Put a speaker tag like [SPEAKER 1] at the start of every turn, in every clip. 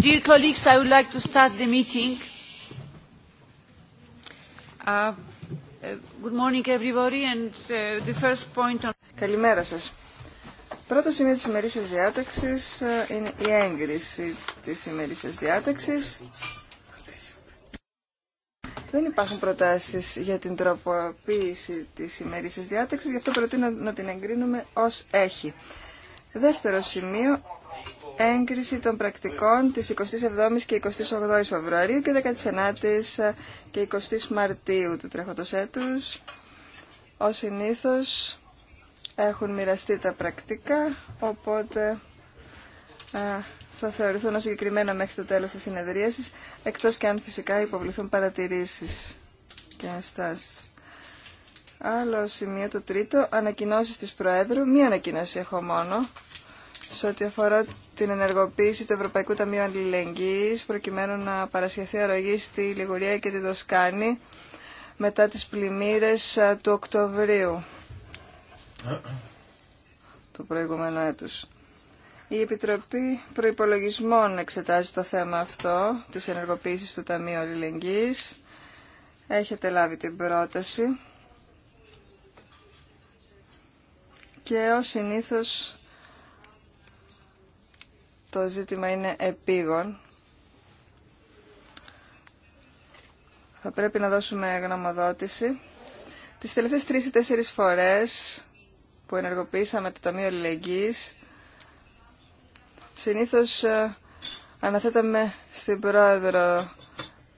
[SPEAKER 1] Dear colleagues, I would like to start the meeting. Uh, uh, good morning everybody and uh, the first point on... Καλημέρα σας. Πρώτο σημείο της ημερήσιας διάταξης ε, είναι η έγκριση της ημερήσιας διάταξης. Δεν υπάρχουν προτάσεις για την τροποποίηση της ημερήσιας διάταξης, γι' αυτό προτείνω να την εγκρίνουμε ως έχει. Δεύτερο σημείο, έγκριση των πρακτικών τη 27 η και 28 η Φεβρουαρίου και 19 η ε, και 20 η Μαρτίου του τρέχοντος έτους. Ω συνήθω έχουν μοιραστεί τα πρακτικά, οπότε ε, θα θεωρηθούν ως συγκεκριμένα μέχρι το τέλος της συνεδρίασης, εκτός και αν φυσικά υποβληθούν παρατηρήσεις και ενστάσεις. Άλλο σημείο το τρίτο, ανακοινώσεις της Προέδρου. Μία ανακοινώση έχω μόνο σε ό,τι αφορά την ενεργοποίηση του Ευρωπαϊκού Ταμείου Αλληλεγγύης προκειμένου να παρασχεθεί αρρωγή στη Λιγουρία και τη Δοσκάνη μετά τις πλημμύρες του Οκτωβρίου του προηγούμενου έτους. Η Επιτροπή Προϋπολογισμών εξετάζει το θέμα αυτό της ενεργοποίησης του Ταμείου Αλληλεγγύης. Έχετε λάβει την πρόταση και ως συνήθως το ζήτημα είναι επίγον. Θα πρέπει να δώσουμε γνωμοδότηση. Τις τελευταίες τρεις ή τέσσερις φορές που ενεργοποίησαμε το Ταμείο Αλληλεγγύης, συνήθως ε, αναθέταμε στην Πρόεδρο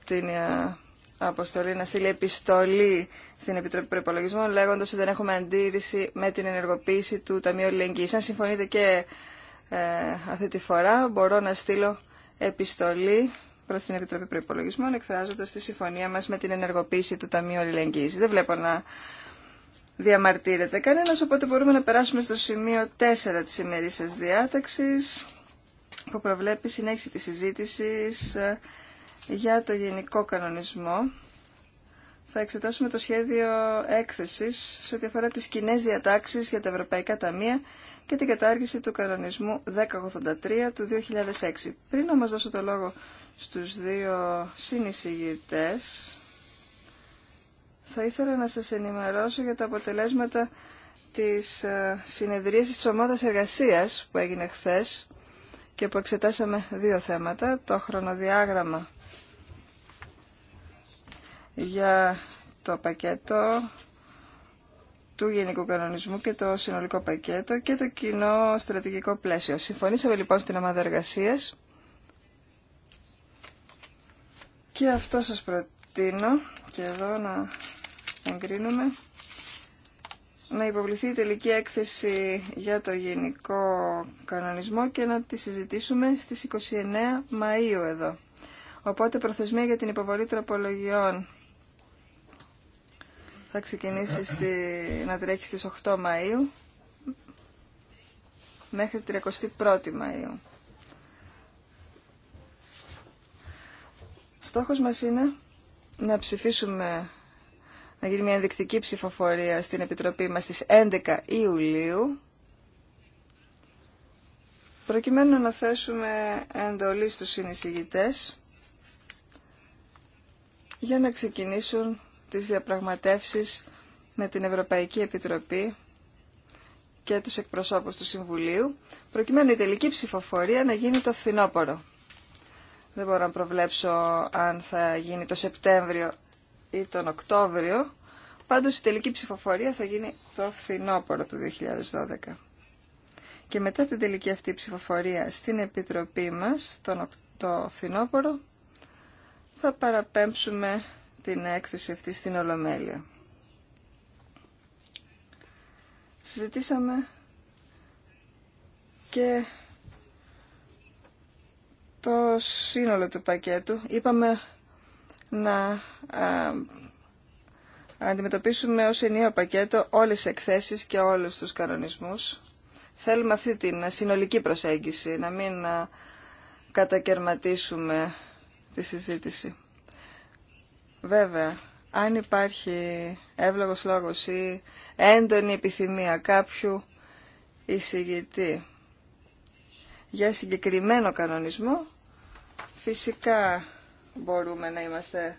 [SPEAKER 1] την ε, αποστολή να στείλει επιστολή στην Επιτροπή Προπολογισμών λέγοντας ότι δεν έχουμε αντίρρηση με την ενεργοποίηση του Ταμείου Αλληλεγγύη. Αν συμφωνείτε και ε, αυτή τη φορά μπορώ να στείλω επιστολή προς την Επιτροπή Προϋπολογισμών εκφράζοντας τη συμφωνία μας με την ενεργοποίηση του Ταμείου Αλληλεγγύης. Δεν βλέπω να διαμαρτύρεται κανένας, οπότε μπορούμε να περάσουμε στο σημείο 4 της ημερήσιας διάταξης που προβλέπει συνέχιση της συζήτησης ε, για το γενικό κανονισμό. Θα εξετάσουμε το σχέδιο έκθεσης σε ό,τι αφορά τις κοινέ διατάξεις για τα ευρωπαϊκά ταμεία και την κατάργηση του κανονισμού 1083 του 2006. Πριν όμως δώσω το λόγο στους δύο συνεισηγητές, θα ήθελα να σας ενημερώσω για τα αποτελέσματα της ε, συνεδρίασης της ομάδας εργασίας που έγινε χθες και που εξετάσαμε δύο θέματα, το χρονοδιάγραμμα για το πακέτο του Γενικού Κανονισμού και το συνολικό πακέτο και το κοινό στρατηγικό πλαίσιο. Συμφωνήσαμε λοιπόν στην ομάδα εργασία και αυτό σας προτείνω και εδώ να εγκρίνουμε να υποβληθεί η τελική έκθεση για το γενικό κανονισμό και να τη συζητήσουμε στις 29 Μαΐου εδώ. Οπότε προθεσμία για την υποβολή τροπολογιών θα ξεκινήσει στη, να τρέχει στις 8 Μαΐου μέχρι 31η Μαΐου. Στόχος μας είναι να ψηφίσουμε, να γίνει μια ενδεικτική ψηφοφορία στην Επιτροπή μας στις 11 Ιουλίου, προκειμένου να θέσουμε εντολή στους συνεισηγητές για να ξεκινήσουν τις διαπραγματεύσεις με την Ευρωπαϊκή Επιτροπή και τους εκπροσώπους του Συμβουλίου, προκειμένου η τελική ψηφοφορία να γίνει το φθινόπωρο. Δεν μπορώ να προβλέψω αν θα γίνει το Σεπτέμβριο ή τον Οκτώβριο, πάντως η τελική ψηφοφορία θα γίνει το φθινόπωρο του 2012. Και μετά την τελική αυτή ψηφοφορία στην Επιτροπή μας, το φθινόπωρο, θα παραπέμψουμε την έκθεση αυτή στην Ολομέλεια. Συζητήσαμε και το σύνολο του πακέτου. Είπαμε να αντιμετωπίσουμε ως ενίο πακέτο όλες τις εκθέσεις και όλους τους κανονισμούς. Θέλουμε αυτή την συνολική προσέγγιση, να μην κατακαιρματίσουμε τη συζήτηση. Βέβαια, αν υπάρχει εύλογος λόγος ή έντονη επιθυμία κάποιου εισηγητή για συγκεκριμένο κανονισμό, φυσικά μπορούμε να είμαστε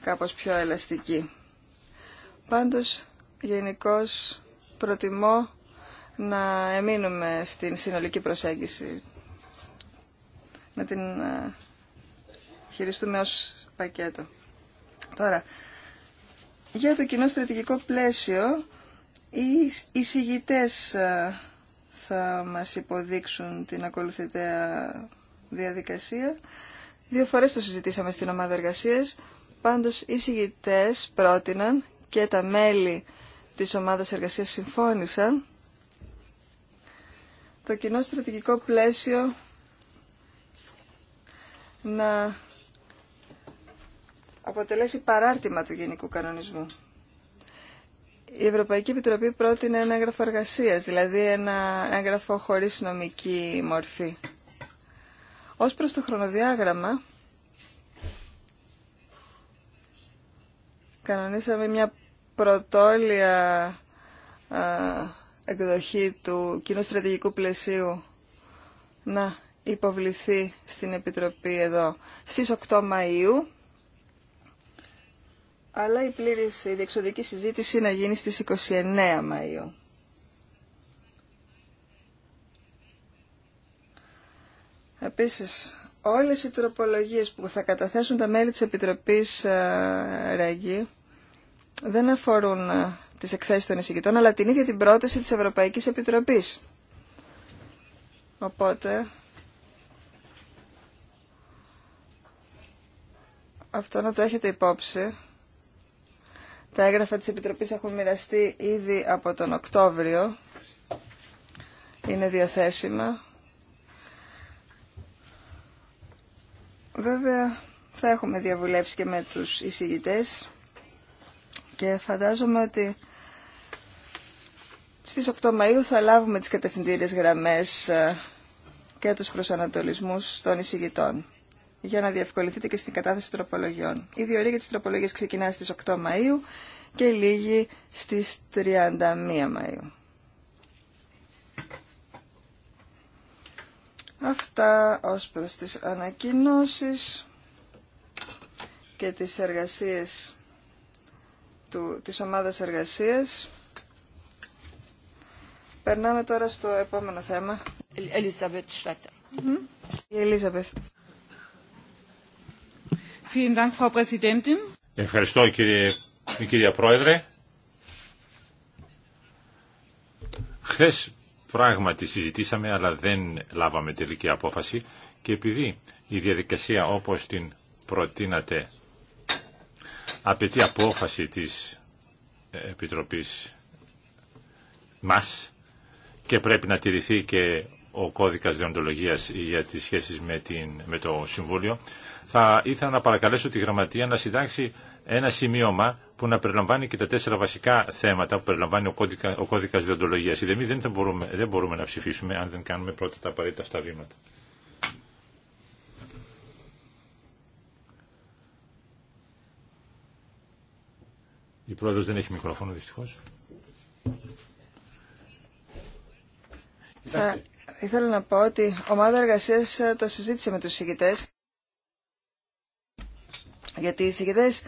[SPEAKER 1] κάπως πιο ελαστικοί. Πάντως, γενικώ προτιμώ να εμείνουμε στην συνολική προσέγγιση, να την ε, χειριστούμε ως πακέτο. Τώρα, για το κοινό στρατηγικό πλαίσιο, οι εισηγητές ε, θα μας υποδείξουν την ακολουθητέα διαδικασία. Δύο φορές το συζητήσαμε στην ομάδα εργασίας. Πάντως, οι εισηγητές πρότειναν και τα μέλη της ομάδας εργασίας συμφώνησαν το κοινό στρατηγικό πλαίσιο να αποτελέσει παράρτημα του Γενικού Κανονισμού. Η Ευρωπαϊκή Επιτροπή πρότεινε ένα έγγραφο εργασία, δηλαδή ένα έγγραφο χωρί νομική μορφή. Ω προς το χρονοδιάγραμμα, κανονίσαμε μια πρωτόλια εκδοχή του κοινού στρατηγικού πλαισίου να υποβληθεί στην Επιτροπή εδώ στις 8 Μαΐου αλλά η πλήρης η διεξοδική συζήτηση να γίνει στις 29 Μαΐου. Επίσης, όλες οι τροπολογίες που θα καταθέσουν τα μέλη της Επιτροπής ε, ΡΕΓΙ δεν αφορούν ε, τις εκθέσεις των εισηγητών, αλλά την ίδια την πρόταση της Ευρωπαϊκής Επιτροπής. Οπότε, αυτό να το έχετε υπόψη τα έγγραφα της Επιτροπής έχουν μοιραστεί ήδη από τον Οκτώβριο. Είναι διαθέσιμα. Βέβαια, θα έχουμε διαβουλεύσει και με τους εισηγητές και φαντάζομαι ότι στις 8 Μαΐου θα λάβουμε τις κατευθυντήριες γραμμές ε, και τους προσανατολισμούς των εισηγητών για να διευκολυνθείτε και στην κατάθεση τροπολογιών. Η διορία για τις τροπολογίες ξεκινά στις 8 Μαΐου και λίγη στις 31 Μαΐου. Αυτά ως προς τις ανακοινώσεις και τις εργασίες του, της ομάδας εργασίας. Περνάμε τώρα στο επόμενο θέμα. Ελίζαβετ Στάτερ. Η
[SPEAKER 2] Ευχαριστώ κύριε, κυρία Πρόεδρε. Χθε πράγματι συζητήσαμε αλλά δεν λάβαμε τελική απόφαση και επειδή η διαδικασία όπως την προτείνατε απαιτεί απόφαση της Επιτροπής μας και πρέπει να τηρηθεί και ο κώδικας διοντολογίας για τις σχέσεις με, την, με το Συμβούλιο θα ήθελα να παρακαλέσω τη Γραμματεία να συντάξει ένα σημείωμα που να περιλαμβάνει και τα τέσσερα βασικά θέματα που περιλαμβάνει ο, κώδικα, ο κώδικας διοντολογίας. δεν, μπορούμε, δεν μπορούμε να ψηφίσουμε αν δεν κάνουμε πρώτα τα απαραίτητα αυτά βήματα. Η πρόεδρος δεν έχει μικρόφωνο δυστυχώς.
[SPEAKER 1] Θα ήθελα να πω ότι ομάδα εργασίας ε, το συζήτησε με τους συγκητές γιατί οι συγκεκριτές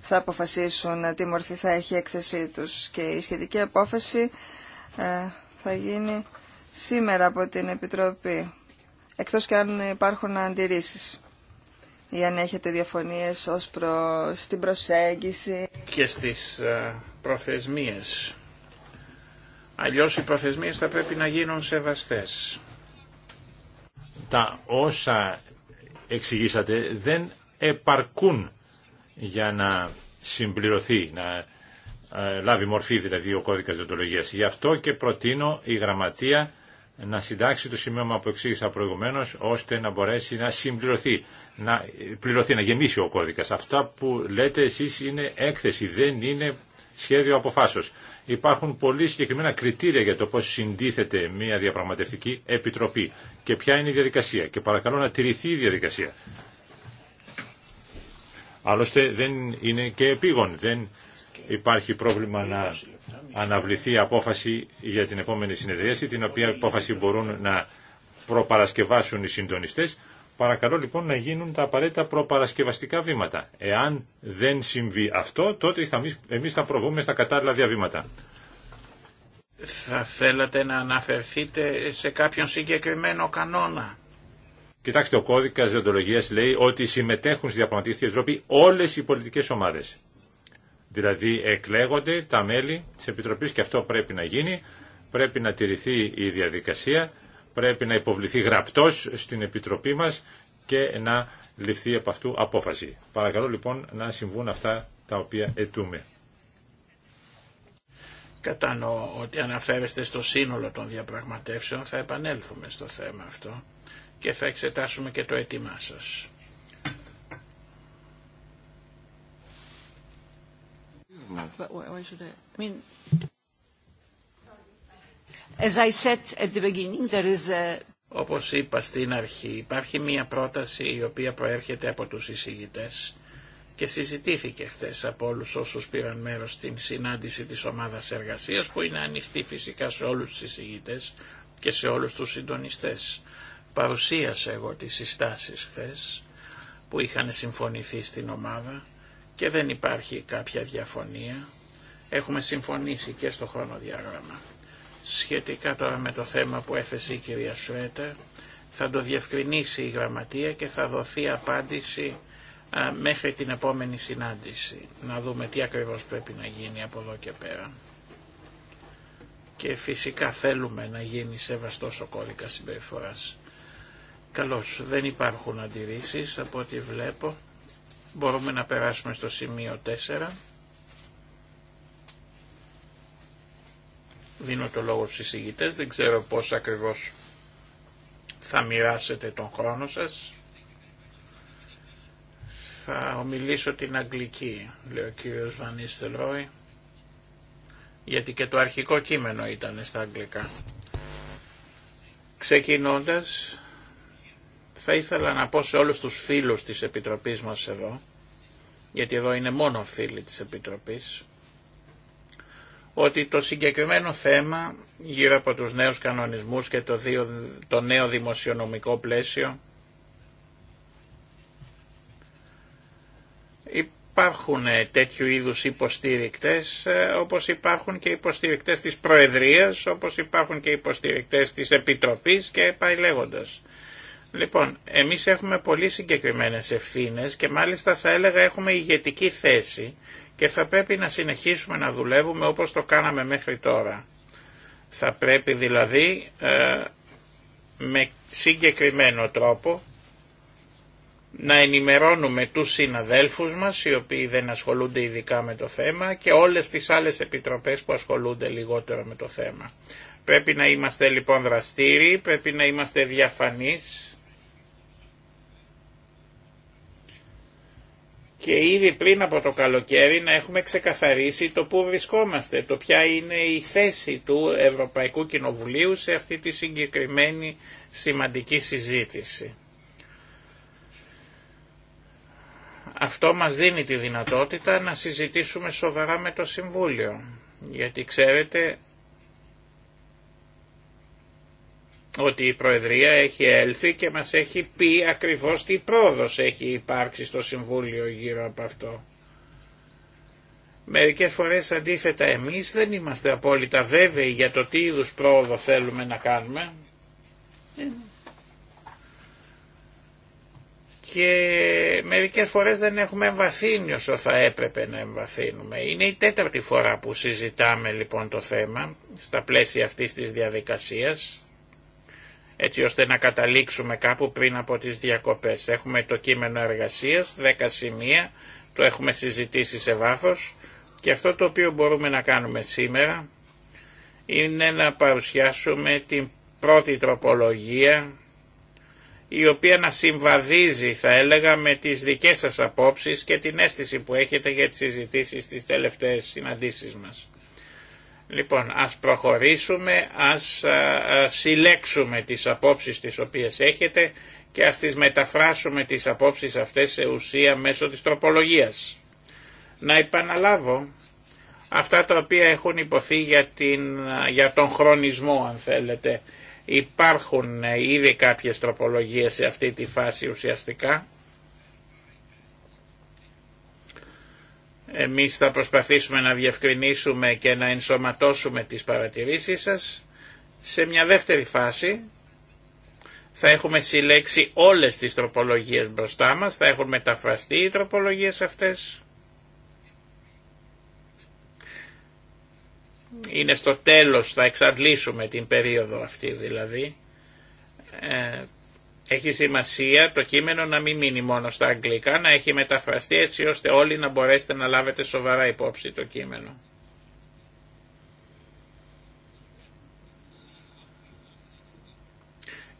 [SPEAKER 1] θα αποφασίσουν τι μορφή θα έχει η έκθεσή τους και η σχετική απόφαση ε, θα γίνει σήμερα από την Επιτροπή, εκτός και αν υπάρχουν αντιρρήσεις ή αν έχετε διαφωνίες ως προς την προσέγγιση.
[SPEAKER 3] Και στις ε, προθεσμίες. Αλλιώς οι προθεσμίες θα πρέπει να γίνουν σεβαστές.
[SPEAKER 2] Τα όσα εξηγήσατε δεν επαρκούν για να συμπληρωθεί, να ε, λάβει μορφή δηλαδή ο κώδικας διοντολογίας. Γι' αυτό και προτείνω η γραμματεία να συντάξει το σημείο που εξήγησα προηγουμένω, ώστε να μπορέσει να συμπληρωθεί, να πληρωθεί, να γεμίσει ο κώδικας. Αυτά που λέτε εσείς είναι έκθεση, δεν είναι σχέδιο αποφάσεως. Υπάρχουν πολύ συγκεκριμένα κριτήρια για το πώς συντίθεται μια διαπραγματευτική επιτροπή και ποια είναι η διαδικασία. Και παρακαλώ να τηρηθεί η διαδικασία. Άλλωστε δεν είναι και επίγον, δεν υπάρχει πρόβλημα να αναβληθεί απόφαση για την επόμενη συνεδρίαση, την οποία απόφαση μπορούν να προπαρασκευάσουν οι συντονιστές. Παρακαλώ λοιπόν να γίνουν τα απαραίτητα προπαρασκευαστικά βήματα. Εάν δεν συμβεί αυτό, τότε θα εμείς, εμείς θα προβούμε στα κατάλληλα διαβήματα.
[SPEAKER 3] Θα θέλατε να αναφερθείτε σε κάποιον συγκεκριμένο κανόνα.
[SPEAKER 2] Κοιτάξτε, ο κώδικα διοντολογία λέει ότι συμμετέχουν στη διαπραγματευτική επιτροπή όλε οι πολιτικέ ομάδε. Δηλαδή εκλέγονται τα μέλη τη επιτροπή και αυτό πρέπει να γίνει. Πρέπει να τηρηθεί η διαδικασία, πρέπει να υποβληθεί γραπτό στην επιτροπή μα και να ληφθεί από αυτού απόφαση. Παρακαλώ λοιπόν να συμβούν αυτά τα οποία αιτούμε.
[SPEAKER 3] Κατανοώ ότι αναφέρεστε στο σύνολο των διαπραγματεύσεων, θα επανέλθουμε στο θέμα αυτό και θα εξετάσουμε και το αίτημά σας. Όπως είπα στην αρχή, υπάρχει μία πρόταση η οποία προέρχεται από τους εισηγητές και συζητήθηκε χθε από όλους όσους πήραν μέρος στην συνάντηση της ομάδας εργασίας που είναι ανοιχτή φυσικά σε όλους τους εισηγητές και σε όλους τους συντονιστές παρουσίασα εγώ τις συστάσεις χθες που είχαν συμφωνηθεί στην ομάδα και δεν υπάρχει κάποια διαφωνία. Έχουμε συμφωνήσει και στο χρονοδιάγραμμα. Σχετικά τώρα με το θέμα που έθεσε η κυρία Σουέτα, θα το διευκρινίσει η γραμματεία και θα δοθεί απάντηση μέχρι την επόμενη συνάντηση. Να δούμε τι ακριβώς πρέπει να γίνει από εδώ και πέρα. Και φυσικά θέλουμε να γίνει σεβαστός ο κώδικας συμπεριφοράς. Καλώς, δεν υπάρχουν αντιρρήσεις από ό,τι βλέπω. Μπορούμε να περάσουμε στο σημείο 4. Δίνω το λόγο στους εισηγητές, δεν ξέρω πώς ακριβώς θα μοιράσετε τον χρόνο σας. Θα ομιλήσω την Αγγλική, λέει ο κύριος Βανίστελ γιατί και το αρχικό κείμενο ήταν στα Αγγλικά. Ξεκινώντας, θα ήθελα να πω σε όλους τους φίλους της Επιτροπής μας εδώ, γιατί εδώ είναι μόνο φίλοι της Επιτροπής, ότι το συγκεκριμένο θέμα γύρω από τους νέους κανονισμούς και το, δύο, το νέο δημοσιονομικό πλαίσιο υπάρχουν τέτοιου είδους υποστήρικτες όπως υπάρχουν και υποστήρικτες της Προεδρίας, όπως υπάρχουν και υποστήρικτες της Επιτροπής και πάει λέγοντας. Λοιπόν, εμείς έχουμε πολύ συγκεκριμένες ευθύνες και μάλιστα θα έλεγα έχουμε ηγετική θέση και θα πρέπει να συνεχίσουμε να δουλεύουμε όπως το κάναμε μέχρι τώρα. Θα πρέπει δηλαδή ε, με συγκεκριμένο τρόπο να ενημερώνουμε τους συναδέλφους μας οι οποίοι δεν ασχολούνται ειδικά με το θέμα και όλες τις άλλες επιτροπές που ασχολούνται λιγότερο με το θέμα. Πρέπει να είμαστε λοιπόν δραστήριοι, πρέπει να είμαστε διαφανείς και ήδη πριν από το καλοκαίρι να έχουμε ξεκαθαρίσει το πού βρισκόμαστε, το ποια είναι η θέση του Ευρωπαϊκού Κοινοβουλίου σε αυτή τη συγκεκριμένη σημαντική συζήτηση. Αυτό μας δίνει τη δυνατότητα να συζητήσουμε σοβαρά με το Συμβούλιο, γιατί ξέρετε ότι η Προεδρία έχει έλθει και μας έχει πει ακριβώς τι πρόοδος έχει υπάρξει στο Συμβούλιο γύρω από αυτό. Μερικές φορές αντίθετα εμείς δεν είμαστε απόλυτα βέβαιοι για το τι είδους πρόοδο θέλουμε να κάνουμε. Και μερικές φορές δεν έχουμε εμβαθύνει όσο θα έπρεπε να εμβαθύνουμε. Είναι η τέταρτη φορά που συζητάμε λοιπόν το θέμα στα πλαίσια αυτής της διαδικασίας έτσι ώστε να καταλήξουμε κάπου πριν από τις διακοπές. Έχουμε το κείμενο εργασίας, δέκα σημεία, το έχουμε συζητήσει σε βάθος και αυτό το οποίο μπορούμε να κάνουμε σήμερα είναι να παρουσιάσουμε την πρώτη τροπολογία η οποία να συμβαδίζει θα έλεγα με τις δικές σας απόψεις και την αίσθηση που έχετε για τις συζητήσεις στις τελευταίες συναντήσεις μας. Λοιπόν, ας προχωρήσουμε, ας ε, ε, συλλέξουμε τις απόψεις τις οποίες έχετε και ας τις μεταφράσουμε τις απόψεις αυτές σε ουσία μέσω της τροπολογίας. Να επαναλάβω αυτά τα οποία έχουν υποθεί για, την, για τον χρονισμό αν θέλετε. Υπάρχουν ε, ήδη κάποιες τροπολογίες σε αυτή τη φάση ουσιαστικά Εμείς θα προσπαθήσουμε να διευκρινίσουμε και να ενσωματώσουμε τις παρατηρήσεις σας. Σε μια δεύτερη φάση θα έχουμε συλλέξει όλες τις τροπολογίες μπροστά μας, θα έχουν μεταφραστεί οι τροπολογίες αυτές. Είναι στο τέλος, θα εξαντλήσουμε την περίοδο αυτή δηλαδή ε, έχει σημασία το κείμενο να μην μείνει μόνο στα αγγλικά, να έχει μεταφραστεί έτσι ώστε όλοι να μπορέσετε να λάβετε σοβαρά υπόψη το κείμενο.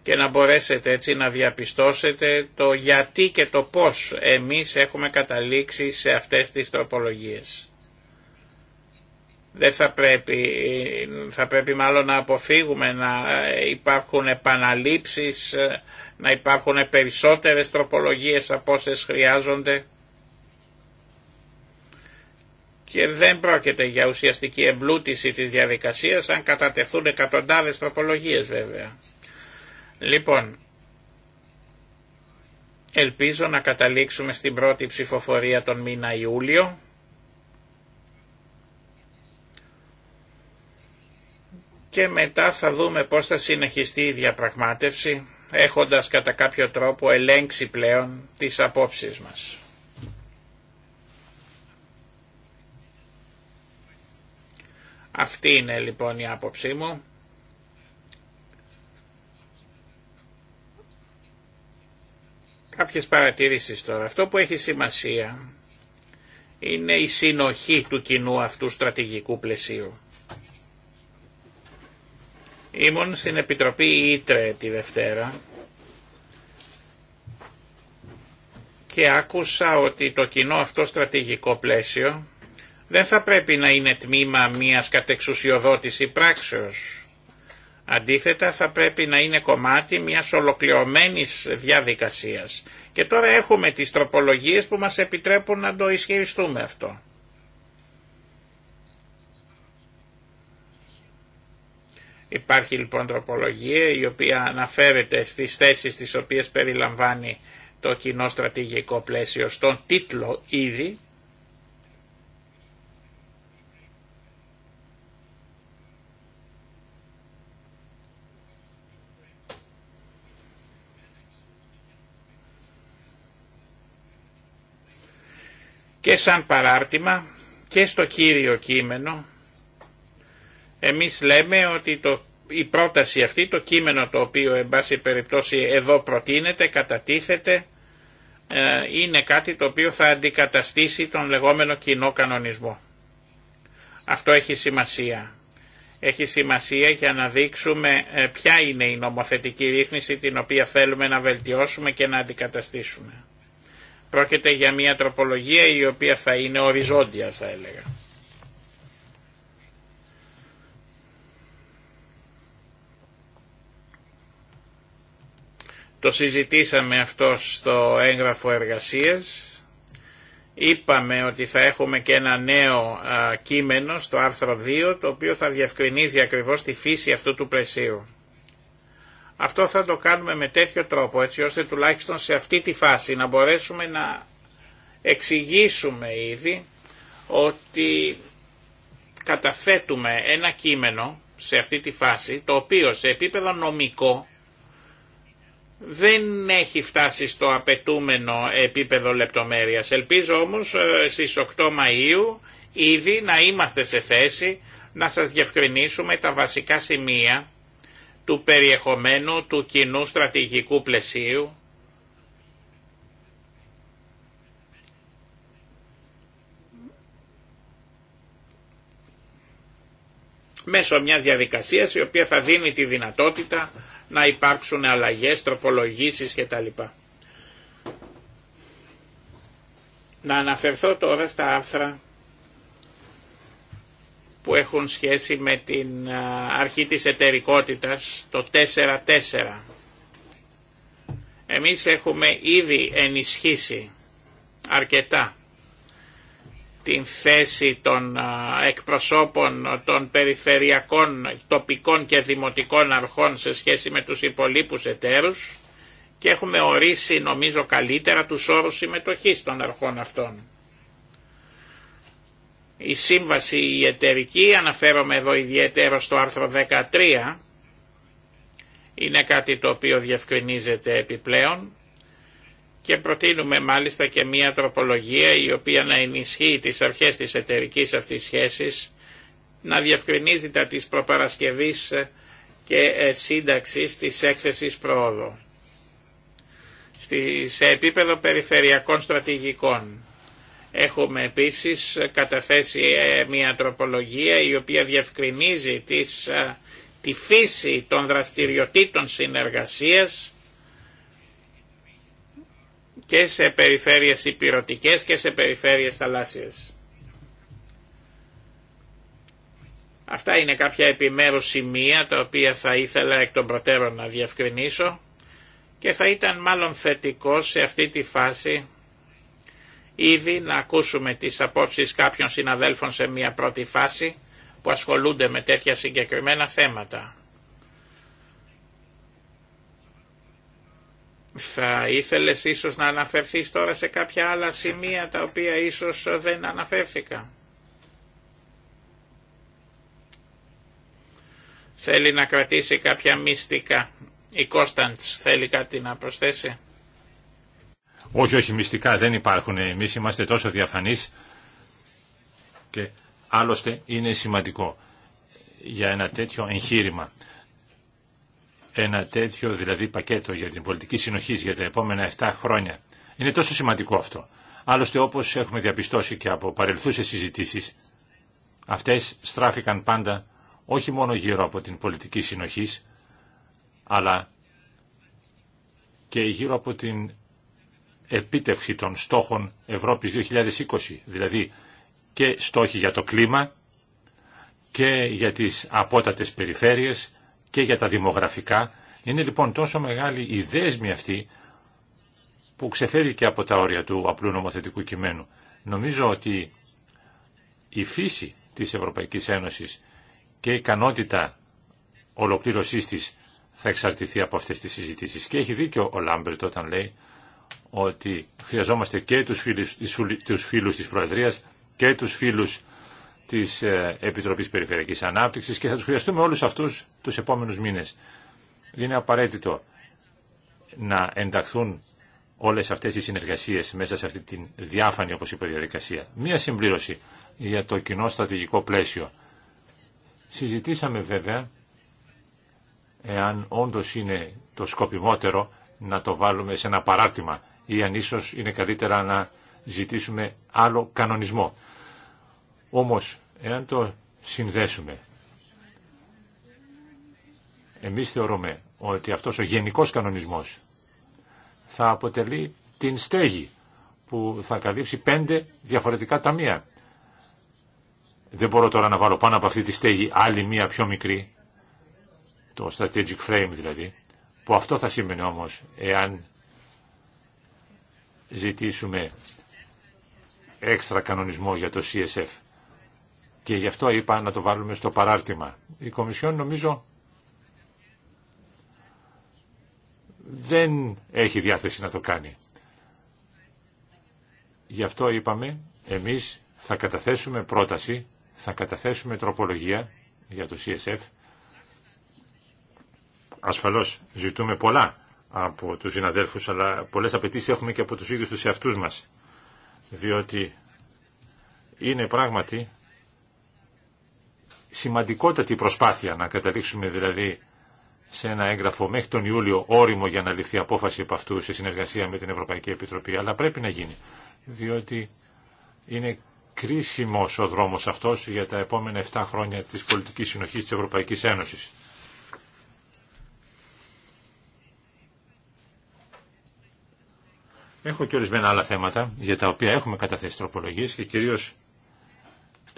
[SPEAKER 3] και να μπορέσετε έτσι να διαπιστώσετε το γιατί και το πώς εμείς έχουμε καταλήξει σε αυτές τις τροπολογίες. Δεν θα πρέπει, θα πρέπει μάλλον να αποφύγουμε να υπάρχουν επαναλήψεις να υπάρχουν περισσότερες τροπολογίες από όσες χρειάζονται και δεν πρόκειται για ουσιαστική εμπλούτιση της διαδικασίας αν κατατεθούν εκατοντάδες τροπολογίες βέβαια. Λοιπόν, ελπίζω να καταλήξουμε στην πρώτη ψηφοφορία τον μήνα Ιούλιο. Και μετά θα δούμε πώς θα συνεχιστεί η διαπραγμάτευση έχοντας κατά κάποιο τρόπο ελέγξει πλέον τις απόψεις μας. Αυτή είναι λοιπόν η άποψή μου. Κάποιες παρατηρήσεις τώρα. Αυτό που έχει σημασία είναι η συνοχή του κοινού αυτού στρατηγικού πλαισίου. Ήμουν στην Επιτροπή Ήτρε τη Δευτέρα και άκουσα ότι το κοινό αυτό στρατηγικό πλαίσιο δεν θα πρέπει να είναι τμήμα μιας κατεξουσιοδότηση πράξεως. Αντίθετα θα πρέπει να είναι κομμάτι μιας ολοκληρωμένης διαδικασίας. Και τώρα έχουμε τις τροπολογίες που μας επιτρέπουν να το ισχυριστούμε αυτό. Υπάρχει λοιπόν τροπολογία η οποία αναφέρεται στις θέσεις τις οποίες περιλαμβάνει το κοινό στρατηγικό πλαίσιο στον τίτλο ήδη και σαν παράρτημα και στο κύριο κείμενο εμείς λέμε ότι το, η πρόταση αυτή, το κείμενο το οποίο εν πάση περιπτώσει εδώ προτείνεται, κατατίθεται, ε, είναι κάτι το οποίο θα αντικαταστήσει τον λεγόμενο κοινό κανονισμό. Αυτό έχει σημασία. Έχει σημασία για να δείξουμε ε, ποια είναι η νομοθετική ρύθμιση την οποία θέλουμε να βελτιώσουμε και να αντικαταστήσουμε. Πρόκειται για μια τροπολογία η οποία θα είναι οριζόντια θα έλεγα. Το συζητήσαμε αυτό στο έγγραφο εργασίας. Είπαμε ότι θα έχουμε και ένα νέο κείμενο στο άρθρο 2 το οποίο θα διευκρινίζει ακριβώς τη φύση αυτού του πλαισίου. Αυτό θα το κάνουμε με τέτοιο τρόπο έτσι ώστε τουλάχιστον σε αυτή τη φάση να μπορέσουμε να εξηγήσουμε ήδη ότι καταθέτουμε ένα κείμενο σε αυτή τη φάση το οποίο σε επίπεδο νομικό δεν έχει φτάσει στο απαιτούμενο επίπεδο λεπτομέρειας. Ελπίζω όμως ε, στις 8 Μαΐου ήδη να είμαστε σε θέση να σας διευκρινίσουμε τα βασικά σημεία του περιεχομένου του κοινού στρατηγικού πλαισίου μέσω μιας διαδικασίας η οποία θα δίνει τη δυνατότητα να υπάρξουν αλλαγές, τροπολογήσεις κτλ. Να αναφερθώ τώρα στα άρθρα που έχουν σχέση με την αρχή της εταιρικότητας, το 4-4. Εμείς έχουμε ήδη ενισχύσει αρκετά την θέση των εκπροσώπων των περιφερειακών, τοπικών και δημοτικών αρχών σε σχέση με τους υπολείπους εταίρους και έχουμε ορίσει νομίζω καλύτερα τους όρους συμμετοχής των αρχών αυτών. Η σύμβαση η εταιρική, αναφέρομαι εδώ ιδιαίτερα στο άρθρο 13, είναι κάτι το οποίο διευκρινίζεται επιπλέον και προτείνουμε μάλιστα και μία τροπολογία η οποία να ενισχύει τις αρχές της εταιρικής αυτής σχέσης, να διευκρινίζει τα της προπαρασκευής και ε, σύνταξης της έκθεσης προόδου σε επίπεδο περιφερειακών στρατηγικών. Έχουμε επίσης καταθέσει ε, μια τροπολογία η οποία διευκρινίζει τις, ε, τη φύση των δραστηριοτήτων συνεργασίας και σε περιφέρειες υπηρετικές και σε περιφέρειες θαλάσσιες. Αυτά είναι κάποια επιμέρους σημεία τα οποία θα ήθελα εκ των προτέρων να διευκρινίσω και θα ήταν μάλλον θετικό σε αυτή τη φάση ήδη να ακούσουμε τις απόψεις κάποιων συναδέλφων σε μια πρώτη φάση που ασχολούνται με τέτοια συγκεκριμένα θέματα. Θα ήθελες ίσως να αναφερθείς τώρα σε κάποια άλλα σημεία τα οποία ίσως δεν αναφέρθηκα. Θέλει να κρατήσει κάποια μυστικά. Η Κώσταντς θέλει κάτι να προσθέσει.
[SPEAKER 2] Όχι, όχι, μυστικά δεν υπάρχουν. Εμείς είμαστε τόσο διαφανείς και άλλωστε είναι σημαντικό για ένα τέτοιο εγχείρημα ένα τέτοιο δηλαδή πακέτο για την πολιτική συνοχή για τα επόμενα 7 χρόνια. Είναι τόσο σημαντικό αυτό. Άλλωστε όπως έχουμε διαπιστώσει και από παρελθούσες συζητήσεις, αυτές στράφηκαν πάντα όχι μόνο γύρω από την πολιτική συνοχή, αλλά και γύρω από την επίτευξη των στόχων Ευρώπης 2020, δηλαδή και στόχοι για το κλίμα και για τις απότατες περιφέρειες και για τα δημογραφικά. Είναι λοιπόν τόσο μεγάλη η δέσμη αυτή που ξεφεύγει και από τα όρια του απλού νομοθετικού κειμένου. Νομίζω ότι η φύση της Ευρωπαϊκής Ένωσης και η ικανότητα ολοκλήρωσής της θα εξαρτηθεί από αυτές τις συζητήσεις. Και έχει δίκιο ο Λάμπερτ όταν λέει ότι χρειαζόμαστε και τους φίλους, τους φίλους της Προεδρίας και τους φίλους της ε, Επιτροπής Περιφερειακής Ανάπτυξης και θα τους χρειαστούμε όλους αυτούς τους επόμενους μήνες. Είναι απαραίτητο να ενταχθούν όλες αυτές οι συνεργασίες μέσα σε αυτή τη διάφανη, όπως είπα, διαδικασία. Μία συμπλήρωση για το κοινό στρατηγικό πλαίσιο. Συζητήσαμε βέβαια εάν όντως είναι το σκοπιμότερο να το βάλουμε σε ένα παράρτημα ή αν ίσως είναι καλύτερα να ζητήσουμε άλλο κανονισμό. Όμως, εάν το συνδέσουμε, εμείς θεωρούμε ότι αυτός ο γενικός κανονισμός θα αποτελεί την στέγη που θα καλύψει πέντε διαφορετικά ταμεία. Δεν μπορώ τώρα να βάλω πάνω από αυτή τη στέγη άλλη μία πιο μικρή, το strategic frame δηλαδή, που αυτό θα σημαίνει όμως εάν ζητήσουμε έξτρα κανονισμό για το CSF. Και γι' αυτό είπα να το βάλουμε στο παράρτημα. Η Κομισιόν νομίζω δεν έχει διάθεση να το κάνει. Γι' αυτό είπαμε εμείς θα καταθέσουμε πρόταση, θα καταθέσουμε τροπολογία για το CSF. Ασφαλώς ζητούμε πολλά από τους συναδέλφους, αλλά πολλές απαιτήσει έχουμε και από τους ίδιους τους εαυτούς μας. Διότι είναι πράγματι σημαντικότατη προσπάθεια να καταλήξουμε δηλαδή σε ένα έγγραφο μέχρι τον Ιούλιο όριμο για να ληφθεί απόφαση από αυτού σε συνεργασία με την Ευρωπαϊκή Επιτροπή, αλλά πρέπει να γίνει, διότι είναι κρίσιμος ο δρόμος αυτός για τα επόμενα 7 χρόνια της πολιτικής συνοχής της Ευρωπαϊκής Ένωσης. Έχω και ορισμένα άλλα θέματα για τα οποία έχουμε καταθέσει τροπολογίες και κυρίως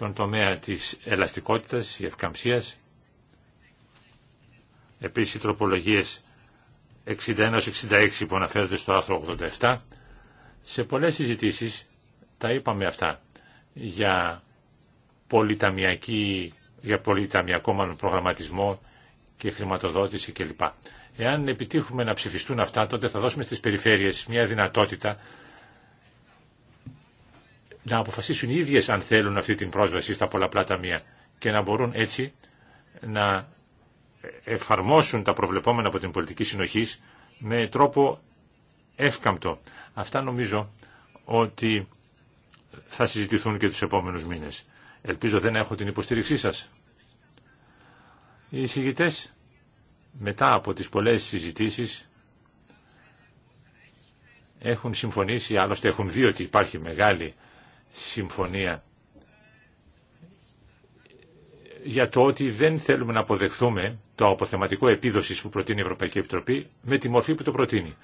[SPEAKER 2] τον τομέα της ελαστικότητας, η ευκαμψίας, επίσης οι τροπολογίες 61-66 που αναφέρονται στο άρθρο 87. Σε πολλές συζητήσεις τα είπαμε αυτά για πολυταμιακή, για πολυταμιακό μάλλον προγραμματισμό και χρηματοδότηση κλπ. Εάν επιτύχουμε να ψηφιστούν αυτά, τότε θα δώσουμε στις περιφέρειες μια δυνατότητα να αποφασίσουν οι ίδιες αν θέλουν αυτή την πρόσβαση στα πολλαπλά ταμεία και να μπορούν έτσι να εφαρμόσουν τα προβλεπόμενα από την πολιτική συνοχή με τρόπο εύκαμπτο. Αυτά νομίζω ότι θα συζητηθούν και τους επόμενους μήνες. Ελπίζω δεν έχω την υποστήριξή σας. Οι εισηγητές μετά από τις πολλές συζητήσεις έχουν συμφωνήσει, άλλωστε έχουν δει ότι υπάρχει μεγάλη συμφωνία για το ότι δεν θέλουμε να αποδεχθούμε το αποθεματικό επίδοσης που προτείνει η Ευρωπαϊκή Επιτροπή με τη μορφή που το προτείνει.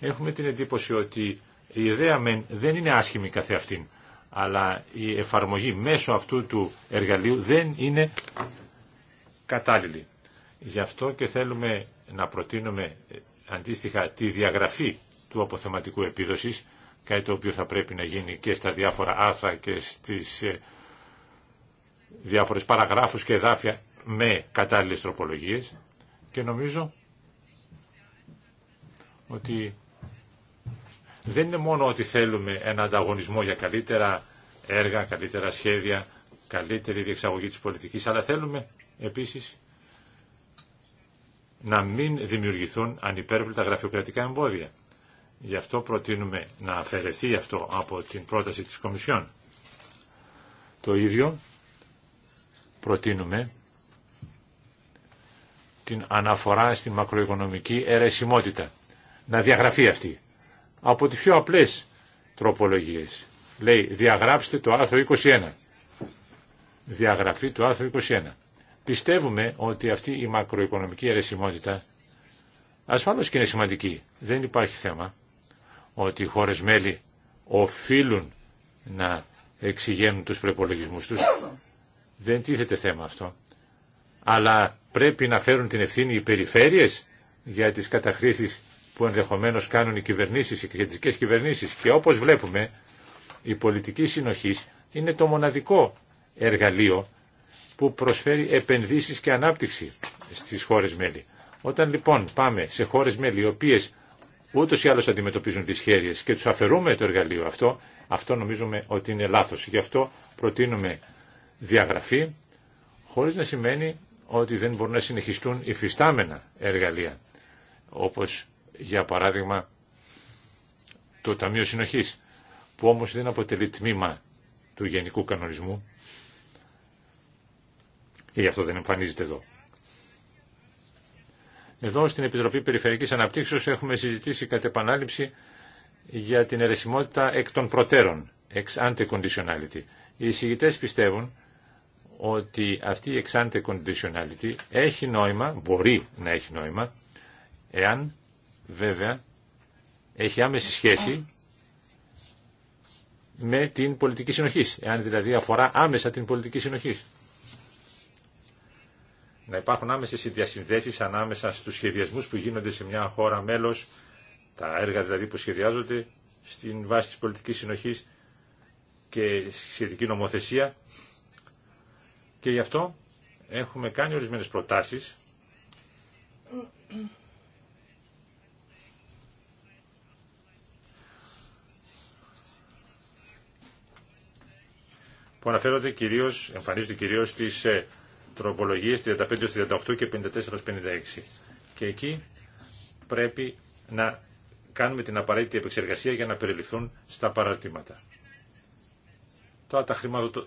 [SPEAKER 2] Έχουμε την εντύπωση ότι η ιδέα δεν είναι άσχημη αυτήν αλλά η εφαρμογή μέσω αυτού του εργαλείου δεν είναι κατάλληλη. Γι' αυτό και θέλουμε να προτείνουμε ε, αντίστοιχα τη διαγραφή του αποθεματικού επίδοσης κάτι το οποίο θα πρέπει να γίνει και στα διάφορα άρθρα και στις ε, διάφορες παραγράφους και εδάφια με κατάλληλες τροπολογίες και νομίζω ότι δεν είναι μόνο ότι θέλουμε ένα ανταγωνισμό για καλύτερα έργα, καλύτερα σχέδια, καλύτερη διεξαγωγή της πολιτικής, αλλά θέλουμε επίσης να μην δημιουργηθούν ανυπέρβλητα γραφειοκρατικά εμπόδια. Γι' αυτό προτείνουμε να αφαιρεθεί αυτό από την πρόταση της Κομισιόν. Το ίδιο προτείνουμε την αναφορά στη μακροοικονομική αιρεσιμότητα. Να διαγραφεί αυτή. Από τις πιο απλές τροπολογίες. Λέει διαγράψτε το άρθρο 21. Διαγραφή το άρθρο 21. Πιστεύουμε ότι αυτή η μακροοικονομική αιρεσιμότητα ασφαλώς και είναι σημαντική. Δεν υπάρχει θέμα ότι οι χώρες μέλη οφείλουν να εξηγαίνουν τους προπολογισμού τους. Δεν τίθεται θέμα αυτό. Αλλά πρέπει να φέρουν την ευθύνη οι περιφέρειες για τις καταχρήσεις που ενδεχομένως κάνουν οι κυβερνήσεις, οι κεντρικές κυβερνήσεις. Και όπως βλέπουμε, η πολιτική συνοχή είναι το μοναδικό εργαλείο που προσφέρει επενδύσεις και ανάπτυξη στις χώρες μέλη. Όταν λοιπόν πάμε σε χώρες μέλη οι οποίες ούτως ή άλλως αντιμετωπίζουν δυσχέρειες και τους αφαιρούμε το εργαλείο αυτό, αυτό νομίζουμε ότι είναι λάθος. Γι' αυτό προτείνουμε διαγραφή, χωρίς να σημαίνει ότι δεν μπορούν να συνεχιστούν υφιστάμενα εργαλεία, όπως για παράδειγμα το Ταμείο Συνοχής, που όμως δεν αποτελεί τμήμα του Γενικού Κανονισμού και γι' αυτό δεν εμφανίζεται εδώ. Εδώ στην Επιτροπή Περιφερειακής Αναπτύξεως έχουμε συζητήσει κατ' επανάληψη για την αιρεσιμότητα εκ των προτέρων, ex ante conditionality. Οι εισηγητές πιστεύουν ότι αυτή η ex ante conditionality έχει νόημα, μπορεί να έχει νόημα, εάν βέβαια έχει άμεση σχέση με την πολιτική συνοχή, εάν δηλαδή αφορά άμεσα την πολιτική συνοχή να υπάρχουν άμεσες διασυνδέσει ανάμεσα στους σχεδιασμούς που γίνονται σε μια χώρα μέλος, τα έργα δηλαδή που σχεδιάζονται στην βάση της πολιτικής συνοχής και σχετική νομοθεσία. Και γι' αυτό έχουμε κάνει ορισμένες προτάσεις που αναφέρονται κυρίως, εμφανίζονται κυρίως στις ε, τροπολογίες 35-38 και 54-56. Και εκεί πρέπει να κάνουμε την απαραίτητη επεξεργασία για να περιληφθούν στα παρατήματα. Τώρα τα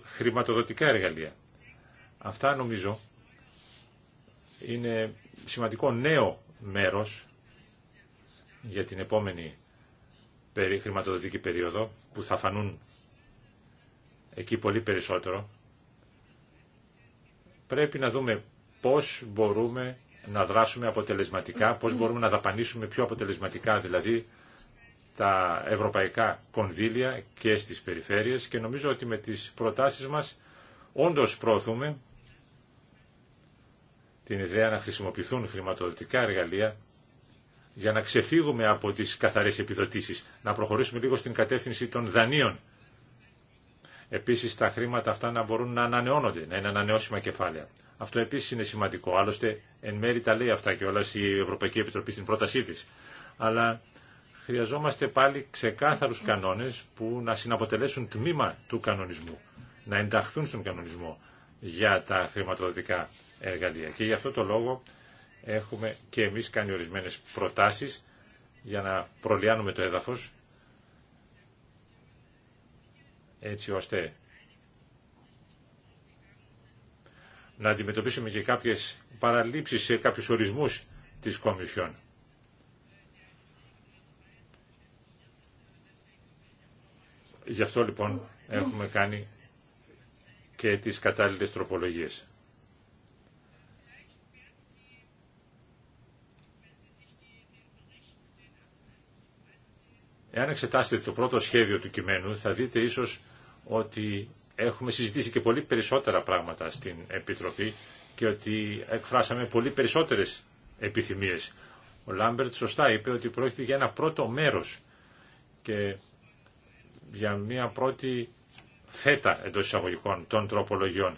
[SPEAKER 2] χρηματοδοτικά εργαλεία. Αυτά νομίζω είναι σημαντικό νέο μέρος για την επόμενη χρηματοδοτική περίοδο που θα φανούν εκεί πολύ περισσότερο Πρέπει να δούμε πώς μπορούμε να δράσουμε αποτελεσματικά, πώς μπορούμε να δαπανίσουμε πιο αποτελεσματικά δηλαδή τα ευρωπαϊκά κονδύλια και στις περιφέρειες και νομίζω ότι με τις προτάσεις μας όντως προωθούμε την ιδέα να χρησιμοποιηθούν χρηματοδοτικά εργαλεία για να ξεφύγουμε από τις καθαρές επιδοτήσεις, να προχωρήσουμε λίγο στην κατεύθυνση των δανείων Επίσης τα χρήματα αυτά να μπορούν να ανανεώνονται, να είναι ανανεώσιμα κεφάλαια. Αυτό επίσης είναι σημαντικό. Άλλωστε εν μέρη τα λέει αυτά και όλα η Ευρωπαϊκή Επιτροπή στην πρότασή της. Αλλά χρειαζόμαστε πάλι ξεκάθαρους κανόνες που να συναποτελέσουν τμήμα του κανονισμού, να ενταχθούν στον κανονισμό για τα χρηματοδοτικά εργαλεία. Και γι' αυτό το λόγο έχουμε και εμείς κάνει ορισμένες προτάσεις για να προλιάνουμε το έδαφος έτσι ώστε να αντιμετωπίσουμε και κάποιες παραλήψεις σε κάποιους ορισμούς της Κομισιόν. Γι' αυτό λοιπόν έχουμε κάνει και τις κατάλληλες τροπολογίες. Εάν εξετάσετε το πρώτο σχέδιο του κειμένου θα δείτε ίσως ότι έχουμε συζητήσει και πολύ περισσότερα πράγματα στην Επιτροπή και ότι εκφράσαμε πολύ περισσότερες επιθυμίες. Ο Λάμπερτ σωστά είπε ότι πρόκειται για ένα πρώτο μέρος και για μια πρώτη φέτα εντός εισαγωγικών των τροπολογιών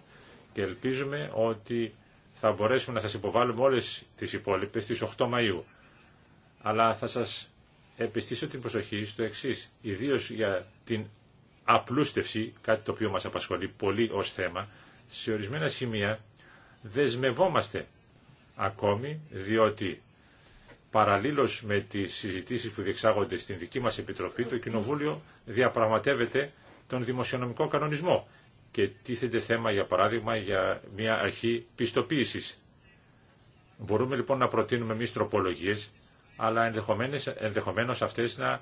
[SPEAKER 2] και ελπίζουμε ότι θα μπορέσουμε να σας υποβάλουμε όλες τις υπόλοιπες στις 8 Μαΐου. Αλλά θα σας επιστήσω την προσοχή στο εξής, ιδίως για την απλούστευση, κάτι το οποίο μας απασχολεί πολύ ως θέμα, σε ορισμένα σημεία δεσμευόμαστε ακόμη, διότι παραλλήλως με τις συζητήσεις που διεξάγονται στην δική μας Επιτροπή, το Κοινοβούλιο διαπραγματεύεται τον δημοσιονομικό κανονισμό και τίθεται θέμα, για παράδειγμα, για μια αρχή πιστοποίησης. Μπορούμε λοιπόν να προτείνουμε εμεί τροπολογίες, αλλά ενδεχομένως αυτές να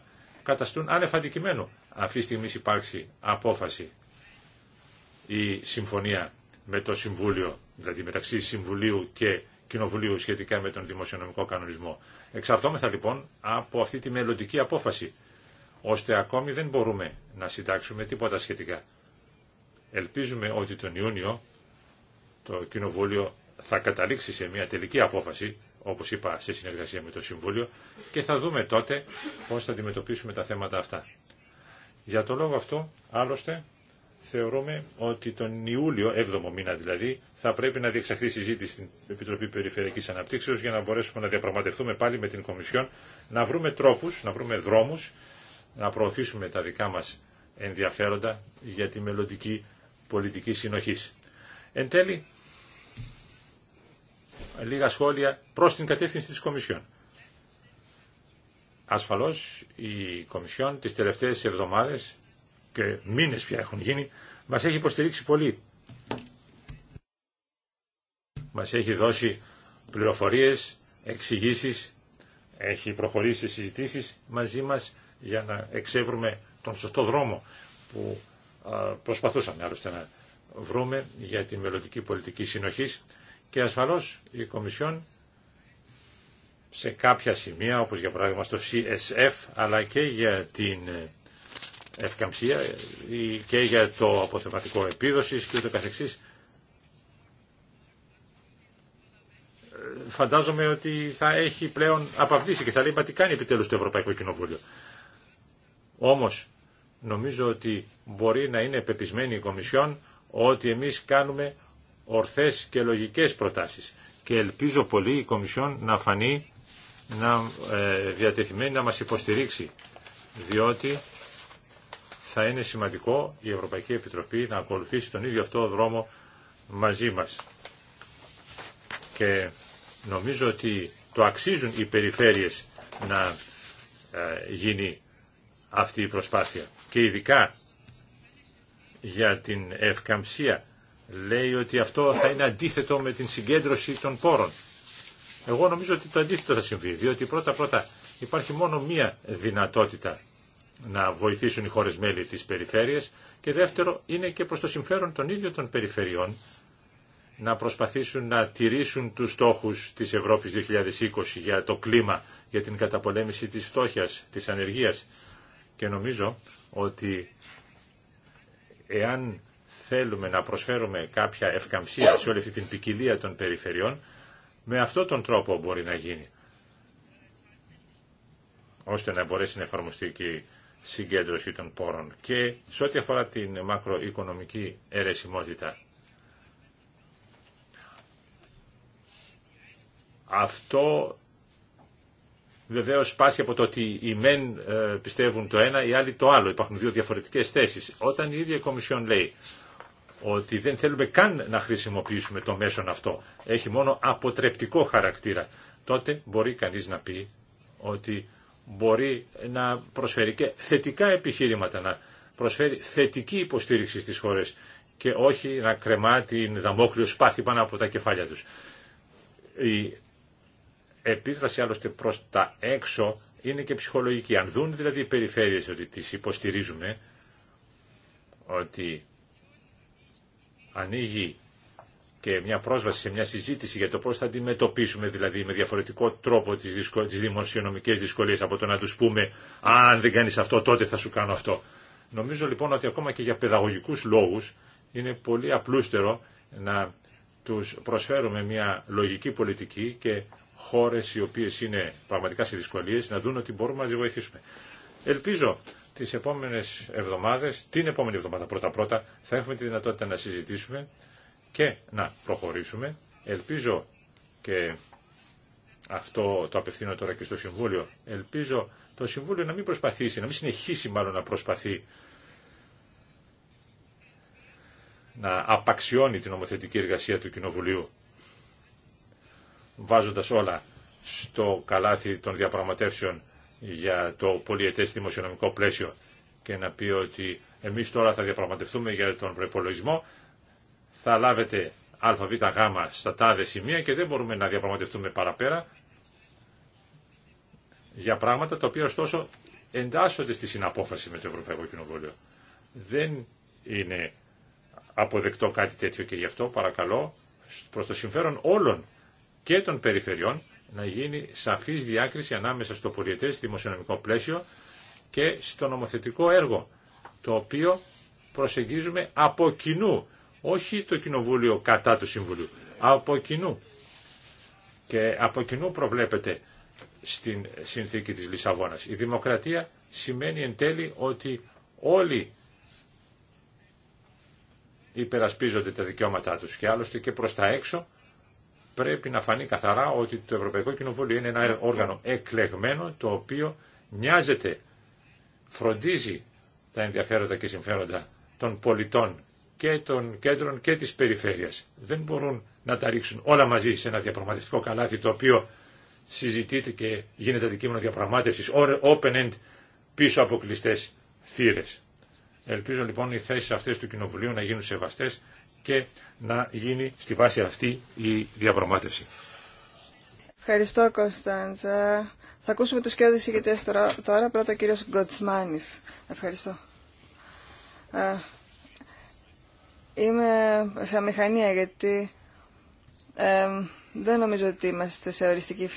[SPEAKER 2] καταστούν άνευ αντικειμένου. Αυτή τη στιγμή υπάρξει απόφαση η συμφωνία με το Συμβούλιο, δηλαδή μεταξύ Συμβουλίου και Κοινοβουλίου σχετικά με τον δημοσιονομικό κανονισμό. Εξαρτώμεθα λοιπόν από αυτή τη μελλοντική απόφαση, ώστε ακόμη δεν μπορούμε να συντάξουμε τίποτα σχετικά. Ελπίζουμε ότι τον Ιούνιο το Κοινοβούλιο θα καταλήξει σε μια τελική απόφαση όπως είπα, σε συνεργασία με το Συμβούλιο και θα δούμε τότε πώς θα αντιμετωπίσουμε τα θέματα αυτά. Για το λόγο αυτό, άλλωστε, θεωρούμε ότι τον Ιούλιο, 7ο μήνα δηλαδή, θα πρέπει να διεξαχθεί συζήτηση στην Επιτροπή Περιφερειακής Αναπτύξεως για να μπορέσουμε να διαπραγματευτούμε πάλι με την Κομισιόν, να βρούμε τρόπους, να βρούμε δρόμους, να προωθήσουμε τα δικά μας ενδιαφέροντα για τη μελλοντική πολιτική συνοχή. Εν τέλει, λίγα σχόλια προς την κατεύθυνση της Κομισιόν. Ασφαλώς η Κομισιόν τις τελευταίες εβδομάδες και μήνες πια έχουν γίνει, μας έχει υποστηρίξει πολύ. Μας έχει δώσει πληροφορίες, εξηγήσει, έχει προχωρήσει συζητήσεις μαζί μας για να εξεύρουμε τον σωστό δρόμο που προσπαθούσαμε άλλωστε να βρούμε για τη μελλοντική πολιτική συνοχής και ασφαλώς η Κομισιόν σε κάποια σημεία, όπως για παράδειγμα στο CSF, αλλά και για την ε, ευκαμψία ε, και για το αποθεματικό επίδοσης και ούτω καθεξής, φαντάζομαι ότι θα έχει πλέον απαυδίσει και θα λέει, μα τι κάνει επιτέλους το Ευρωπαϊκό Κοινοβούλιο. Όμως, νομίζω ότι μπορεί να είναι πεπισμένη η Κομισιόν ότι εμείς κάνουμε ορθές και λογικές προτάσεις. Και ελπίζω πολύ η Κομισιόν να φανεί να, ε, διατεθειμένη να μας υποστηρίξει, διότι θα είναι σημαντικό η Ευρωπαϊκή Επιτροπή να ακολουθήσει τον ίδιο αυτό δρόμο μαζί μας. Και νομίζω ότι το αξίζουν οι περιφέρειες να ε, γίνει αυτή η προσπάθεια. Και ειδικά για την ευκαμψία λέει ότι αυτό θα είναι αντίθετο με την συγκέντρωση των πόρων. Εγώ νομίζω ότι το αντίθετο θα συμβεί, διότι πρώτα-πρώτα υπάρχει μόνο μία δυνατότητα να βοηθήσουν οι χώρες μέλη της περιφέρειας και δεύτερο είναι και προς το συμφέρον των ίδιων των περιφερειών να προσπαθήσουν να τηρήσουν τους στόχους της Ευρώπης 2020 για το κλίμα, για την καταπολέμηση της φτώχειας, της ανεργίας. Και νομίζω ότι εάν θέλουμε να προσφέρουμε κάποια ευκαμψία σε όλη αυτή την ποικιλία των περιφερειών, με αυτόν τον τρόπο μπορεί να γίνει, ώστε να μπορέσει να εφαρμοστεί και η συγκέντρωση των πόρων. Και σε ό,τι αφορά την μακροοικονομική αιρεσιμότητα, αυτό βεβαίω πάσχει από το ότι οι μεν ε, πιστεύουν το ένα, οι άλλοι το άλλο. Υπάρχουν δύο διαφορετικέ θέσει. Όταν η ίδια η Κομισιόν λέει ότι δεν θέλουμε καν να χρησιμοποιήσουμε το μέσον αυτό, έχει μόνο αποτρεπτικό χαρακτήρα, τότε μπορεί κανεί να πει ότι μπορεί να προσφέρει και θετικά επιχείρηματα, να προσφέρει θετική υποστήριξη στι χώρε και όχι να κρεμά την δαμόκλειο σπάθη πάνω από τα κεφάλια του επίδραση άλλωστε προς τα έξω είναι και ψυχολογική. Αν δουν δηλαδή οι περιφέρειες ότι τις υποστηρίζουμε, ότι ανοίγει και μια πρόσβαση σε μια συζήτηση για το πώς θα αντιμετωπίσουμε δηλαδή με διαφορετικό τρόπο τις, δυσκολ... τις δημοσιονομικές δυσκολίες από το να τους πούμε αν δεν κάνεις αυτό τότε θα σου κάνω αυτό. Νομίζω λοιπόν ότι ακόμα και για παιδαγωγικούς λόγους είναι πολύ απλούστερο να τους προσφέρουμε μια λογική πολιτική και χώρες οι οποίες είναι πραγματικά σε δυσκολίες να δουν ότι μπορούμε να τις βοηθήσουμε. Ελπίζω τις επόμενες εβδομάδες, την επόμενη εβδομάδα πρώτα-πρώτα, θα έχουμε τη δυνατότητα να συζητήσουμε και να προχωρήσουμε. Ελπίζω και αυτό το απευθύνω τώρα και στο Συμβούλιο. Ελπίζω το Συμβούλιο να μην προσπαθήσει, να μην συνεχίσει μάλλον να προσπαθεί να απαξιώνει την νομοθετική εργασία του Κοινοβουλίου βάζοντας όλα στο καλάθι των διαπραγματεύσεων για το πολιετές δημοσιονομικό πλαίσιο και να πει ότι εμείς τώρα θα διαπραγματευτούμε για τον προπολογισμό, θα λάβετε αβγ στα τάδε σημεία και δεν μπορούμε να διαπραγματευτούμε παραπέρα για πράγματα τα οποία ωστόσο εντάσσονται στη συναπόφαση με το Ευρωπαϊκό Κοινοβούλιο. Δεν είναι αποδεκτό κάτι τέτοιο και γι' αυτό παρακαλώ προς το συμφέρον όλων και των περιφερειών να γίνει σαφής διάκριση ανάμεσα στο πολιετές δημοσιονομικό πλαίσιο και στο νομοθετικό έργο, το οποίο προσεγγίζουμε από κοινού, όχι το Κοινοβούλιο κατά του Συμβουλίου, από κοινού. Και από κοινού προβλέπεται στην συνθήκη της Λισαβόνας. Η δημοκρατία σημαίνει εν τέλει ότι όλοι υπερασπίζονται τα δικαιώματά τους και άλλωστε και προς τα έξω πρέπει να φανεί καθαρά ότι το Ευρωπαϊκό Κοινοβούλιο είναι ένα όργανο εκλεγμένο το οποίο νοιάζεται, φροντίζει τα ενδιαφέροντα και συμφέροντα των πολιτών και των κέντρων και της περιφέρειας. Δεν μπορούν να τα ρίξουν όλα μαζί σε ένα διαπραγματευτικό καλάθι το οποίο συζητείται και γίνεται αντικείμενο διαπραγμάτευσης open-end πίσω από κλειστές θύρες. Ελπίζω λοιπόν οι θέσεις αυτές του Κοινοβουλίου να γίνουν σεβαστές και να γίνει στη βάση αυτή η διαπραγμάτευση.
[SPEAKER 1] Ευχαριστώ Κωνσταντζα. Θα ακούσουμε τους κέντες ηγητές τώρα, τώρα. Πρώτα ο κύριος Γκοτσμάνης. Ευχαριστώ. είμαι σε μηχανία γιατί δεν νομίζω ότι είμαστε σε οριστική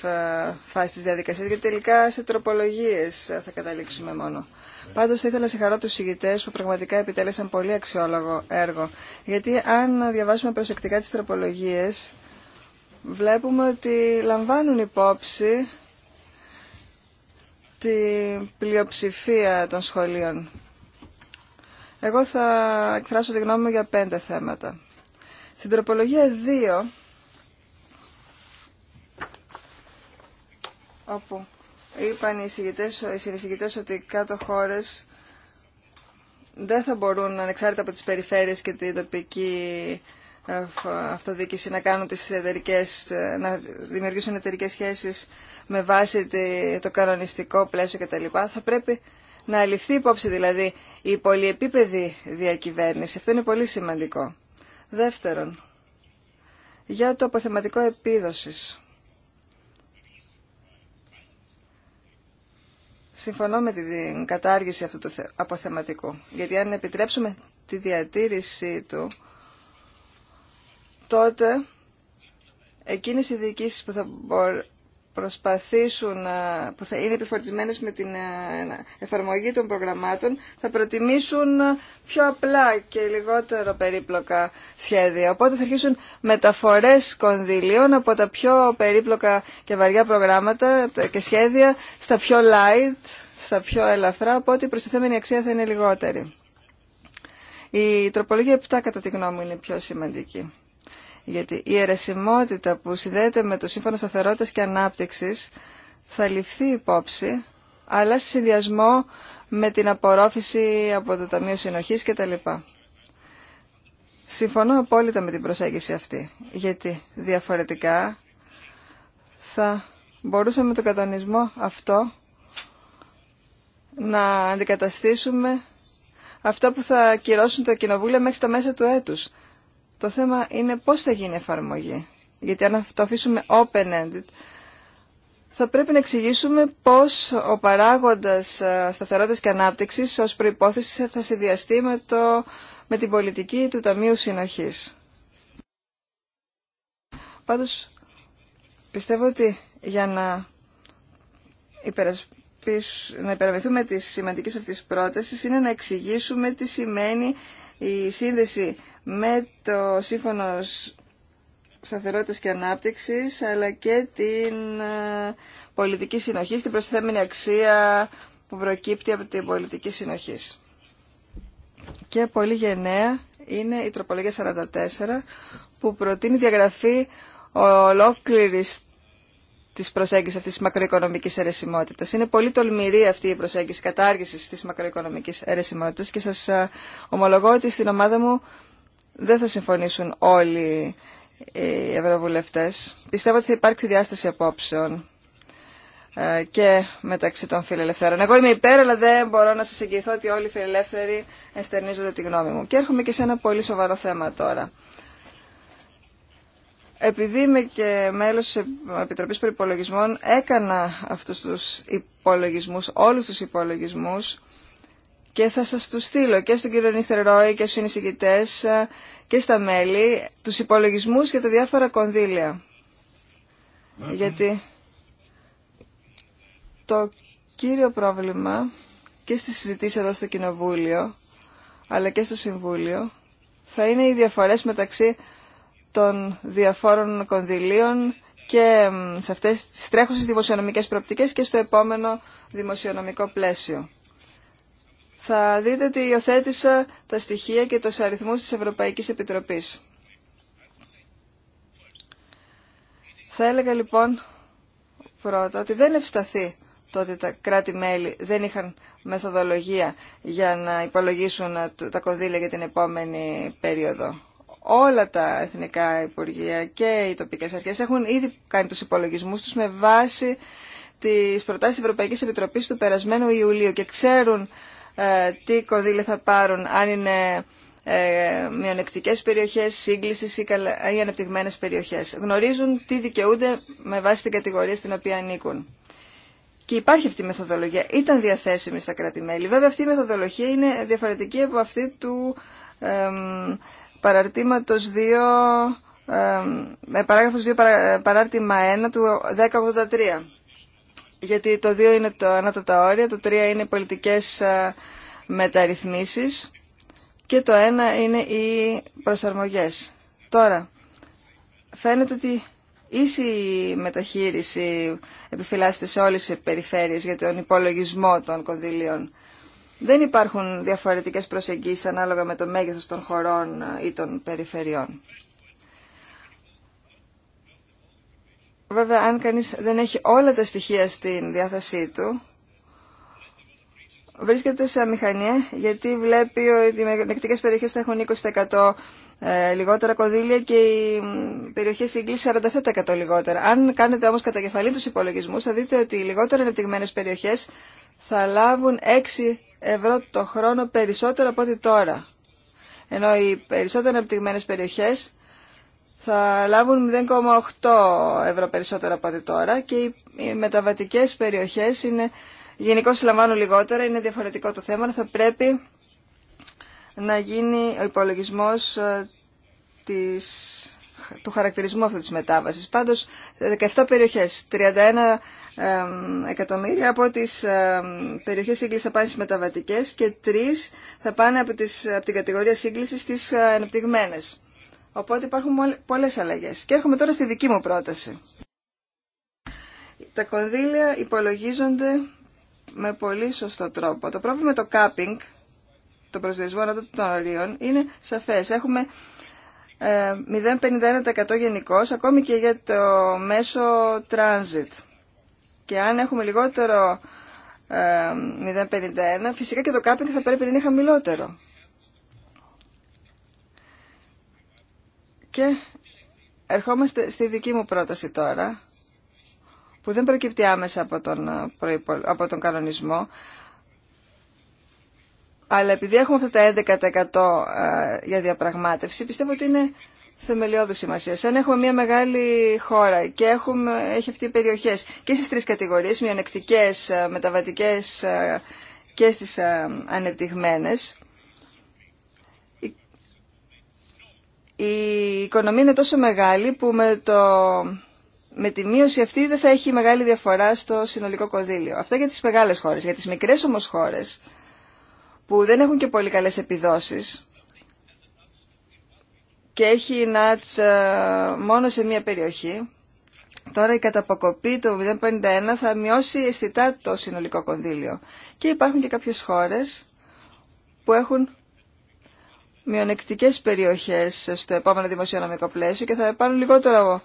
[SPEAKER 1] φάση της διαδικασίας γιατί τελικά σε τροπολογίες θα καταλήξουμε μόνο. Πάντω θα ήθελα να συγχαρώ τους συγητές που πραγματικά επιτέλεσαν πολύ αξιόλογο έργο. Γιατί αν διαβάσουμε προσεκτικά τις τροπολογίες, βλέπουμε ότι λαμβάνουν υπόψη τη πλειοψηφία των σχολείων. Εγώ θα εκφράσω τη γνώμη μου για πέντε θέματα. Στην τροπολογία 2, όπου είπαν οι συνεισηγητές ότι κάτω χώρες δεν θα μπορούν ανεξάρτητα από τις περιφέρειες και την τοπική ε, αυτοδιοίκηση να κάνουν τις εταιρικές, να δημιουργήσουν εταιρικέ σχέσεις με βάση το κανονιστικό πλαίσιο κτλ. Θα πρέπει να ληφθεί υπόψη δηλαδή η πολυεπίπεδη διακυβέρνηση. Αυτό είναι πολύ σημαντικό. Δεύτερον, για το αποθεματικό επίδοσης. συμφωνώ με την κατάργηση αυτού του αποθεματικού. Γιατί αν επιτρέψουμε τη διατήρησή του, τότε εκείνες οι διοικήσεις που θα, μπορούν προσπαθήσουν, που θα είναι επιφορτισμένες με την εφαρμογή των προγραμμάτων, θα προτιμήσουν πιο απλά και λιγότερο περίπλοκα σχέδια. Οπότε θα αρχίσουν μεταφορές κονδυλίων από τα πιο περίπλοκα και βαριά προγράμματα και σχέδια στα πιο light, στα πιο ελαφρά, οπότε η προστιθέμενη αξία θα είναι λιγότερη. Η τροπολογία 7 κατά τη γνώμη είναι πιο σημαντική γιατί η αιρεσιμότητα που συνδέεται με το Σύμφωνο Σταθερότητας και Ανάπτυξης θα ληφθεί υπόψη, αλλά σε συνδυασμό με την απορρόφηση από το Ταμείο Συνοχής κτλ. Συμφωνώ απόλυτα με την προσέγγιση αυτή, γιατί διαφορετικά θα μπορούσαμε τον κατονισμό αυτό να αντικαταστήσουμε αυτά που θα κυρώσουν τα κοινοβούλια μέχρι τα μέσα του έτους. Το θέμα είναι πώς θα γίνει η εφαρμογή. Γιατί αν το αφήσουμε open-ended, θα πρέπει να εξηγήσουμε πώς ο παράγοντας ε, σταθερότητας και ανάπτυξης ως προϋπόθεση θα συνδυαστεί με, την πολιτική του Ταμείου Συνοχής. Πάντως, πιστεύω ότι για να, να τη σημαντική αυτής πρότασης είναι να εξηγήσουμε τι σημαίνει η σύνδεση με το Σύμφωνο Σταθερότητας και Ανάπτυξης αλλά και την ε, πολιτική συνοχή, την προσθέμενη αξία που προκύπτει από την πολιτική συνοχή. Και πολύ γενναία είναι η τροπολογία 44 που προτείνει διαγραφή ολόκληρης της προσέγγισης αυτής της μακροοικονομικής αιρεσιμότητας. Είναι πολύ τολμηρή αυτή η προσέγγιση κατάργησης της μακροοικονομικής αιρεσιμότητας και σας ε, ομολογώ ότι στην ομάδα μου δεν θα συμφωνήσουν όλοι οι ευρωβουλευτές. Πιστεύω ότι θα υπάρξει διάσταση απόψεων ε, και μεταξύ των φιλελευθέρων. Εγώ είμαι υπέρ, αλλά δεν μπορώ να σας εγγυηθώ ότι όλοι οι φιλελεύθεροι εστερνίζονται τη γνώμη μου. Και έρχομαι και σε ένα πολύ σοβαρό θέμα τώρα. Επειδή είμαι και μέλος της Επιτροπής Προϋπολογισμών, έκανα αυτούς τους υπολογισμούς, όλους τους υπολογισμούς, και θα σας τους στείλω και στον κύριο Νίστερ και στους συνεισηγητές ε, και στα μέλη τους υπολογισμούς για τα διάφορα κονδύλια. Γιατί το κύριο πρόβλημα και στη συζητήση εδώ στο Κοινοβούλιο αλλά και στο Συμβούλιο θα είναι οι διαφορές μεταξύ των διαφόρων κονδυλίων και σε αυτές τις τρέχουσες δημοσιονομικές προοπτικές και στο επόμενο δημοσιονομικό πλαίσιο θα δείτε ότι υιοθέτησα τα στοιχεία και τους αριθμούς της Ευρωπαϊκής Επιτροπής. Θα έλεγα λοιπόν πρώτα ότι δεν ευσταθεί το ότι τα κράτη-μέλη δεν είχαν μεθοδολογία για να υπολογίσουν τα κονδύλια για την επόμενη περίοδο. Όλα τα εθνικά υπουργεία και οι τοπικές αρχές έχουν ήδη κάνει τους υπολογισμούς τους με βάση τις προτάσεις Ευρωπαϊκής Επιτροπής του περασμένου Ιουλίου και ξέρουν ε, τι κονδύλια θα πάρουν, αν είναι ε, μειονεκτικές περιοχές, σύγκλησης ή, καλα... ή ανεπτυγμένες περιοχές. Γνωρίζουν τι δικαιούνται με βάση την κατηγορία στην οποία ανήκουν. Και υπάρχει αυτή η μεθοδολογία. Ήταν διαθέσιμη στα κράτη-μέλη. Βέβαια αυτή η περιοχες γνωριζουν τι δικαιουνται με είναι διαφορετική από αυτή του ε, παραρτήματος 2, ε, παράγραφος 2 παράρτημα 1 του 1083 γιατί το 2 είναι το ανάτοτα όρια, το 3 είναι οι πολιτικές ε, μεταρρυθμίσεις και το 1 είναι οι προσαρμογές. Τώρα, φαίνεται ότι ίση μεταχείριση επιφυλάσσεται σε όλες τις περιφέρειες για τον υπολογισμό των κονδύλιων. Δεν υπάρχουν διαφορετικές προσεγγίσεις ανάλογα με το μέγεθος των χωρών ε, ή των περιφερειών. Βέβαια, αν κανείς δεν έχει όλα τα στοιχεία στην διάθεσή του, βρίσκεται σε αμηχανία, γιατί βλέπει ότι οι μεκτικές περιοχές θα έχουν 20% ε, λιγότερα κονδύλια και οι περιοχές συγκλήσει 47% λιγότερα. Αν κάνετε όμως κατά κεφαλή τους υπολογισμούς, θα δείτε ότι οι λιγότερο ανεπτυγμένες περιοχές θα λάβουν 6 ευρώ το χρόνο περισσότερο από ό,τι τώρα. Ενώ οι περισσότερο ανεπτυγμένες περιοχές θα λάβουν 0,8 ευρώ περισσότερα από ό,τι τώρα και οι μεταβατικές περιοχές είναι, γενικώ λαμβάνουν λιγότερα, είναι διαφορετικό το θέμα, θα πρέπει να γίνει ο υπολογισμός ε, της, του χαρακτηρισμού αυτού της μετάβασης. Πάντως, 17 περιοχές, 31 εκατομμύρια από τις περιοχές σύγκλησης θα πάνε στις μεταβατικές και 3 θα πάνε από, τις, από την κατηγορία σύγκλησης στις ενεπτυγμένες. Οπότε υπάρχουν πολλές αλλαγές. Και έρχομαι τώρα στη δική μου πρόταση. Τα κονδύλια υπολογίζονται με πολύ σωστό τρόπο. Το πρόβλημα με το κάπινγκ, το προσδιορισμό των ορίων, είναι σαφές. Έχουμε 0,51% ε, γενικώ, ακόμη και για το μέσο transit. Και αν έχουμε λιγότερο 0,51, ε, φυσικά και το κάπινγκ θα πρέπει να είναι χαμηλότερο. Και ερχόμαστε στη δική μου πρόταση τώρα, που δεν προκύπτει άμεσα από τον, από τον κανονισμό, αλλά επειδή έχουμε αυτά τα 11% ε, για διαπραγμάτευση, πιστεύω ότι είναι θεμελιώδη σημασία. Αν έχουμε μια μεγάλη χώρα και έχουμε, έχει αυτή περιοχές και στις τρεις κατηγορίες, μειονεκτικές, ε, μεταβατικές ε, και στις ανεπτυγμένες, η οικονομία είναι τόσο μεγάλη που με, το, με τη μείωση αυτή δεν θα έχει μεγάλη διαφορά στο συνολικό κονδύλιο. Αυτά για τις μεγάλες χώρες. Για τις μικρές όμως χώρες που δεν έχουν και πολύ καλές επιδόσεις και έχει η ΝΑΤΣ ε, μόνο σε μία περιοχή, τώρα η καταποκοπή του 051 θα μειώσει αισθητά το συνολικό κονδύλιο. Και υπάρχουν και κάποιες χώρες που έχουν μειονεκτικέ περιοχές στο επόμενο δημοσιονομικό πλαίσιο και θα πάρουν λιγότερο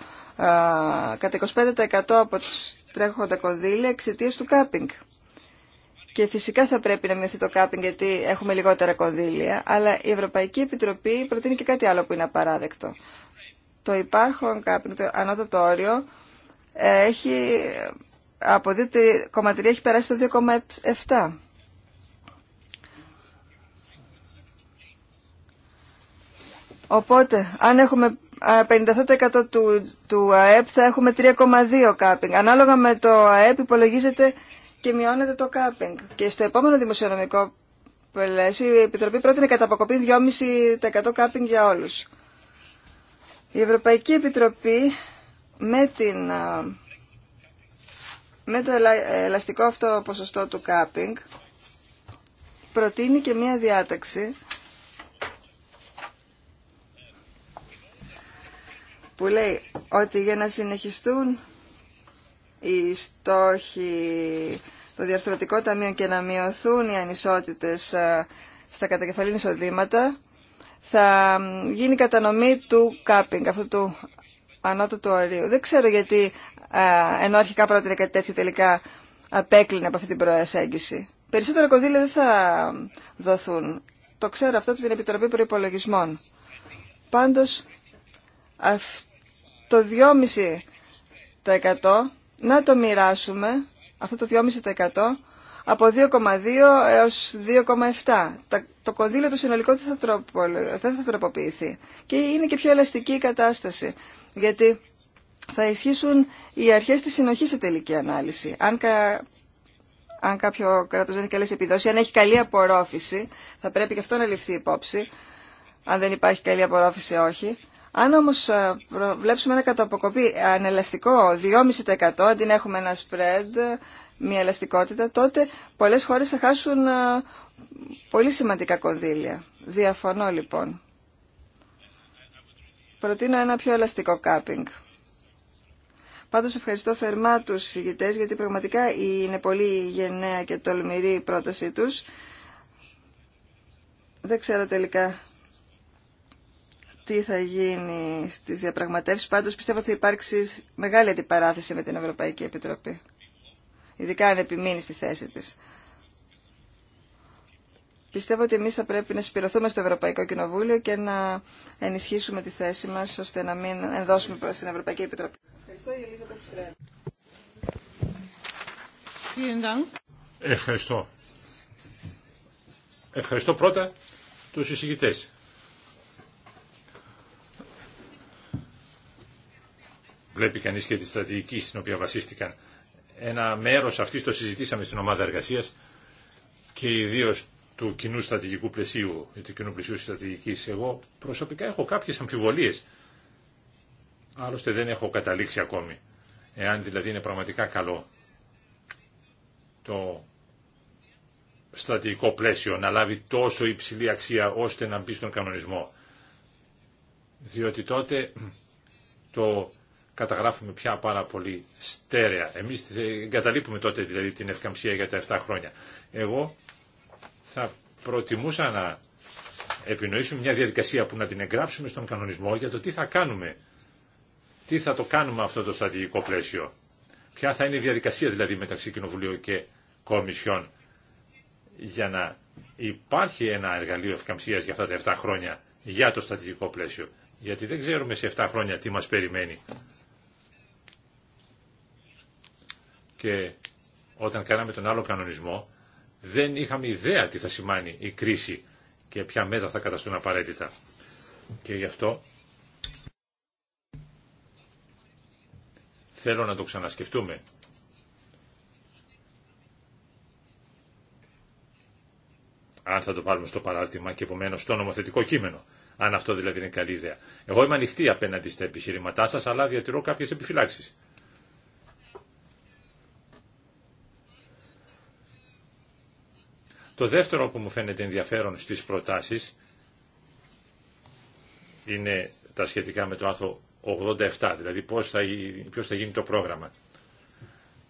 [SPEAKER 1] κατά 25% από τους τρέχοντα κονδύλια εξαιτία του κάπινγκ. Και φυσικά θα πρέπει να μειωθεί το κάπινγκ γιατί έχουμε λιγότερα κονδύλια, αλλά η Ευρωπαϊκή Επιτροπή προτείνει και κάτι άλλο που είναι απαράδεκτο. Το υπάρχον κάπινγκ, το ανώτατο όριο, ε, έχει, από 2,3 έχει περάσει το 2,7. Οπότε, αν έχουμε 57% του, του ΑΕΠ θα έχουμε 3,2 κάπινγκ. Ανάλογα με το ΑΕΠ υπολογίζεται και μειώνεται το κάπινγκ. Και στο επόμενο δημοσιονομικό πλαίσιο η Επιτροπή πρότεινε κατά αποκοπή 2,5% κάπινγκ για όλους. Η Ευρωπαϊκή Επιτροπή με, την, με το ελαστικό αυτό ποσοστό του κάπινγκ προτείνει και μία διάταξη που λέει ότι για να συνεχιστούν οι στόχοι το διαρθρωτικό ταμείο και να μειωθούν οι ανισότητες ε, στα κατακεφαλήν εισοδήματα, θα γίνει κατανομή του κάπινγκ, αυτού του του ορίου. Δεν ξέρω γιατί ε, ενώ αρχικά πρότεινε κάτι τέτοιο τελικά απέκλεινε από αυτή την προεσέγγιση. Περισσότερα κονδύλια δεν θα δοθούν. Το ξέρω αυτό από την Επιτροπή Προϋπολογισμών. Πάντως το 2,5% να το μοιράσουμε, αυτό το 2,5% από 2,2 έως 2,7. Το κονδύλιο το συνολικό δεν θα, τροπο, θα τροποποιηθεί. Και είναι και πιο ελαστική η κατάσταση. Γιατί θα ισχύσουν οι αρχές της συνοχής σε τελική ανάλυση. Αν, κα... αν κάποιο κράτος δεν έχει καλές επιδόσεις, αν έχει καλή απορρόφηση, θα πρέπει και αυτό να ληφθεί υπόψη, αν δεν υπάρχει καλή απορρόφηση όχι. Αν όμως ε, βλέψουμε ένα καταποκοπή ανελαστικό 2,5% αντί να έχουμε ένα spread, μια ελαστικότητα, τότε πολλές χώρες θα χάσουν ε, πολύ σημαντικά κονδύλια. Διαφωνώ λοιπόν. Προτείνω ένα πιο ελαστικό κάπινγκ. Πάντως ευχαριστώ θερμά τους συγητές γιατί πραγματικά είναι πολύ γενναία και τολμηρή η πρότασή τους. Δεν ξέρω τελικά τι θα γίνει στις διαπραγματεύσεις. Πάντως πιστεύω ότι θα υπάρξει μεγάλη αντιπαράθεση με την Ευρωπαϊκή Επιτροπή. Ειδικά αν επιμείνει στη θέση της. Πιστεύω ότι εμείς θα πρέπει να συμπληρωθούμε στο Ευρωπαϊκό Κοινοβούλιο και να ενισχύσουμε τη θέση μας ώστε να μην ενδώσουμε προ την Ευρωπαϊκή Επιτροπή. Ευχαριστώ, Ελίζα
[SPEAKER 2] Ευχαριστώ. Ευχαριστώ πρώτα τους εισηγητές. βλέπει κανείς και τη στρατηγική στην οποία βασίστηκαν. Ένα μέρος αυτής το συζητήσαμε στην ομάδα εργασίας και ιδίω του κοινού στρατηγικού πλαισίου κοινού πλαισίου στρατηγικής. Εγώ προσωπικά έχω κάποιες αμφιβολίες. Άλλωστε δεν έχω καταλήξει ακόμη. Εάν δηλαδή είναι πραγματικά καλό το στρατηγικό πλαίσιο να λάβει τόσο υψηλή αξία ώστε να μπει στον κανονισμό. Διότι τότε το καταγράφουμε πια πάρα πολύ στέρεα. Εμείς εγκαταλείπουμε τότε δηλαδή την ευκαμψία για τα 7 χρόνια. Εγώ θα προτιμούσα να επινοήσουμε μια διαδικασία που να την εγγράψουμε στον κανονισμό για το τι θα κάνουμε. Τι θα το κάνουμε αυτό το στρατηγικό πλαίσιο. Ποια θα είναι η διαδικασία δηλαδή μεταξύ Κοινοβουλίου και Κομισιόν για να υπάρχει ένα εργαλείο ευκαμψίας για αυτά τα 7 χρόνια για το στρατηγικό πλαίσιο. Γιατί δεν ξέρουμε σε 7 χρόνια τι μας περιμένει. και όταν κάναμε τον άλλο κανονισμό δεν είχαμε ιδέα τι θα σημάνει η κρίση και ποια μέτρα θα καταστούν απαραίτητα. Και γι' αυτό θέλω να το ξανασκεφτούμε. Αν θα το βάλουμε στο παράρτημα και επομένω στο νομοθετικό κείμενο. Αν αυτό δηλαδή είναι καλή ιδέα. Εγώ είμαι ανοιχτή απέναντι στα επιχειρήματά σα, αλλά διατηρώ κάποιε επιφυλάξει. Το δεύτερο που μου φαίνεται ενδιαφέρον στις προτάσεις είναι τα σχετικά με το άρθρο 87, δηλαδή πώς θα, ποιος θα γίνει το πρόγραμμα.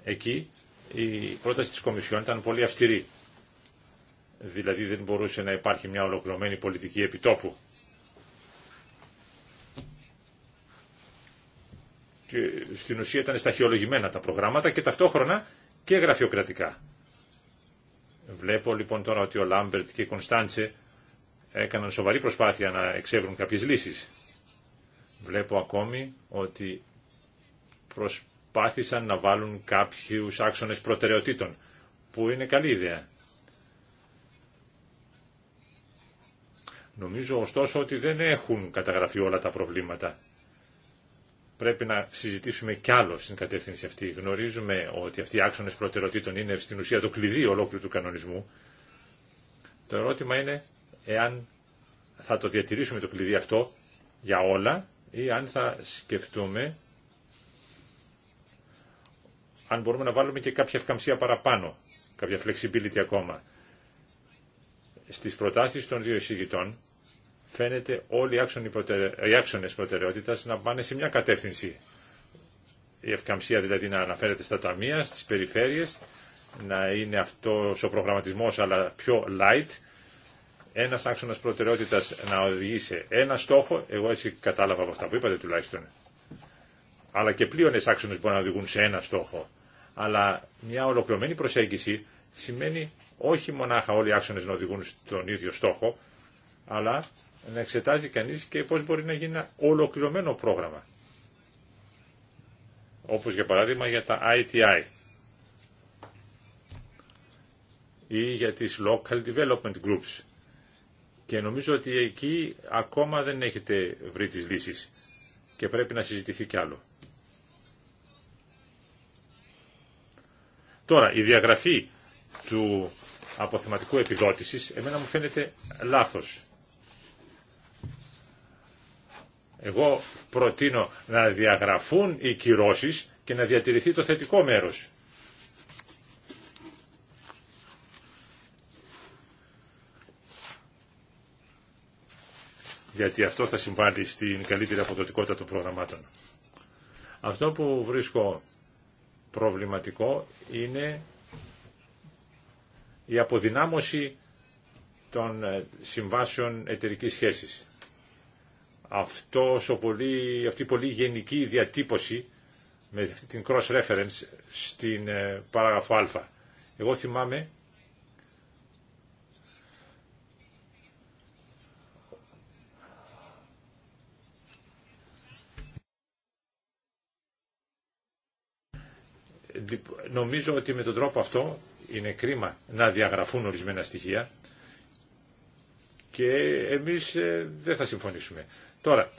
[SPEAKER 2] Εκεί η πρόταση της Κομισιόν ήταν πολύ αυστηρή. Δηλαδή δεν μπορούσε να υπάρχει μια ολοκληρωμένη πολιτική επιτόπου. στην ουσία ήταν σταχυολογημένα τα προγράμματα και ταυτόχρονα και γραφειοκρατικά. Βλέπω λοιπόν τώρα ότι ο Λάμπερτ και η Κωνσταντσε έκαναν σοβαρή προσπάθεια να εξεύρουν κάποιες λύσεις. Βλέπω ακόμη ότι προσπάθησαν να βάλουν κάποιους άξονες προτεραιοτήτων, που είναι καλή ιδέα. Νομίζω ωστόσο ότι δεν έχουν καταγραφεί όλα τα προβλήματα πρέπει να συζητήσουμε κι άλλο στην κατεύθυνση αυτή. Γνωρίζουμε ότι αυτοί οι άξονε προτεραιοτήτων είναι στην ουσία το κλειδί ολόκληρου του κανονισμού. Το ερώτημα είναι εάν θα το διατηρήσουμε το κλειδί αυτό για όλα ή αν θα σκεφτούμε αν μπορούμε να βάλουμε και κάποια ευκαμψία παραπάνω, κάποια flexibility ακόμα. Στις προτάσεις των δύο εισηγητών φαίνεται όλοι οι άξονες προτεραιότητα να πάνε σε μια κατεύθυνση. Η ευκαμψία δηλαδή να αναφέρεται στα ταμεία, στις περιφέρειες, να είναι αυτό ο προγραμματισμός αλλά πιο light, ένας άξονας προτεραιότητα να οδηγεί σε ένα στόχο, εγώ έτσι κατάλαβα από αυτά που είπατε τουλάχιστον, αλλά και πλήρωνες άξονες μπορούν να οδηγούν σε ένα στόχο. Αλλά μια ολοκληρωμένη προσέγγιση σημαίνει όχι μονάχα όλοι οι άξονες να οδηγούν στον ίδιο στόχο, αλλά να εξετάζει κανείς και πώς μπορεί να γίνει ένα ολοκληρωμένο πρόγραμμα. Όπως για παράδειγμα για τα ITI ή για τις Local Development Groups. Και νομίζω ότι εκεί ακόμα δεν έχετε βρει τις λύσεις και πρέπει να συζητηθεί κι άλλο. Τώρα, η διαγραφή του αποθεματικού επιδότησης εμένα μου φαίνεται λάθος. Εγώ προτείνω να διαγραφούν οι κυρώσεις και να διατηρηθεί το θετικό μέρος. γιατί αυτό θα συμβάλλει στην καλύτερη αποδοτικότητα των προγραμμάτων. Αυτό που βρίσκω προβληματικό είναι η αποδυνάμωση των ε, συμβάσεων εταιρικής σχέσης αυτό ο αυτή η πολύ γενική διατύπωση με αυτή την cross-reference στην ε, παράγραφο α. Εγώ θυμάμαι νομίζω ότι με τον τρόπο αυτό είναι κρίμα να διαγραφούν ορισμένα στοιχεία και εμείς ε, δεν θα συμφωνήσουμε. Τώρα,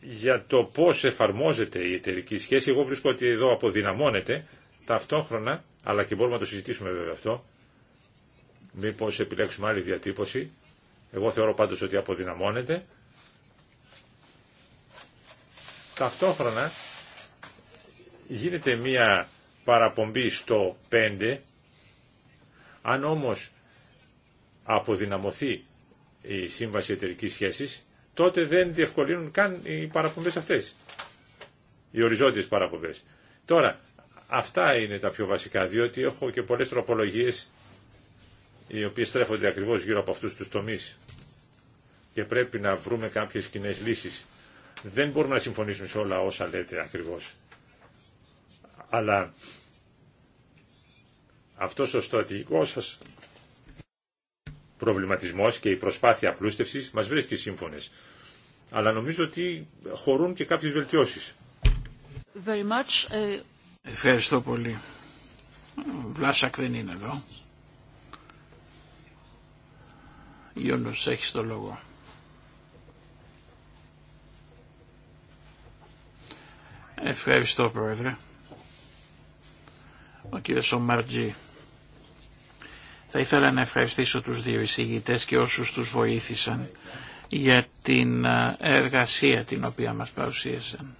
[SPEAKER 2] για το πώς εφαρμόζεται η εταιρική σχέση, εγώ βρίσκω ότι εδώ αποδυναμώνεται ταυτόχρονα, αλλά και μπορούμε να το συζητήσουμε βέβαια αυτό, μήπως επιλέξουμε άλλη διατύπωση, εγώ θεωρώ πάντως ότι αποδυναμώνεται, ταυτόχρονα γίνεται μία παραπομπή στο 5, αν όμως αποδυναμωθεί η σύμβαση εταιρικής σχέσης, τότε δεν διευκολύνουν καν οι παραπομπές αυτές. Οι οριζόντιες παραπομπές. Τώρα, αυτά είναι τα πιο βασικά, διότι έχω και πολλές τροπολογίες οι οποίες στρέφονται ακριβώς γύρω από αυτούς τους τομείς και πρέπει να βρούμε κάποιες κοινέ λύσεις. Δεν μπορούμε να συμφωνήσουμε σε όλα όσα λέτε ακριβώς. Αλλά αυτός ο στρατηγικός σας προβληματισμός και η προσπάθεια απλούστευσης μας βρίσκει σύμφωνες αλλά νομίζω ότι χωρούν και κάποιες βελτιώσεις.
[SPEAKER 4] Ε,
[SPEAKER 3] Ευχαριστώ πολύ. Ο Βλάσακ δεν είναι εδώ. έχεις το λόγο. Ευχαριστώ Πρόεδρε. Ο κύριος Ομαρτζή. Θα ήθελα να ευχαριστήσω τους δύο εισηγητές και όσους τους βοήθησαν για την ε, εργασία την οποία μας παρουσίασαν.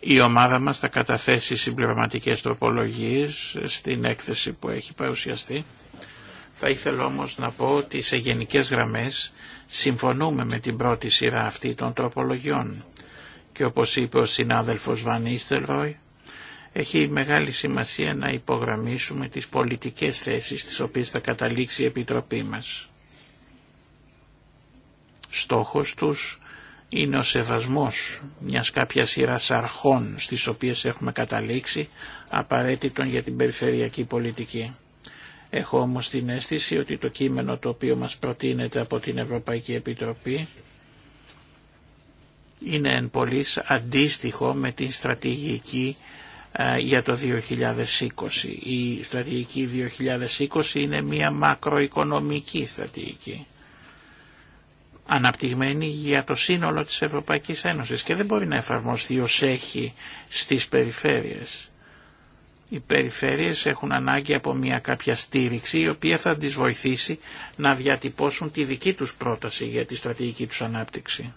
[SPEAKER 3] Η ομάδα μας θα καταθέσει συμπληρωματικές τροπολογίες στην έκθεση που έχει παρουσιαστεί. Θα ήθελα όμως να πω ότι σε γενικές γραμμές συμφωνούμε με την πρώτη σειρά αυτή των τροπολογιών και όπως είπε ο συνάδελφος Βαν έχει μεγάλη σημασία να υπογραμμίσουμε τις πολιτικές θέσεις τις οποίες θα καταλήξει η Επιτροπή μας. Στόχος τους είναι ο σεβασμός μιας κάποια σειρά αρχών στις οποίες έχουμε καταλήξει απαραίτητον για την περιφερειακή πολιτική. Έχω όμως την αίσθηση ότι το κείμενο το οποίο μας προτείνεται από την Ευρωπαϊκή Επιτροπή είναι εν πολλής αντίστοιχο με την στρατηγική ε, για το 2020. Η στρατηγική 2020 είναι μια μακροοικονομική στρατηγική αναπτυγμένη για το σύνολο της Ευρωπαϊκής Ένωσης και δεν μπορεί να εφαρμοστεί ως έχει στις περιφέρειες. Οι περιφέρειες έχουν ανάγκη από μια κάποια στήριξη η οποία θα τις βοηθήσει να διατυπώσουν τη δική τους πρόταση για τη στρατηγική τους ανάπτυξη.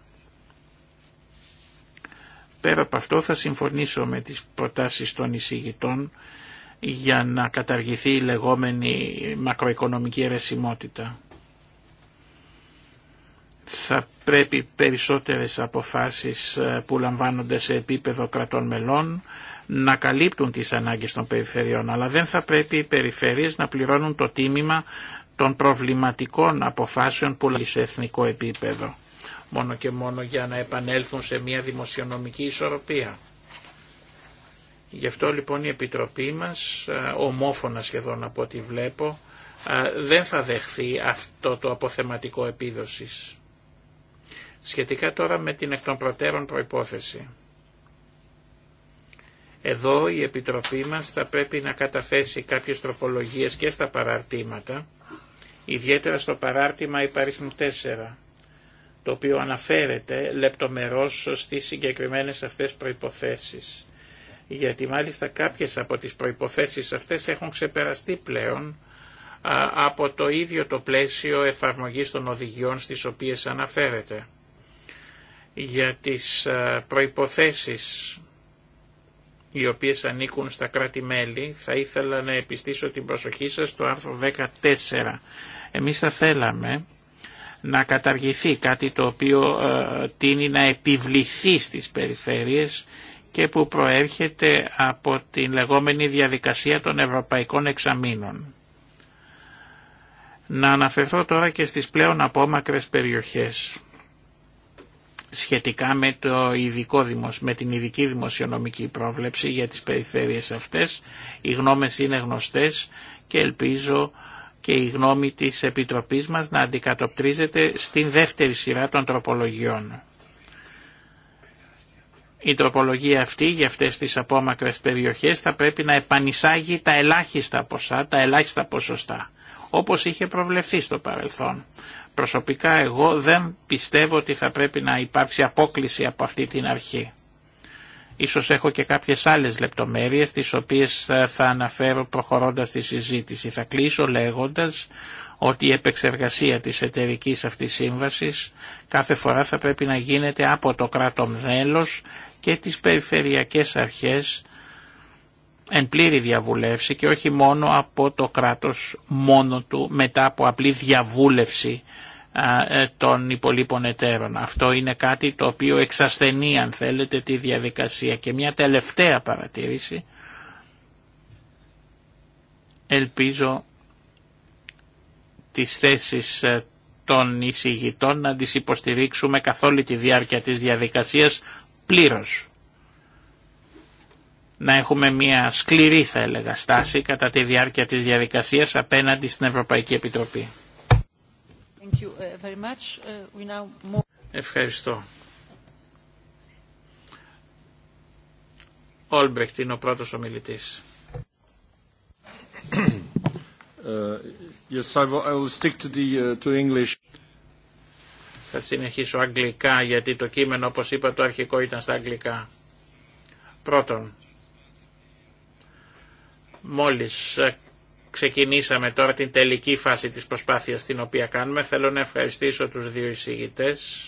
[SPEAKER 3] Πέρα από αυτό θα συμφωνήσω με τις προτάσεις των εισηγητών για να καταργηθεί η λεγόμενη μακροοικονομική αιρεσιμότητα θα πρέπει περισσότερες αποφάσεις ε, που λαμβάνονται σε επίπεδο κρατών μελών να καλύπτουν τις ανάγκες των περιφερειών, αλλά δεν θα πρέπει οι περιφερειές να πληρώνουν το τίμημα των προβληματικών αποφάσεων που λαμβάνονται σε εθνικό επίπεδο, μόνο και μόνο για να επανέλθουν σε μια δημοσιονομική ισορροπία. Γι' αυτό λοιπόν η Επιτροπή μας, ε, ομόφωνα σχεδόν από ό,τι βλέπω, ε, δεν θα δεχθεί αυτό το αποθεματικό επίδοσης. Σχετικά τώρα με την εκ των προτέρων προϋπόθεση. Εδώ η Επιτροπή μας θα πρέπει να καταθέσει κάποιες τροπολογίες και στα παραρτήματα, ιδιαίτερα στο παράρτημα υπαριθμού 4, το οποίο αναφέρεται λεπτομερώς στις συγκεκριμένες αυτές προϋποθέσεις. Γιατί μάλιστα κάποιες από τις προϋποθέσεις αυτές έχουν ξεπεραστεί πλέον από το ίδιο το πλαίσιο εφαρμογής των οδηγιών στις οποίες αναφέρεται για τις ε, προϋποθέσεις οι οποίες ανήκουν στα κράτη-μέλη, θα ήθελα να επιστήσω την προσοχή σας στο άρθρο 14. Εμείς θα θέλαμε να καταργηθεί κάτι το οποίο ε, τίνει να επιβληθεί στις περιφέρειες και που προέρχεται από την λεγόμενη διαδικασία των ευρωπαϊκών εξαμήνων. Να αναφερθώ τώρα και στις πλέον απόμακρες περιοχές σχετικά με, το ειδικό με την ειδική δημοσιονομική πρόβλεψη για τις περιφέρειες αυτές. Οι γνώμες είναι γνωστές και ελπίζω και η γνώμη της Επιτροπής μας να αντικατοπτρίζεται στην δεύτερη σειρά των τροπολογιών. Η τροπολογία αυτή για αυτές τις απόμακρες περιοχές θα πρέπει να επανισάγει τα ελάχιστα ποσά, τα ελάχιστα ποσοστά, όπως είχε προβλεφθεί στο παρελθόν. Προσωπικά εγώ δεν πιστεύω ότι θα πρέπει να υπάρξει απόκληση από αυτή την αρχή. Ίσως έχω και κάποιες άλλες λεπτομέρειες τις οποίες θα αναφέρω προχωρώντας τη συζήτηση. Θα κλείσω λέγοντας ότι η επεξεργασία της εταιρική αυτής σύμβασης κάθε φορά θα πρέπει να γίνεται από το κράτο μέλος και τις περιφερειακές αρχές εν πλήρη διαβουλεύση και όχι μόνο από το κράτος μόνο του μετά από απλή διαβούλευση ε, των υπολείπων εταίρων. Αυτό είναι κάτι το οποίο εξασθενεί αν θέλετε τη διαδικασία. Και μια τελευταία παρατήρηση ελπίζω τις θέσεις ε, των εισηγητών να τις υποστηρίξουμε καθ' όλη τη διάρκεια της διαδικασίας πλήρως να έχουμε μια σκληρή θα έλεγα στάση κατά τη διάρκεια της διαδικασίας απέναντι στην Ευρωπαϊκή Επιτροπή.
[SPEAKER 4] Uh, uh,
[SPEAKER 3] Ευχαριστώ. Όλμπρεχτ είναι ο πρώτος ομιλητής. yes, Θα συνεχίσω αγγλικά γιατί το κείμενο όπως είπα το αρχικό ήταν στα αγγλικά. Πρώτον, Μόλις ε, ξεκινήσαμε τώρα την τελική φάση της προσπάθειας την οποία κάνουμε, θέλω να ευχαριστήσω τους δύο εισηγητές.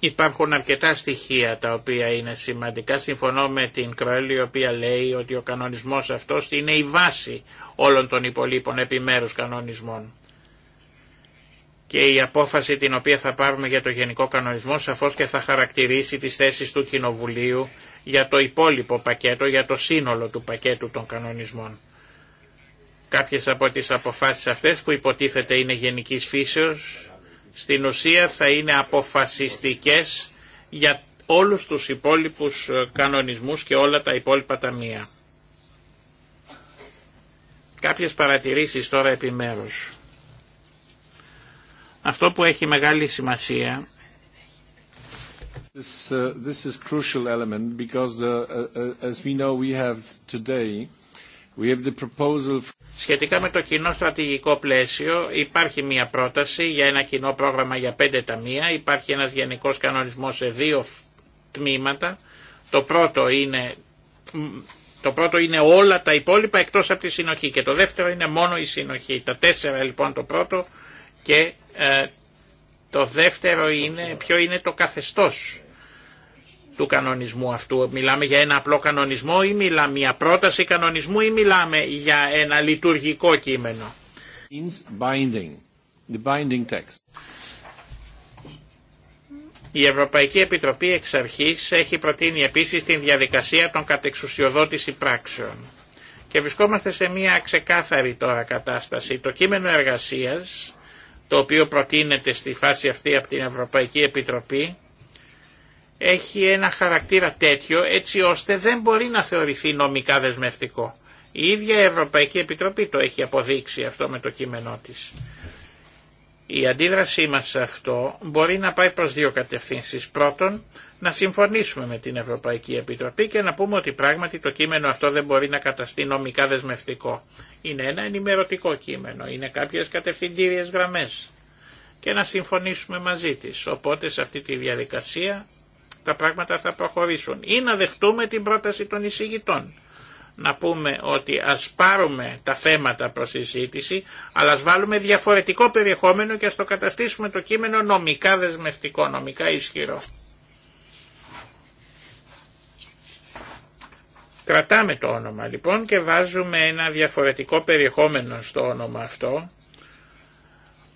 [SPEAKER 3] Υπάρχουν αρκετά στοιχεία τα οποία είναι σημαντικά. Συμφωνώ με την Κρόλη η οποία λέει ότι ο κανονισμός αυτός είναι η βάση όλων των υπολείπων επιμέρους κανονισμών. Και η απόφαση την οποία θα πάρουμε για το Γενικό Κανονισμό σαφώς και θα χαρακτηρίσει τις θέσεις του Κοινοβουλίου για το υπόλοιπο πακέτο, για το σύνολο του πακέτου των κανονισμών. Κάποιες από τις αποφάσεις αυτές που υποτίθεται είναι γενικής φύσεως, στην ουσία θα είναι αποφασιστικές για όλους τους υπόλοιπους ε, κανονισμούς και όλα τα υπόλοιπα ταμεία. Κάποιες παρατηρήσεις τώρα επιμέρους. Αυτό που έχει μεγάλη σημασία Uh, this is crucial element because, uh, uh, as we know, we have today, we have the proposal. Σχετικά με το κοινό στρατηγικό πλαίσιο υπάρχει μια πρόταση για ένα κοινό πρόγραμμα για πέντε ταμεία. Υπάρχει ένας γενικός κανονισμός σε δύο τμήματα. Το πρώτο είναι, το πρώτο είναι όλα τα υπόλοιπα εκτός από τη συνοχή και το δεύτερο είναι μόνο η συνοχή. Τα τέσσερα λοιπόν το πρώτο και ε, το δεύτερο είναι ποιο είναι το καθεστώς του κανονισμού αυτού. Μιλάμε για ένα απλό κανονισμό ή μιλάμε για πρόταση κανονισμού ή μιλάμε για ένα λειτουργικό κείμενο. Η Ευρωπαϊκή Επιτροπή εξ αρχής έχει προτείνει επίσης την διαδικασία των κατεξουσιοδότηση πράξεων. Και βρισκόμαστε σε μια ξεκάθαρη τώρα κατάσταση. Το κείμενο εργασίας, το οποίο προτείνεται στη φάση αυτή από την Ευρωπαϊκή Επιτροπή, έχει ένα χαρακτήρα τέτοιο έτσι ώστε δεν μπορεί να θεωρηθεί νομικά δεσμευτικό. Η ίδια η Ευρωπαϊκή Επιτροπή το έχει αποδείξει αυτό με το κείμενό της. Η αντίδρασή μας σε αυτό μπορεί να πάει προς δύο κατευθύνσεις. Πρώτον, να συμφωνήσουμε με την Ευρωπαϊκή Επιτροπή και να πούμε ότι πράγματι το κείμενο αυτό δεν μπορεί να καταστεί νομικά δεσμευτικό. Είναι ένα ενημερωτικό κείμενο, είναι κάποιες κατευθυντήριες γραμμές και να συμφωνήσουμε μαζί της. Οπότε σε αυτή τη διαδικασία τα πράγματα θα προχωρήσουν. Ή να δεχτούμε την πρόταση των εισηγητών. Να πούμε ότι ας πάρουμε τα θέματα προς συζήτηση, αλλά ας βάλουμε διαφορετικό περιεχόμενο και ας το καταστήσουμε το κείμενο νομικά δεσμευτικό, νομικά ισχυρό. Κρατάμε το όνομα λοιπόν και βάζουμε ένα διαφορετικό περιεχόμενο στο όνομα αυτό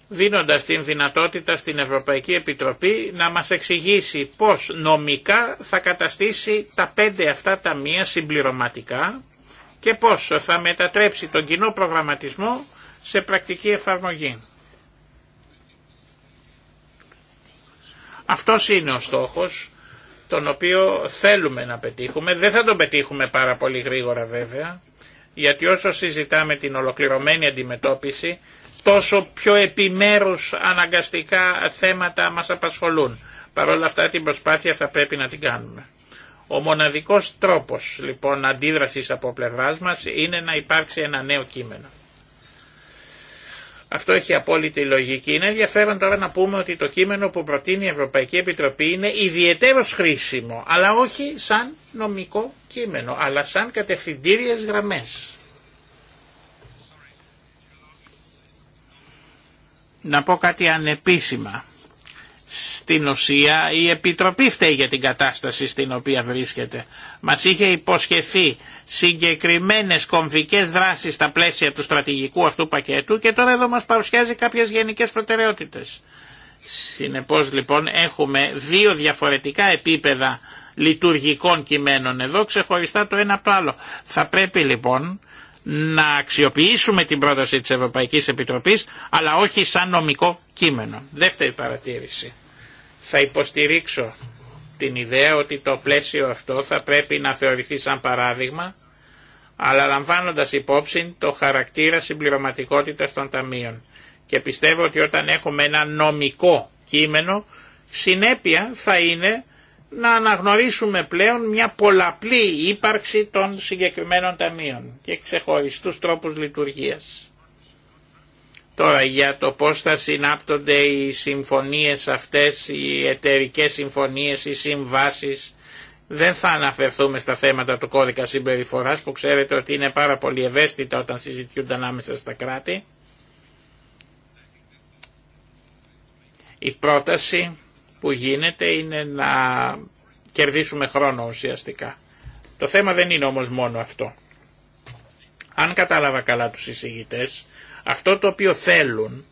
[SPEAKER 3] δίνοντας την δυνατότητα στην Ευρωπαϊκή Επιτροπή να μας εξηγήσει πώς νομικά θα καταστήσει τα πέντε αυτά τα ταμεία συμπληρωματικά και πώς θα μετατρέψει τον κοινό προγραμματισμό σε πρακτική εφαρμογή. Αυτός είναι ο στόχος τον οποίο θέλουμε να πετύχουμε. Δεν θα τον πετύχουμε πάρα πολύ γρήγορα βέβαια, γιατί όσο συζητάμε την ολοκληρωμένη αντιμετώπιση τόσο πιο επιμέρους αναγκαστικά θέματα μας απασχολούν. Παρ' όλα αυτά την προσπάθεια θα πρέπει να την κάνουμε. Ο μοναδικός τρόπος λοιπόν αντίδρασης από πλευράς μας είναι να υπάρξει ένα νέο κείμενο. Αυτό έχει απόλυτη λογική. Είναι ενδιαφέρον τώρα να πούμε ότι το κείμενο που προτείνει η Ευρωπαϊκή Επιτροπή είναι ιδιαίτερο χρήσιμο, αλλά όχι σαν νομικό κείμενο, αλλά σαν κατευθυντήριες γραμμές. να πω κάτι ανεπίσημα. Στην ουσία η Επιτροπή φταίει για την κατάσταση στην οποία βρίσκεται. Μας είχε υποσχεθεί συγκεκριμένες κομβικές δράσεις στα πλαίσια του στρατηγικού αυτού πακέτου και τώρα εδώ μας παρουσιάζει κάποιες γενικές προτεραιότητες. Συνεπώς λοιπόν έχουμε δύο διαφορετικά επίπεδα λειτουργικών κειμένων εδώ ξεχωριστά το ένα από το άλλο. Θα πρέπει λοιπόν να αξιοποιήσουμε την πρόταση της Ευρωπαϊκής Επιτροπής αλλά όχι σαν νομικό κείμενο. Δεύτερη παρατήρηση. Θα υποστηρίξω την ιδέα ότι το πλαίσιο αυτό θα πρέπει να θεωρηθεί σαν παράδειγμα αλλά λαμβάνοντας υπόψη το χαρακτήρα συμπληρωματικότητας των ταμείων. Και πιστεύω ότι όταν έχουμε ένα νομικό κείμενο, συνέπεια θα είναι να αναγνωρίσουμε πλέον μια πολλαπλή ύπαρξη των συγκεκριμένων ταμείων και ξεχωριστούς τρόπους λειτουργίας. Τώρα για το πώς θα συνάπτονται οι συμφωνίες αυτές, οι εταιρικέ συμφωνίες, οι συμβάσεις, δεν θα αναφερθούμε στα θέματα του κώδικα συμπεριφοράς που ξέρετε ότι είναι πάρα πολύ ευαίσθητα όταν συζητιούνται ανάμεσα στα κράτη. Η πρόταση που γίνεται είναι να κερδίσουμε χρόνο ουσιαστικά. Το θέμα δεν είναι όμως μόνο αυτό. Αν κατάλαβα καλά τους εισηγητές, αυτό το οποίο θέλουν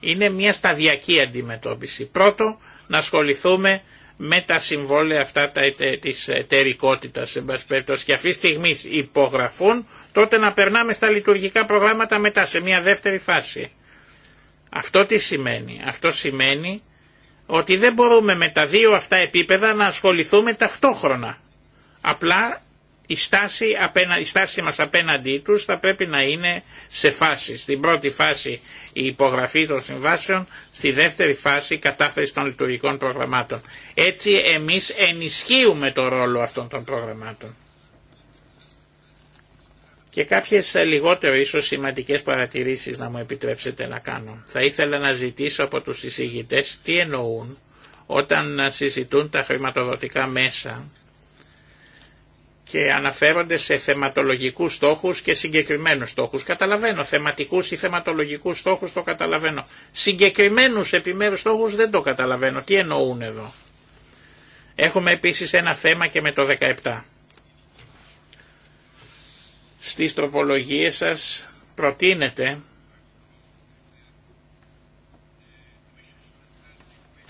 [SPEAKER 3] είναι μια σταδιακή αντιμετώπιση. Πρώτο, να ασχοληθούμε με τα συμβόλαια αυτά τα, της εταιρικότητας και αυτή τη στιγμή υπογραφούν τότε να περνάμε στα λειτουργικά προγράμματα μετά σε μια δεύτερη φάση. Αυτό τι σημαίνει. Αυτό σημαίνει ότι δεν μπορούμε με τα δύο αυτά επίπεδα να ασχοληθούμε ταυτόχρονα. Απλά η στάση, η στάση μας απέναντί τους θα πρέπει να είναι σε φάση. Στην πρώτη φάση η υπογραφή των συμβάσεων, στη δεύτερη φάση η κατάθεση των λειτουργικών προγραμμάτων. Έτσι εμείς ενισχύουμε το ρόλο αυτών των προγραμμάτων. Και κάποιες ε, λιγότερο ίσως σημαντικές παρατηρήσεις να μου επιτρέψετε να κάνω. Θα ήθελα να ζητήσω από τους εισηγητές τι εννοούν όταν ε, συζητούν τα χρηματοδοτικά μέσα και αναφέρονται σε θεματολογικούς στόχους και συγκεκριμένους στόχους. Καταλαβαίνω, θεματικούς ή θεματολογικούς στόχους το καταλαβαίνω. Συγκεκριμένους επιμέρους στόχους δεν το καταλαβαίνω. Τι εννοούν εδώ. Έχουμε επίσης ένα θέμα και με το 17. Στις τροπολογίες σας προτείνετε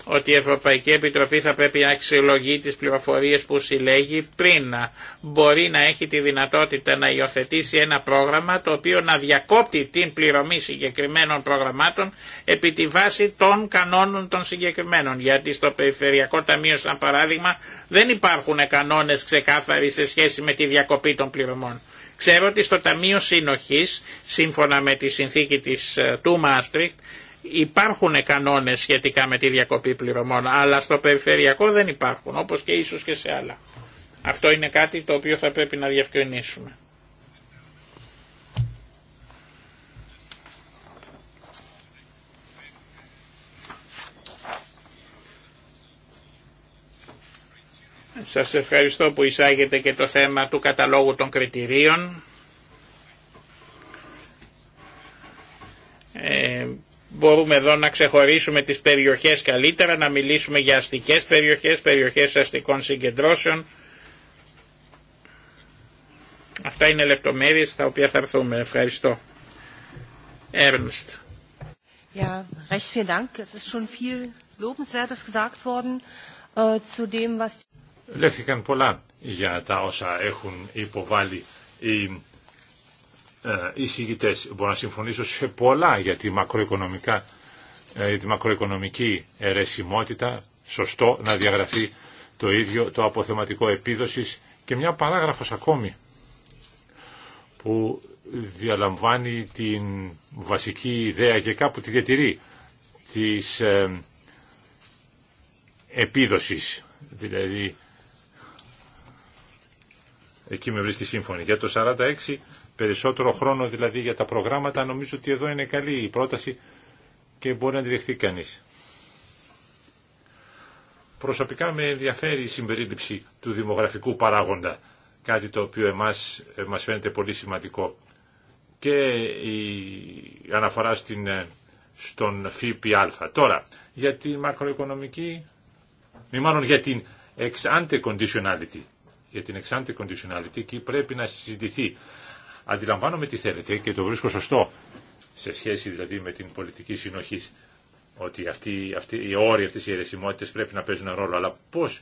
[SPEAKER 3] ότι η Ευρωπαϊκή Επιτροπή θα πρέπει να αξιολογεί τις πληροφορίες που συλλέγει πριν να μπορεί να έχει τη δυνατότητα να υιοθετήσει ένα πρόγραμμα το οποίο να διακόπτει την πληρωμή συγκεκριμένων προγραμμάτων επί τη βάση των κανόνων των συγκεκριμένων. Γιατί στο Περιφερειακό Ταμείο, σαν παράδειγμα, δεν υπάρχουν κανόνες ξεκάθαροι σε σχέση με τη διακοπή των πληρωμών. Ξέρω ότι στο Ταμείο Σύνοχης, σύμφωνα με τη συνθήκη ε, του Μάστριχτ, υπάρχουν κανόνες σχετικά με τη διακοπή πληρωμών, αλλά στο περιφερειακό δεν υπάρχουν, όπως και ίσως και σε άλλα. Αυτό είναι κάτι το οποίο θα πρέπει να διευκρινίσουμε. Σας ευχαριστώ που εισάγετε και το θέμα του καταλόγου των κριτηρίων. Ε, μπορούμε εδώ να ξεχωρίσουμε τις περιοχές καλύτερα, να μιλήσουμε για αστικές περιοχές, περιοχές αστικών συγκεντρώσεων. Αυτά είναι λεπτομέρειες στα οποία θα έρθουμε. Ευχαριστώ. Ernst.
[SPEAKER 1] Ja, recht vielen Dank. Es ist schon viel Lobenswertes gesagt worden äh, zu dem, was
[SPEAKER 2] Λέχθηκαν πολλά για τα όσα έχουν υποβάλει οι ε, εισηγητέ. Μπορώ να συμφωνήσω σε πολλά για τη, μακροοικονομικά, ε, για τη μακροοικονομική αιρεσιμότητα. Σωστό να διαγραφεί το ίδιο το αποθεματικό επίδοσης και μια παράγραφος ακόμη που διαλαμβάνει την βασική ιδέα και κάπου τη διατηρεί της ε, επίδοσης, δηλαδή Εκεί με βρίσκει σύμφωνη. Για το 46 περισσότερο χρόνο δηλαδή για τα προγράμματα νομίζω ότι εδώ είναι καλή η πρόταση και μπορεί να τη δεχτεί κανείς. Προσωπικά με ενδιαφέρει η συμπερίληψη του δημογραφικού παράγοντα, κάτι το οποίο εμάς ε, μας φαίνεται πολύ σημαντικό. Και η αναφορά στην, ε, στον ΦΠΑ. Τώρα, για την μακροοικονομική, μη μάλλον για την ex ante conditionality για την εξάντη conditionality και πρέπει να συζητηθεί. Αντιλαμβάνομαι τι θέλετε και το βρίσκω σωστό σε σχέση δηλαδή με την πολιτική συνοχή. Ότι αυτοί, αυτοί, οι όροι, αυτές οι αιρεσιμότητες πρέπει να παίζουν ρόλο. Αλλά πώς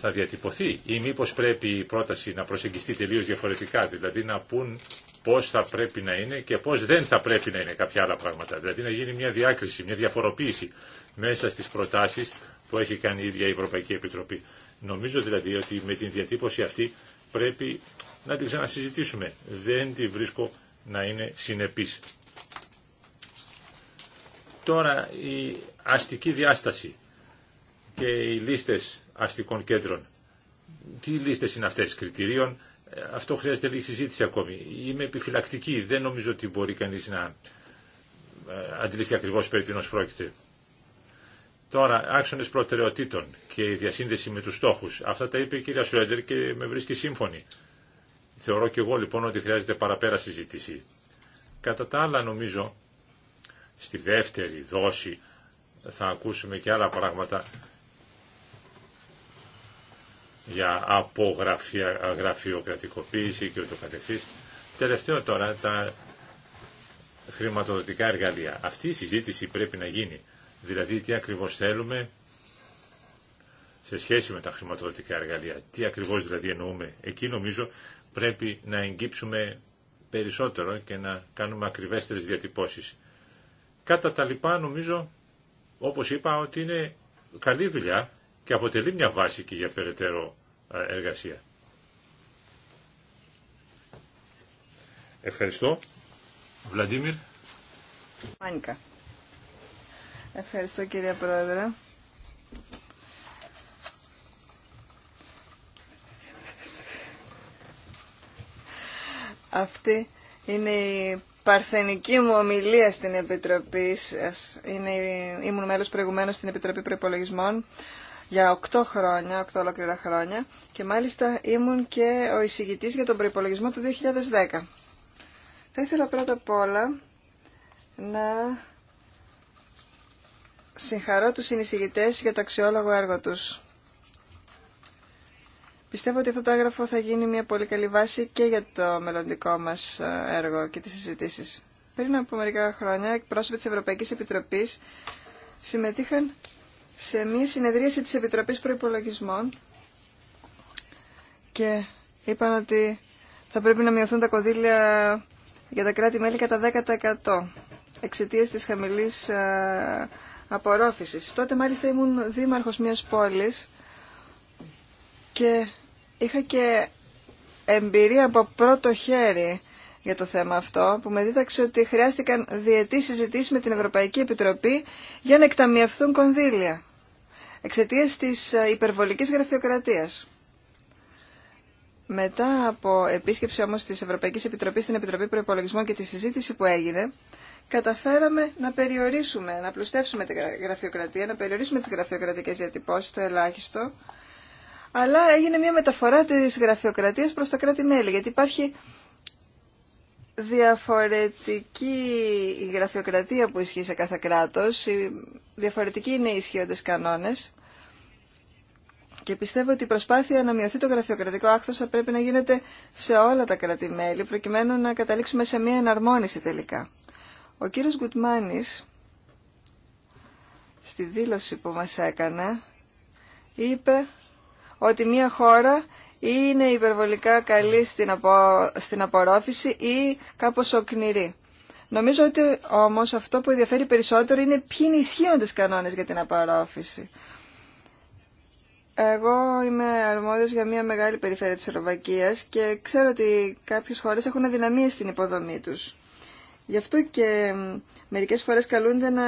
[SPEAKER 2] θα διατυπωθεί ή μήπως πρέπει η πρόταση να προσεγγιστεί τελείως διαφορετικά. Δηλαδή να πούν πώς θα πρέπει να είναι και πώς δεν θα πρέπει να είναι κάποια άλλα πράγματα. Δηλαδή να γίνει μια διάκριση, μια διαφοροποίηση μέσα στις προτάσεις που έχει κάνει η ίδια η Ευρωπαϊκή Επιτροπή. Νομίζω δηλαδή ότι με την διατύπωση αυτή πρέπει να την ξανασυζητήσουμε. Δεν τη βρίσκω να είναι συνεπής. Τώρα η αστική διάσταση και οι λίστες αστικών κέντρων. Τι λίστες είναι αυτές κριτηρίων, αυτό χρειάζεται λίγη συζήτηση ακόμη. Είμαι επιφυλακτική, δεν νομίζω ότι μπορεί κανείς να ε, αντιληφθεί ακριβώς περί τίνος πρόκειται. Τώρα, άξονε προτεραιοτήτων και η διασύνδεση με τους στόχους. Αυτά τα είπε η κυρία Σρέντερ και με βρίσκει σύμφωνη. Θεωρώ και εγώ λοιπόν ότι χρειάζεται παραπέρα συζήτηση. Κατά τα άλλα νομίζω στη δεύτερη δόση θα ακούσουμε και άλλα πράγματα για απογραφειοκρατικοποίηση και ούτω καθεξής. Τελευταίο τώρα τα χρηματοδοτικά εργαλεία. Αυτή η συζήτηση πρέπει να γίνει δηλαδή τι ακριβώς θέλουμε σε σχέση με τα χρηματοδοτικά εργαλεία, τι ακριβώς δηλαδή εννοούμε. Εκεί νομίζω πρέπει να εγκύψουμε περισσότερο και να κάνουμε ακριβέστερες διατυπώσεις. Κατά τα λοιπά νομίζω, όπως είπα, ότι είναι καλή δουλειά και αποτελεί μια βάση και για περαιτέρω εργασία. Ευχαριστώ. Βλαντίμιρ.
[SPEAKER 1] Μάνικα. Ευχαριστώ κύριε Πρόεδρε. Αυτή είναι η παρθενική μου ομιλία στην Επιτροπή Είναι, ήμουν μέλος προηγουμένως στην Επιτροπή Προϋπολογισμών για 8 χρόνια, 8 ολόκληρα χρόνια και μάλιστα ήμουν και ο εισηγητής για τον προϋπολογισμό του 2010. Θα ήθελα πρώτα απ' όλα να συγχαρώ τους συνεισηγητές για το αξιόλογο έργο τους. Πιστεύω ότι αυτό το έγγραφο θα γίνει μια πολύ καλή βάση και για το μελλοντικό μας ε, έργο και τις συζητήσεις. Πριν από μερικά χρόνια, εκπρόσωποι της Ευρωπαϊκής Επιτροπής συμμετείχαν σε μια συνεδρίαση της Επιτροπής Προϋπολογισμών και είπαν ότι θα πρέπει να μειωθούν τα κονδύλια για τα κράτη-μέλη κατά 10% εξαιτίας της χαμηλής ε, απορρόφησης. Τότε μάλιστα ήμουν δήμαρχος μιας πόλης και είχα και εμπειρία από πρώτο χέρι για το θέμα αυτό που με δίδαξε ότι χρειάστηκαν διετή συζητήσει με την Ευρωπαϊκή Επιτροπή για να εκταμιευθούν κονδύλια εξαιτίας της ε, υπερβολικής γραφειοκρατίας. Μετά από επίσκεψη όμως της Ευρωπαϊκής Επιτροπής στην Επιτροπή Προϋπολογισμών και τη συζήτηση που έγινε, καταφέραμε να περιορίσουμε, να πλουστεύσουμε τη γραφειοκρατία, να περιορίσουμε τις γραφειοκρατικές διατυπώσεις, το ελάχιστο, αλλά έγινε μια μεταφορά της γραφειοκρατίας προς τα κράτη-μέλη, γιατί υπάρχει διαφορετική η γραφειοκρατία που ισχύει σε κάθε κράτος, διαφορετικοί είναι οι ισχύοντες κανόνες και πιστεύω ότι η προσπάθεια να μειωθεί το γραφειοκρατικό άκθος θα πρέπει να γίνεται σε όλα τα κράτη-μέλη προκειμένου να καταλήξουμε σε μια εναρμόνιση τελικά. Ο κύριος Γκουτμάνης στη δήλωση που μας έκανε είπε ότι μια χώρα είναι υπερβολικά καλή στην, απο... απορρόφηση ή κάπως οκνηρή. Νομίζω ότι όμως αυτό που ενδιαφέρει περισσότερο είναι ποιοι είναι ισχύοντες κανόνες για την απορρόφηση. Εγώ είμαι αρμόδιος για μια μεγάλη περιφέρεια της Ευρωπαϊκής και ξέρω ότι κάποιες χώρες έχουν αδυναμίες στην υποδομή τους. Γι' αυτό και μερικές φορές καλούνται να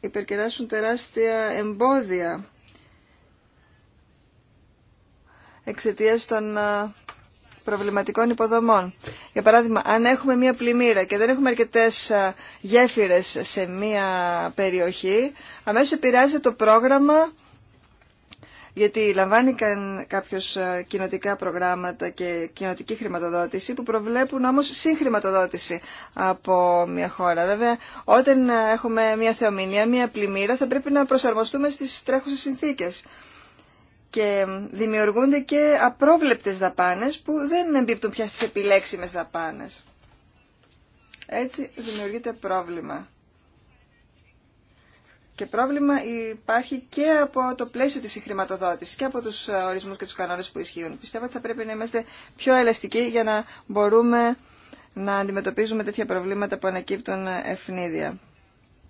[SPEAKER 1] υπερκεράσουν τεράστια εμπόδια εξαιτίας των προβληματικών υποδομών. Για παράδειγμα, αν έχουμε μία πλημμύρα και δεν έχουμε αρκετές γέφυρες σε μία περιοχή, αμέσως επηρεάζεται το πρόγραμμα γιατί λαμβάνει κάποιο ε, κοινοτικά προγράμματα και κοινοτική χρηματοδότηση που προβλέπουν όμως συγχρηματοδότηση από μια χώρα. Βέβαια, όταν ε, έχουμε μια θεομηνία, μια πλημμύρα, θα πρέπει να προσαρμοστούμε στις τρέχουσες συνθήκες. Και δημιουργούνται και απρόβλεπτες δαπάνες που δεν εμπίπτουν πια στις επιλέξιμε δαπάνε. Έτσι δημιουργείται πρόβλημα. Και πρόβλημα υπάρχει και από το πλαίσιο της χρηματοδότησης και από τους ε, ορισμούς και τους κανόνες που ισχύουν. Πιστεύω ότι θα πρέπει να είμαστε πιο ελαστικοί για να μπορούμε να αντιμετωπίζουμε τέτοια προβλήματα που ανακύπτουν ευνίδια.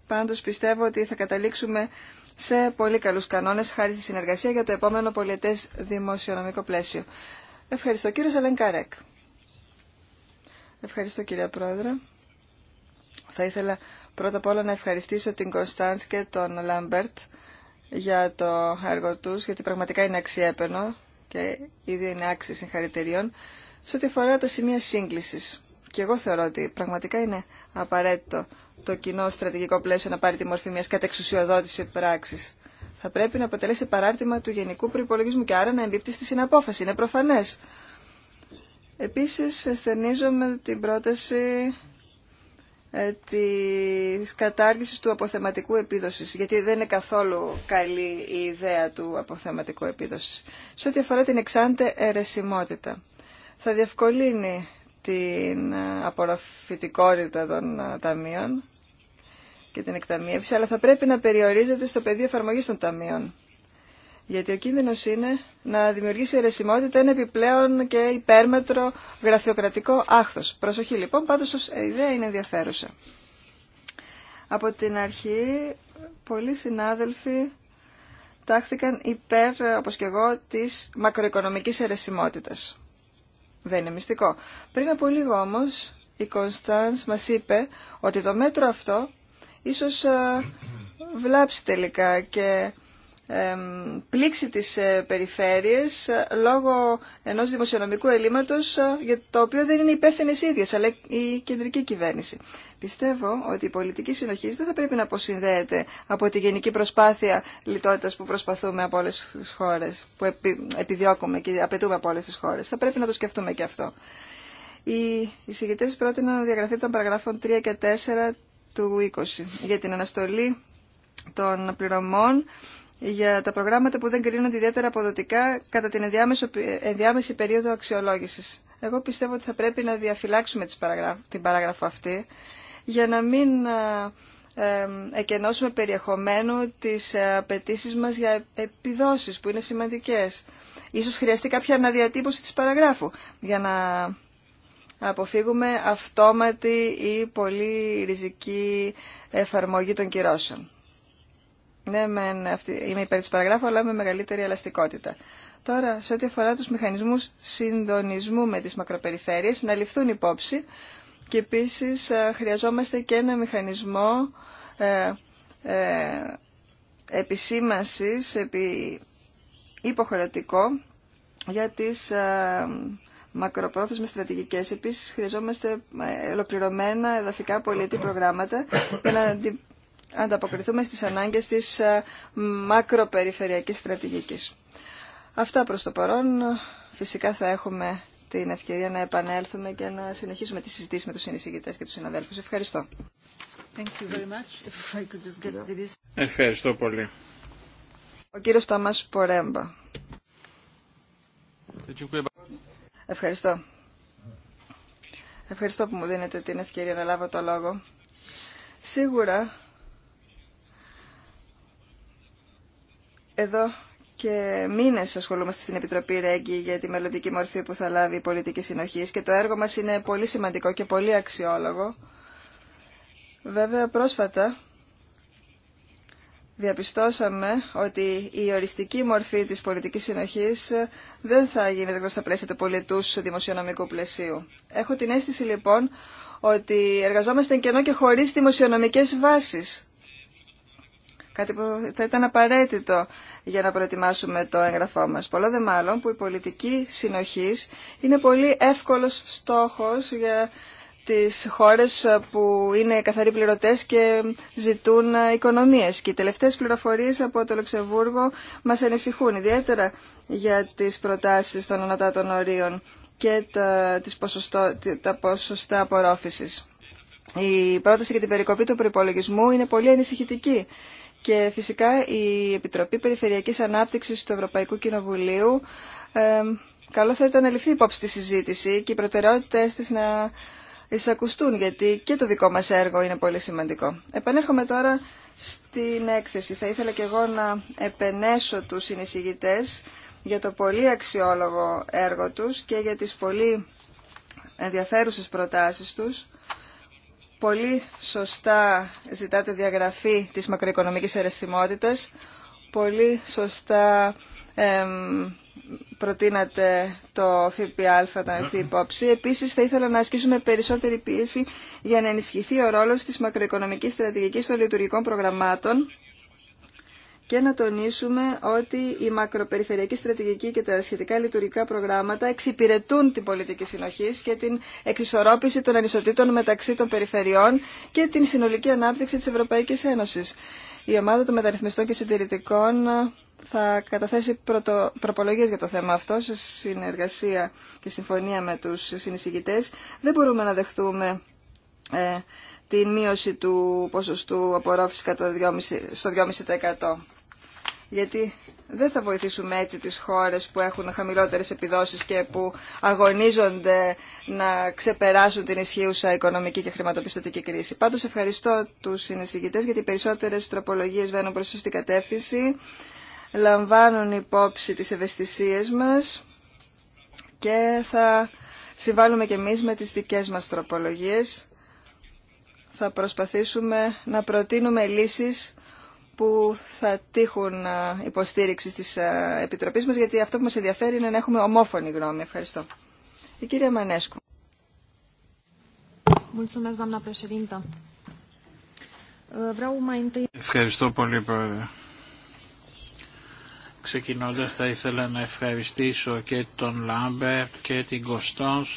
[SPEAKER 1] Πάντως πιστεύω ότι θα καταλήξουμε σε πολύ καλούς κανόνες χάρη στη συνεργασία για το επόμενο πολιετές δημοσιονομικό πλαίσιο. Ευχαριστώ κύριο Σαλενκαρέκ. Ευχαριστώ κυρία Πρόεδρε. Πρώτα απ' όλα να ευχαριστήσω την Κωνσταντς και τον Λάμπερτ για το έργο τους, γιατί πραγματικά είναι αξιέπαινο και ήδη είναι άξιοι συγχαρητηρίων, σε ό,τι αφορά τα σημεία σύγκλησης. Και εγώ θεωρώ ότι πραγματικά είναι απαραίτητο το κοινό στρατηγικό πλαίσιο να πάρει τη μορφή μιας κατεξουσιοδότηση πράξης. Θα πρέπει να αποτελέσει παράρτημα του γενικού προπολογισμού και άρα να εμπίπτει στη συναπόφαση. Είναι προφανές. Επίσης, ασθενίζομαι την πρόταση ε, της κατάργησης του αποθεματικού επίδοσης, γιατί δεν είναι καθόλου καλή η ιδέα του αποθεματικού επίδοσης. Σε ό,τι αφορά την εξάντε αιρεσιμότητα, θα διευκολύνει την ε, απορροφητικότητα των ε, ταμείων και την εκταμίευση, αλλά θα πρέπει να περιορίζεται στο πεδίο εφαρμογής των ταμείων. Γιατί ο κίνδυνο είναι να δημιουργήσει αιρεσιμότητα ένα επιπλέον και υπέρμετρο γραφειοκρατικό άχθος. Προσοχή λοιπόν, πάντως ως ιδέα είναι ενδιαφέρουσα. Από την αρχή, πολλοί συνάδελφοι τάχθηκαν υπέρ, όπως και εγώ, της μακροοικονομικής αιρεσιμότητα. Δεν είναι μυστικό. Πριν από λίγο όμω, η Κωνσταντς μα είπε ότι το μέτρο αυτό ίσω βλάψει τελικά και πλήξει τις ε, περιφέρειες ε, λόγω ενός δημοσιονομικού ελλείμματος ε, για το οποίο δεν είναι υπεύθυνε ίδιες αλλά η κεντρική κυβέρνηση. Πιστεύω ότι η πολιτική συνοχή δεν θα πρέπει να αποσυνδέεται από τη γενική προσπάθεια λιτότητας που προσπαθούμε από όλες τις χώρες, που επιδιώκουμε και απαιτούμε από όλες τις χώρες. Θα πρέπει να το σκεφτούμε και αυτό. Οι εισηγητές πρότειναν να διαγραφεί των παραγράφων 3 και 4 του 20 για την αναστολή των πληρωμών για τα προγράμματα που δεν κρίνονται ιδιαίτερα αποδοτικά κατά την ενδιάμεση περίοδο αξιολόγησης. Εγώ πιστεύω ότι θα πρέπει να διαφυλάξουμε την παράγραφο αυτή για να μην ε, ε, εκενώσουμε περιεχομένου τις ε, απαιτήσει μας για επιδόσεις που είναι σημαντικές. Ίσως χρειαστεί κάποια αναδιατύπωση της παραγράφου για να αποφύγουμε αυτόματη ή πολύ ριζική εφαρμογή των κυρώσεων. Ναι, με αυτή, είμαι υπέρ τη παραγράφου, αλλά με μεγαλύτερη ελαστικότητα. Τώρα, σε ό,τι αφορά του μηχανισμού συντονισμού με τι μακροπεριφέρειες, να ληφθούν υπόψη και επίση ε, χρειαζόμαστε και ένα μηχανισμό ε, ε επί, υποχρεωτικό, για τις ε, μακροπρόθεσμες στρατηγικές. Επίσης, χρειαζόμαστε ε, ολοκληρωμένα εδαφικά πολιτή προγράμματα για να ανταποκριθούμε στις ανάγκες της ε, μακροπεριφερειακής στρατηγικής. Αυτά προς το παρόν. Φυσικά θα έχουμε την ευκαιρία να επανέλθουμε και να συνεχίσουμε τη συζήτηση με τους συνεισηγητές και τους συναδέλφους. Ευχαριστώ.
[SPEAKER 3] Ευχαριστώ πολύ.
[SPEAKER 1] Ο κύριος Ταμάς Πορέμπα. Ευχαριστώ. Ευχαριστώ που μου δίνετε την ευκαιρία να λάβω το λόγο. Σίγουρα Εδώ και μήνες ασχολούμαστε στην Επιτροπή Ρέγγι για τη μελλοντική μορφή που θα λάβει η πολιτική συνοχή και το έργο μας είναι πολύ σημαντικό και πολύ αξιόλογο. Βέβαια πρόσφατα διαπιστώσαμε ότι η οριστική μορφή της πολιτικής συνοχής δεν θα γίνεται εκτός στα πλαίσια του πολιτού δημοσιονομικού πλαισίου. Έχω την αίσθηση λοιπόν ότι εργαζόμαστε κενό και χωρίς δημοσιονομικές βάσεις. Κάτι που θα ήταν απαραίτητο για να προετοιμάσουμε το έγγραφό μας. Πολλό δε μάλλον που η πολιτική συνοχής είναι πολύ εύκολος στόχος για τις χώρες που είναι καθαροί πληρωτές και ζητούν οικονομίες. Και οι τελευταίες πληροφορίες από το Λεξεβούργο μας ανησυχούν, ιδιαίτερα για τις προτάσεις των ανατάτων ορίων και τα, τις τα ποσοστά απορρόφησης. Η πρόταση για την περικοπή του προπολογισμού είναι πολύ ανησυχητική και φυσικά η Επιτροπή Περιφερειακής Ανάπτυξης του Ευρωπαϊκού Κοινοβουλίου ε, καλό θα ήταν να ληφθεί υπόψη τη συζήτηση και οι προτεραιότητες της να εισακουστούν γιατί και το δικό μας έργο είναι πολύ σημαντικό. Επανέρχομαι τώρα στην έκθεση. Θα ήθελα και εγώ να επενέσω τους συνεισηγητές για το πολύ αξιόλογο έργο τους και για τις πολύ ενδιαφέρουσες προτάσεις τους πολύ σωστά ζητάτε διαγραφή της μακροοικονομικής αιρεσιμότητας, πολύ σωστά προτείνατε το ΦΠΑ να έρθει υπόψη. Επίσης θα ήθελα να ασκήσουμε περισσότερη πίεση για να ενισχυθεί ο ρόλος της μακροοικονομικής στρατηγικής των λειτουργικών προγραμμάτων και να τονίσουμε ότι η μακροπεριφερειακή στρατηγική και τα σχετικά λειτουργικά προγράμματα εξυπηρετούν την πολιτική συνοχή και την εξισορρόπηση των ανισοτήτων μεταξύ των περιφερειών και την συνολική ανάπτυξη τη Ευρωπαϊκή Ένωση. Η ομάδα των μεταρρυθμιστών και συντηρητικών θα καταθέσει πρωτο... για το θέμα αυτό σε συνεργασία και συμφωνία με τους συνεισηγητές. Δεν μπορούμε να δεχτούμε ε, την μείωση του ποσοστού απορρόφησης κατά στο 2,5% γιατί δεν θα βοηθήσουμε έτσι τις χώρες που έχουν χαμηλότερες επιδόσεις και που αγωνίζονται να ξεπεράσουν την ισχύουσα οικονομική και χρηματοπιστωτική κρίση. Πάντως ευχαριστώ τους συνεισηγητές γιατί οι περισσότερες τροπολογίες βαίνουν προς την κατεύθυνση, λαμβάνουν υπόψη τις ευαισθησίες μας και θα συμβάλλουμε και εμείς με τις δικές μας τροπολογίες. Θα προσπαθήσουμε να προτείνουμε λύσεις που θα τύχουν ε, υποστήριξη της ε, Επιτροπής μας, γιατί αυτό που μας ενδιαφέρει είναι να έχουμε ομόφωνη γνώμη. Ευχαριστώ. Η κυρία Μανέσκου. Ε,
[SPEAKER 3] Ευχαριστώ πολύ, Πρόεδρε. Ξεκινώντας θα ήθελα να ευχαριστήσω και τον Λάμπερτ και την Κωστός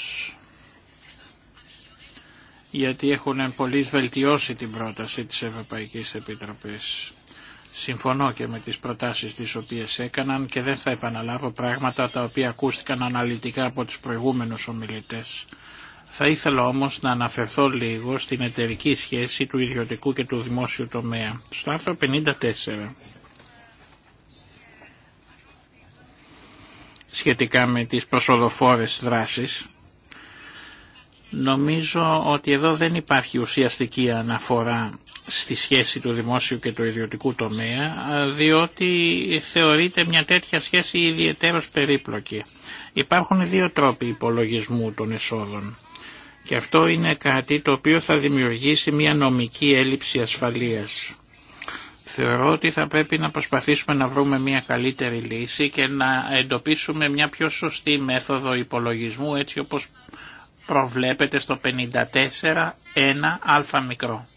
[SPEAKER 3] γιατί έχουν πολύ βελτιώσει την πρόταση της Ευρωπαϊκής Επιτροπής. Συμφωνώ και με τις προτάσεις τις οποίες έκαναν και δεν θα επαναλάβω πράγματα τα οποία ακούστηκαν αναλυτικά από τους προηγούμενους ομιλητές. Θα ήθελα όμως να αναφερθώ λίγο στην εταιρική σχέση του ιδιωτικού και του δημόσιου τομέα. Στο άρθρο 54 σχετικά με τις προσοδοφόρες δράσεις νομίζω ότι εδώ δεν υπάρχει ουσιαστική αναφορά στη σχέση του δημόσιου και του ιδιωτικού τομέα, διότι θεωρείται μια τέτοια σχέση ιδιαίτερως περίπλοκη. Υπάρχουν δύο τρόποι υπολογισμού των εσόδων και αυτό είναι κάτι το οποίο θα δημιουργήσει μια νομική έλλειψη ασφαλείας. Θεωρώ ότι θα πρέπει να προσπαθήσουμε να βρούμε μια καλύτερη λύση και να εντοπίσουμε μια πιο σωστή μέθοδο υπολογισμού έτσι όπως προβλέπεται στο 54 1 α μικρό.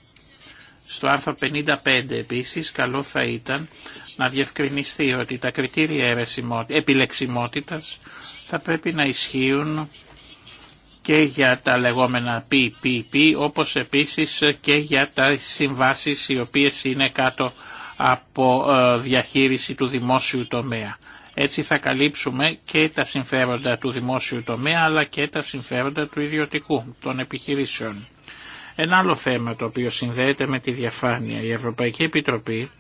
[SPEAKER 3] Στο άρθρο 55 επίσης καλό θα ήταν να διευκρινιστεί ότι τα κριτήρια επιλεξιμότητας θα πρέπει να ισχύουν και για τα λεγόμενα PPP όπως επίσης και για τα συμβάσεις οι οποίες είναι κάτω από ε, διαχείριση του δημόσιου τομέα. Έτσι θα καλύψουμε και τα συμφέροντα του δημόσιου τομέα αλλά και τα συμφέροντα του ιδιωτικού, των επιχειρήσεων. Ένα άλλο θέμα το οποίο συνδέεται με τη διαφάνεια. Η Ευρωπαϊκή Επιτροπή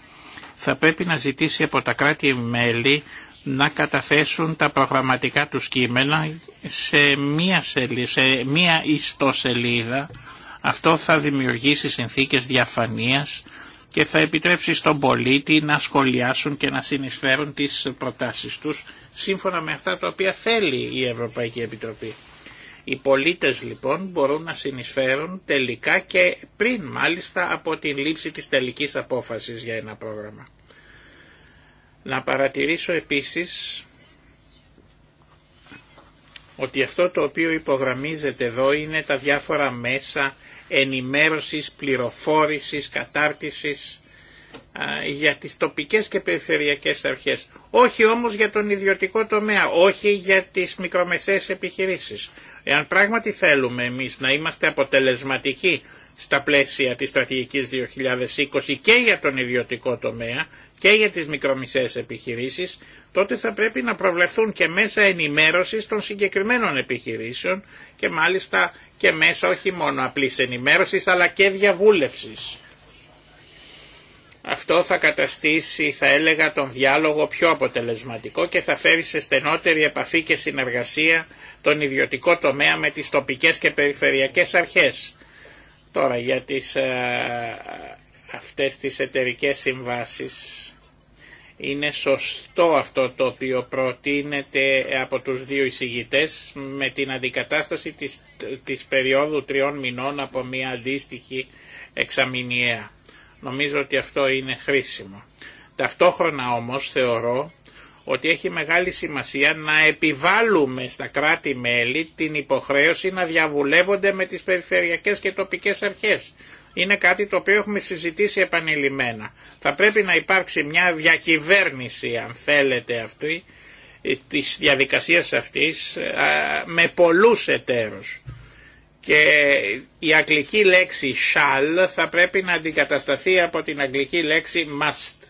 [SPEAKER 3] θα πρέπει να ζητήσει από τα κράτη-μέλη να καταθέσουν τα προγραμματικά τους κείμενα σε μία, σε μία ιστοσελίδα. Αυτό θα δημιουργήσει συνθήκες διαφανείας και θα επιτρέψει στον πολίτη να σχολιάσουν και να συνεισφέρουν τις προτάσεις τους σύμφωνα με αυτά τα οποία θέλει η Ευρωπαϊκή Επιτροπή. Οι πολίτες λοιπόν μπορούν να συνεισφέρουν τελικά και πριν μάλιστα από την λήψη της τελικής απόφασης για ένα πρόγραμμα. Να παρατηρήσω επίσης ότι αυτό το οποίο υπογραμμίζεται εδώ είναι τα διάφορα μέσα ενημέρωσης, πληροφόρησης, κατάρτισης για τις τοπικές και περιφερειακές αρχές. Όχι όμως για τον ιδιωτικό τομέα, όχι για τις μικρομεσαίες επιχειρήσεις, Εάν πράγματι θέλουμε εμείς να είμαστε αποτελεσματικοί στα πλαίσια της στρατηγικής 2020 και για τον ιδιωτικό τομέα και για τις μικρομισές επιχειρήσεις, τότε θα πρέπει να προβλεφθούν και μέσα ενημέρωσης των συγκεκριμένων επιχειρήσεων και μάλιστα και μέσα όχι μόνο απλής ενημέρωσης αλλά και διαβούλευσης. Αυτό θα καταστήσει, θα έλεγα, τον διάλογο πιο αποτελεσματικό και θα φέρει σε στενότερη επαφή και συνεργασία τον ιδιωτικό τομέα με τις τοπικές και περιφερειακές αρχές. Τώρα για τις, ε, αυτές τις εταιρικές συμβάσεις είναι σωστό αυτό το οποίο προτείνεται από τους δύο εισηγητές με την αντικατάσταση της, της περίοδου τριών μηνών από μια αντίστοιχη εξαμηνιαία. Νομίζω ότι αυτό είναι χρήσιμο. Ταυτόχρονα όμως θεωρώ ότι έχει μεγάλη σημασία να επιβάλλουμε στα κράτη-μέλη την υποχρέωση να διαβουλεύονται με τις περιφερειακές και τοπικές αρχές. Είναι κάτι το οποίο έχουμε συζητήσει επανειλημμένα. Θα πρέπει να υπάρξει μια διακυβέρνηση, αν θέλετε αυτή, της διαδικασίας αυτής με πολλούς εταίρους και η αγγλική λέξη shall θα πρέπει να αντικατασταθεί από την αγγλική λέξη must.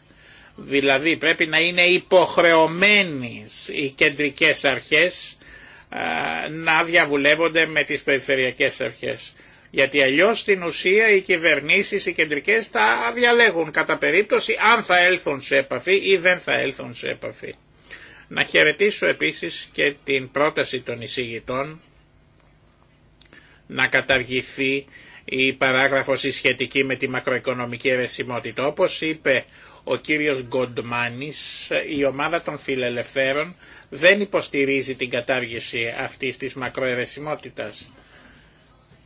[SPEAKER 3] Δηλαδή πρέπει να είναι υποχρεωμένες οι κεντρικές αρχές να διαβουλεύονται με τις περιφερειακές αρχές. Γιατί αλλιώς στην ουσία οι κυβερνήσεις, οι κεντρικές τα διαλέγουν κατά περίπτωση αν θα έλθουν σε επαφή ή δεν θα έλθουν σε επαφή. Να χαιρετήσω επίσης και την πρόταση των εισηγητών να καταργηθεί η παράγραφος η σχετική με τη μακροοικονομική αιρεσιμότητα. Όπως είπε ο κύριος Γκοντμάνης, η ομάδα των φιλελευθέρων δεν υποστηρίζει την κατάργηση αυτής της μακροαιρεσιμότητας.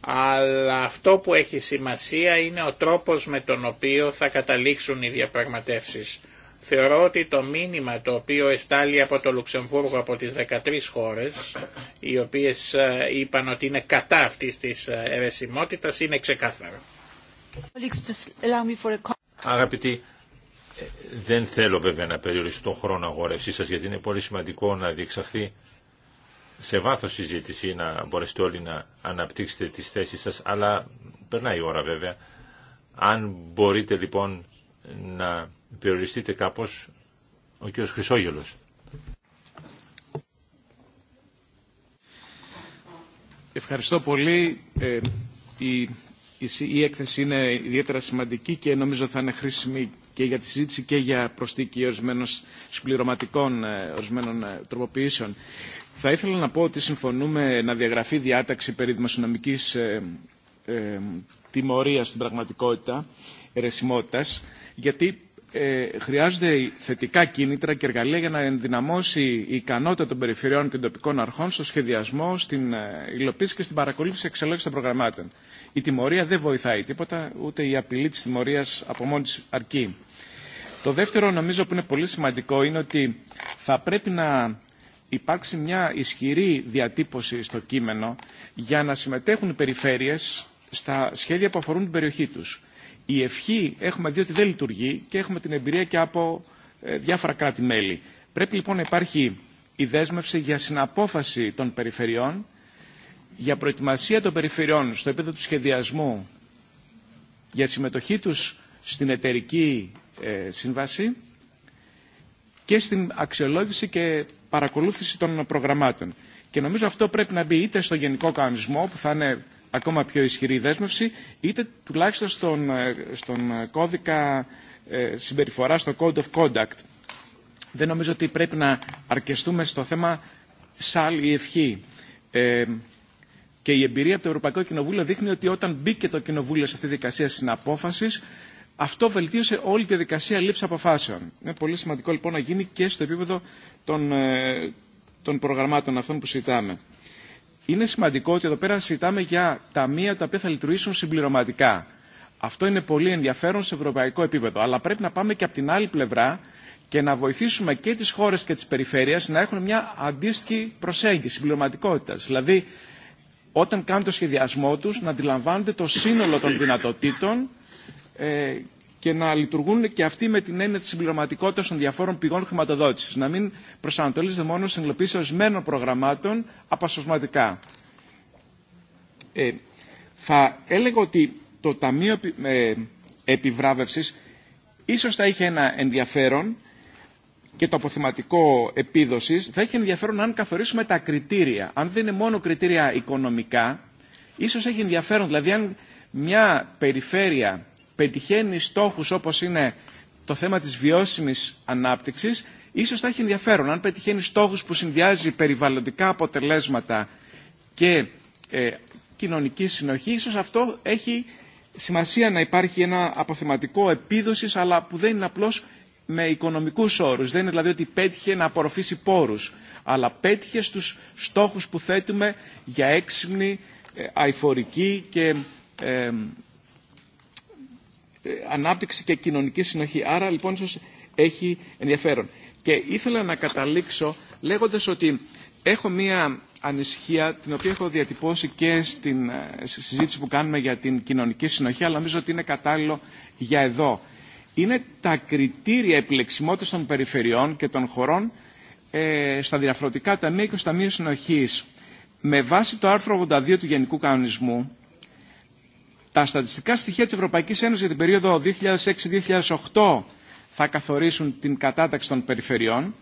[SPEAKER 3] Αλλά αυτό που έχει σημασία είναι ο τρόπος με τον οποίο θα καταλήξουν οι διαπραγματεύσεις. Θεωρώ ότι το μήνυμα το οποίο εστάλει από το Λουξεμβούργο από τις 13 χώρες, οι οποίες ε, είπαν ότι είναι κατά αυτής της ερεσιμότητας, είναι ξεκάθαρο.
[SPEAKER 2] Αγαπητοί, ε, δεν θέλω βέβαια να περιοριστώ τον χρόνο αγόρευσή σας, γιατί είναι πολύ σημαντικό να διεξαχθεί σε βάθος συζήτηση, να μπορέσετε όλοι να αναπτύξετε τις θέσεις σας, αλλά περνάει η ώρα βέβαια. Αν μπορείτε λοιπόν να περιοριστείτε κάπως ο κ. Χρυσόγελος.
[SPEAKER 4] Ευχαριστώ πολύ. Ε, η, η, έκθεση είναι ιδιαίτερα σημαντική και νομίζω θα είναι χρήσιμη και για τη συζήτηση και για προστίκη ορισμένων συμπληρωματικών ε, ορισμένων ε, τροποποιήσεων. Θα ήθελα να πω ότι συμφωνούμε να διαγραφεί διάταξη περί δημοσιονομικής ε, τιμωρίας στην πραγματικότητα, ερεσιμότητας γιατί ε, χρειάζονται θετικά κίνητρα και εργαλεία για να ενδυναμώσει η ικανότητα των περιφερειών και των τοπικών αρχών στο σχεδιασμό, στην ε, υλοποίηση και στην παρακολούθηση εξελόγηση των προγραμμάτων. Η τιμωρία δεν βοηθάει τίποτα, ούτε η απειλή τη τιμωρία από μόνη τη αρκεί. Το δεύτερο νομίζω που είναι πολύ σημαντικό είναι ότι θα πρέπει να υπάρξει μια ισχυρή διατύπωση στο κείμενο για να συμμετέχουν οι περιφέρειες στα σχέδια που αφορούν την περιοχή τους. Η ευχή έχουμε δει ότι δεν λειτουργεί και έχουμε την εμπειρία και από ε, διάφορα κράτη-μέλη. Πρέπει λοιπόν να υπάρχει η δέσμευση για συναπόφαση των περιφερειών, για προετοιμασία των περιφερειών στο επίπεδο του σχεδιασμού, για συμμετοχή τους στην εταιρική ε, σύμβαση και στην αξιολόγηση και παρακολούθηση των προγραμμάτων. Και νομίζω αυτό πρέπει να μπει είτε στο γενικό κανονισμό που θα είναι ακόμα πιο ισχυρή δέσμευση, είτε τουλάχιστον στον, ε, στον ε, κώδικα ε, συμπεριφορά, στο Code of Conduct. Δεν νομίζω ότι πρέπει να αρκεστούμε στο θέμα σάλ ή ευχή. Ε, και η εμπειρία από το Ευρωπαϊκό Κοινοβούλιο δείχνει ότι όταν μπήκε το Κοινοβούλιο σε αυτή τη δικασία συναπόφαση, αυτό βελτίωσε όλη τη δικασία λήψη αποφάσεων. Είναι πολύ σημαντικό λοιπόν να γίνει και στο επίπεδο των, των προγραμμάτων αυτών που συζητάμε είναι σημαντικό ότι εδώ πέρα συζητάμε για ταμεία τα οποία θα λειτουργήσουν συμπληρωματικά. Αυτό είναι πολύ ενδιαφέρον σε ευρωπαϊκό επίπεδο. Αλλά πρέπει να πάμε και από την άλλη πλευρά και να βοηθήσουμε και τις χώρες και τις περιφέρειες να έχουν μια αντίστοιχη προσέγγιση συμπληρωματικότητα. Δηλαδή, όταν κάνουν το σχεδιασμό του, να αντιλαμβάνονται το σύνολο των δυνατοτήτων ε, και να λειτουργούν και αυτοί με την έννοια τη συμπληρωματικότητα των διαφόρων πηγών χρηματοδότηση. Να μην προσανατολίζεται μόνο στην υλοποίηση ορισμένων προγραμμάτων απασπασματικά. Ε, θα έλεγα ότι το Ταμείο επι, ίσω ε, Επιβράβευσης ίσως θα είχε ένα ενδιαφέρον και το αποθυματικό επίδοση θα έχει ενδιαφέρον αν καθορίσουμε τα κριτήρια. Αν δεν είναι μόνο κριτήρια οικονομικά, ίσω έχει ενδιαφέρον. Δηλαδή αν μια περιφέρεια πετυχαίνει στόχους όπως είναι το θέμα της βιώσιμης ανάπτυξης, ίσως θα έχει ενδιαφέρον. Αν πετυχαίνει στόχους που συνδυάζει περιβαλλοντικά αποτελέσματα και ε, κοινωνική συνοχή, ίσως αυτό έχει σημασία να υπάρχει ένα αποθεματικό επίδοσης, αλλά που δεν είναι απλώς με οικονομικούς όρους. Δεν είναι δηλαδή ότι πέτυχε να απορροφήσει πόρους, αλλά πέτυχε στους στόχους που θέτουμε για έξυπνη, ε, αηφορική και ε, ε, ανάπτυξη και κοινωνική συνοχή. Άρα λοιπόν ίσως έχει ενδιαφέρον. Και ήθελα να καταλήξω λέγοντας ότι έχω μία ανησυχία την οποία έχω διατυπώσει και ε, στη συζήτηση που κάνουμε για την κοινωνική συνοχή αλλά νομίζω ότι είναι κατάλληλο για εδώ. Είναι τα κριτήρια επιλεξιμότητας των περιφερειών και των χωρών ε, στα διαφορετικά ταμεία και στα ταμεία Συνοχής. Με βάση το άρθρο 82 του Γενικού Κανονισμού τα στατιστικά στοιχεία της Ευρωπαϊκής Ένωσης για την περίοδο 2006-2008 θα καθορίσουν την κατάταξη των περιφερειών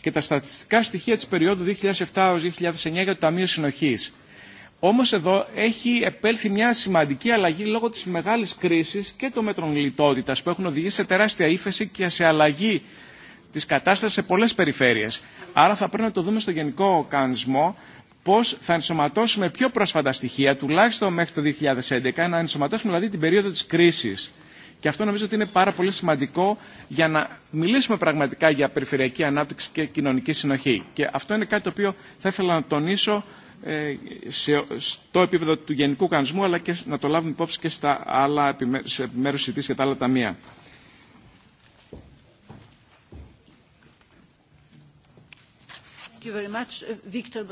[SPEAKER 4] και τα στατιστικά στοιχεία της περίοδου 2007-2009 για το Ταμείο Συνοχής. Όμως εδώ έχει επέλθει μια σημαντική αλλαγή λόγω της μεγάλης κρίσης και των μέτρων λιτότητας που έχουν οδηγήσει σε τεράστια ύφεση και σε αλλαγή της κατάστασης σε πολλές περιφέρειες. Άρα θα πρέπει να το δούμε στο γενικό κανονισμό πώς θα ενσωματώσουμε πιο πρόσφατα στοιχεία, τουλάχιστον μέχρι το 2011, να ενσωματώσουμε δηλαδή την περίοδο της κρίσης. Και αυτό νομίζω ότι είναι πάρα πολύ σημαντικό για να μιλήσουμε πραγματικά για περιφερειακή ανάπτυξη και κοινωνική συνοχή. Και αυτό είναι κάτι το οποίο θα ήθελα να τονίσω ε, στο επίπεδο του γενικού κανονισμού, αλλά και να το λάβουμε υπόψη και στα άλλα επιμέρου συζητήσει και τα άλλα ταμεία.
[SPEAKER 1] Thank you very much, ε, Victor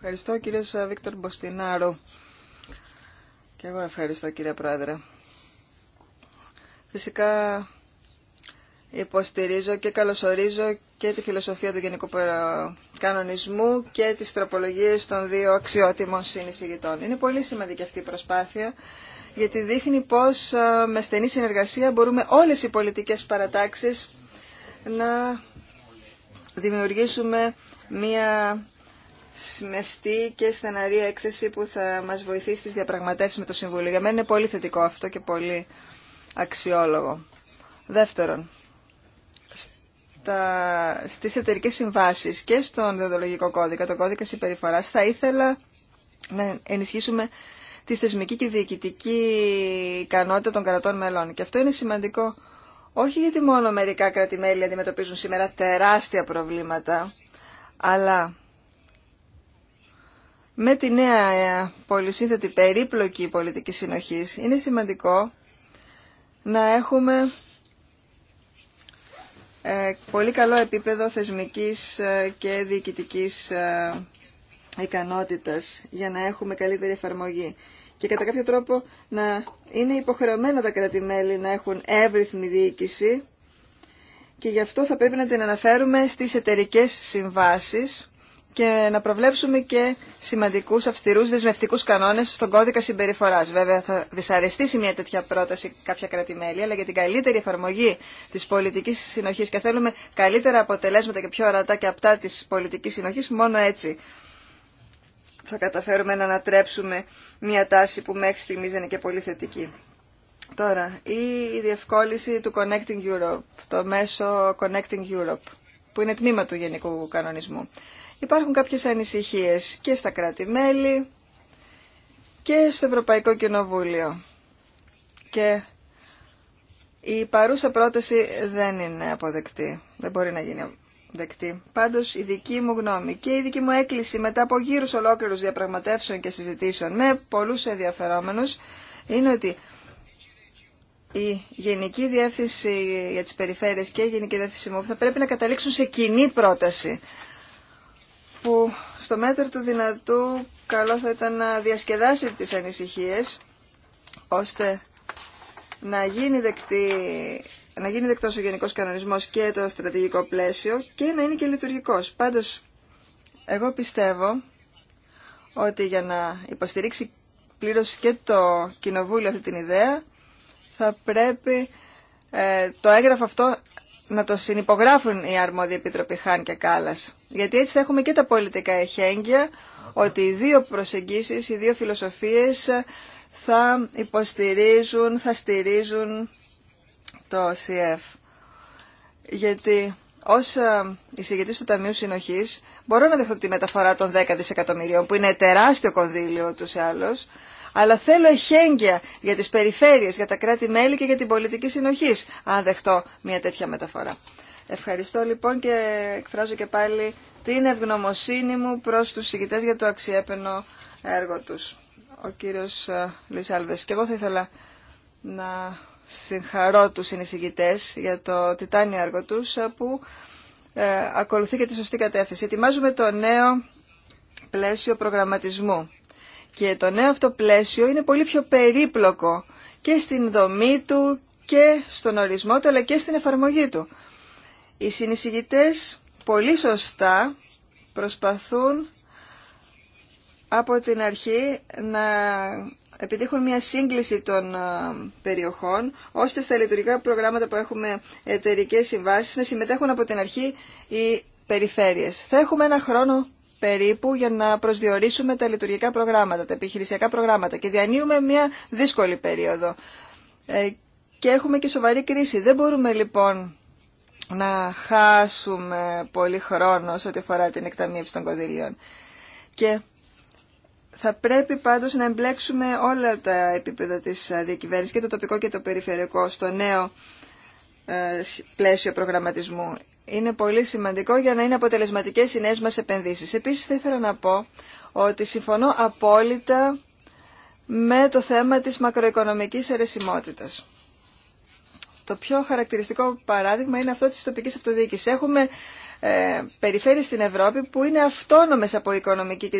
[SPEAKER 1] Ευχαριστώ κύριε Βίκτορ Μποστινάρο. Και εγώ ευχαριστώ κύριε Πρόεδρε. Φυσικά υποστηρίζω και καλωσορίζω και τη φιλοσοφία του Γενικού Κανονισμού και τις τροπολογίες των δύο αξιότιμων συνεισηγητών. Είναι πολύ σημαντική αυτή η προσπάθεια γιατί δείχνει πώς ε, με στενή συνεργασία μπορούμε όλες οι πολιτικές παρατάξεις να δημιουργήσουμε μία σμεστή και στεναρή έκθεση που θα μας βοηθήσει στις διαπραγματεύσεις με το Συμβούλιο. Για μένα είναι πολύ θετικό αυτό και πολύ αξιόλογο. Δεύτερον, στι στις εταιρικές συμβάσεις και στον διοντολογικό κώδικα, τον κώδικα συμπεριφοράς, θα ήθελα να ενισχύσουμε τη θεσμική και διοικητική ικανότητα των κρατών μελών. Και αυτό είναι σημαντικό όχι γιατί μόνο μερικά αντιμετωπίζουν σήμερα τεράστια προβλήματα, αλλά με τη νέα ε, πολυσύνθετη περίπλοκη πολιτική συνοχής είναι σημαντικό να έχουμε ε, πολύ καλό επίπεδο θεσμικής ε, και διοικητικής ικανότητας για να έχουμε καλύτερη εφαρμογή και κατά κάποιο τρόπο να είναι υποχρεωμένα τα κράτη-μέλη να έχουν εύρυθμη διοίκηση και γι' αυτό θα πρέπει να την αναφέρουμε στις εταιρικές συμβάσεις και να προβλέψουμε και σημαντικούς αυστηρούς δεσμευτικούς κανόνες στον κώδικα συμπεριφοράς. Βέβαια θα δυσαρεστήσει μια τέτοια πρόταση κάποια κρατημέλη, αλλά για την καλύτερη εφαρμογή της πολιτικής συνοχής και θέλουμε καλύτερα αποτελέσματα και πιο ορατά και απτά της πολιτικής συνοχής, μόνο έτσι θα καταφέρουμε να ανατρέψουμε μια τάση που μέχρι στιγμής δεν είναι και πολύ θετική. Τώρα, η διευκόλυνση του Connecting Europe, το μέσο Connecting Europe, που είναι τμήμα του Γενικού Κανονισμού. Υπάρχουν κάποιες ανησυχίες και στα κράτη-μέλη και στο Ευρωπαϊκό Κοινοβούλιο. Και η παρούσα πρόταση δεν είναι αποδεκτή. Δεν μπορεί να γίνει δεκτή. Πάντως η δική μου γνώμη και η δική μου έκκληση μετά από γύρους ολόκληρους διαπραγματεύσεων και συζητήσεων με πολλούς ενδιαφερόμενους είναι ότι η Γενική Διεύθυνση για τις Περιφέρειες και η Γενική Διεύθυνση ΜΟΒ θα πρέπει να καταλήξουν σε κοινή πρόταση που στο μέτρο του δυνατού καλό θα ήταν να διασκεδάσει τις ανησυχίες ώστε να γίνει, δεκτή, να γίνει δεκτός ο γενικός κανονισμός και το στρατηγικό πλαίσιο και να είναι και λειτουργικός. Πάντως, εγώ πιστεύω ότι για να υποστηρίξει πλήρως και το Κοινοβούλιο αυτή την ιδέα θα πρέπει ε, το έγγραφο αυτό να το συνυπογράφουν οι αρμόδιοι επιτροποί Χάν και Κάλλας. Γιατί έτσι θα έχουμε και τα πολιτικά εχέγγυα ότι οι δύο προσεγγίσεις, οι δύο φιλοσοφίες θα υποστηρίζουν, θα στηρίζουν το ΣΥΕΦ. Γιατί ως ε, εισηγητής του Ταμείου Συνοχής μπορώ να δεχτώ τη μεταφορά των 10 δισεκατομμυρίων που είναι τεράστιο κονδύλιο τους άλλους, αλλά θέλω εχέγγυα για τις περιφέρειες, για τα κράτη-μέλη και για την πολιτική συνοχή, αν δεχτώ μια τέτοια μεταφορά. Ευχαριστώ λοιπόν και εκφράζω και πάλι την ευγνωμοσύνη μου προς τους συγκητές για το αξιέπαινο έργο τους. Ο κύριος ε, Λουίς Άλβες. Και εγώ θα ήθελα να συγχαρώ τους συνεισηγητές για το τιτάνιο έργο τους ε, που ε, ακολουθεί και τη σωστή κατεύθυνση. Ετοιμάζουμε το νέο πλαίσιο προγραμματισμού και το νέο αυτό πλαίσιο είναι πολύ πιο περίπλοκο και στην δομή του και στον ορισμό του αλλά και στην εφαρμογή του. Οι συνεισηγητές πολύ σωστά προσπαθούν από την αρχή να επιτύχουν μια σύγκληση των ε, περιοχών, ώστε στα λειτουργικά προγράμματα που έχουμε εταιρικές συμβάσεις να συμμετέχουν από την αρχή οι περιφέρειες. Θα έχουμε ένα χρόνο περίπου για να προσδιορίσουμε τα λειτουργικά προγράμματα, τα επιχειρησιακά προγράμματα και διανύουμε μια δύσκολη περίοδο ε, και έχουμε και σοβαρή κρίση. Δεν μπορούμε λοιπόν να χάσουμε πολύ χρόνο σε ό,τι αφορά την εκταμείευση των κονδύλιων. Και θα πρέπει πάντως να εμπλέξουμε όλα τα επίπεδα της διακυβέρνησης και το τοπικό και το περιφερειακό στο νέο ε, πλαίσιο προγραμματισμού είναι πολύ σημαντικό για να είναι αποτελεσματικέ οι νέε μα επενδύσεις. Επίσης θα ήθελα να πω ότι συμφωνώ απόλυτα με το θέμα της μακροοικονομικής αιρεσιμότητας. Το πιο χαρακτηριστικό παράδειγμα είναι αυτό της τοπικής αυτοδιοίκησης. Έχουμε ε, στην Ευρώπη που είναι αυτόνομες από οικονομική και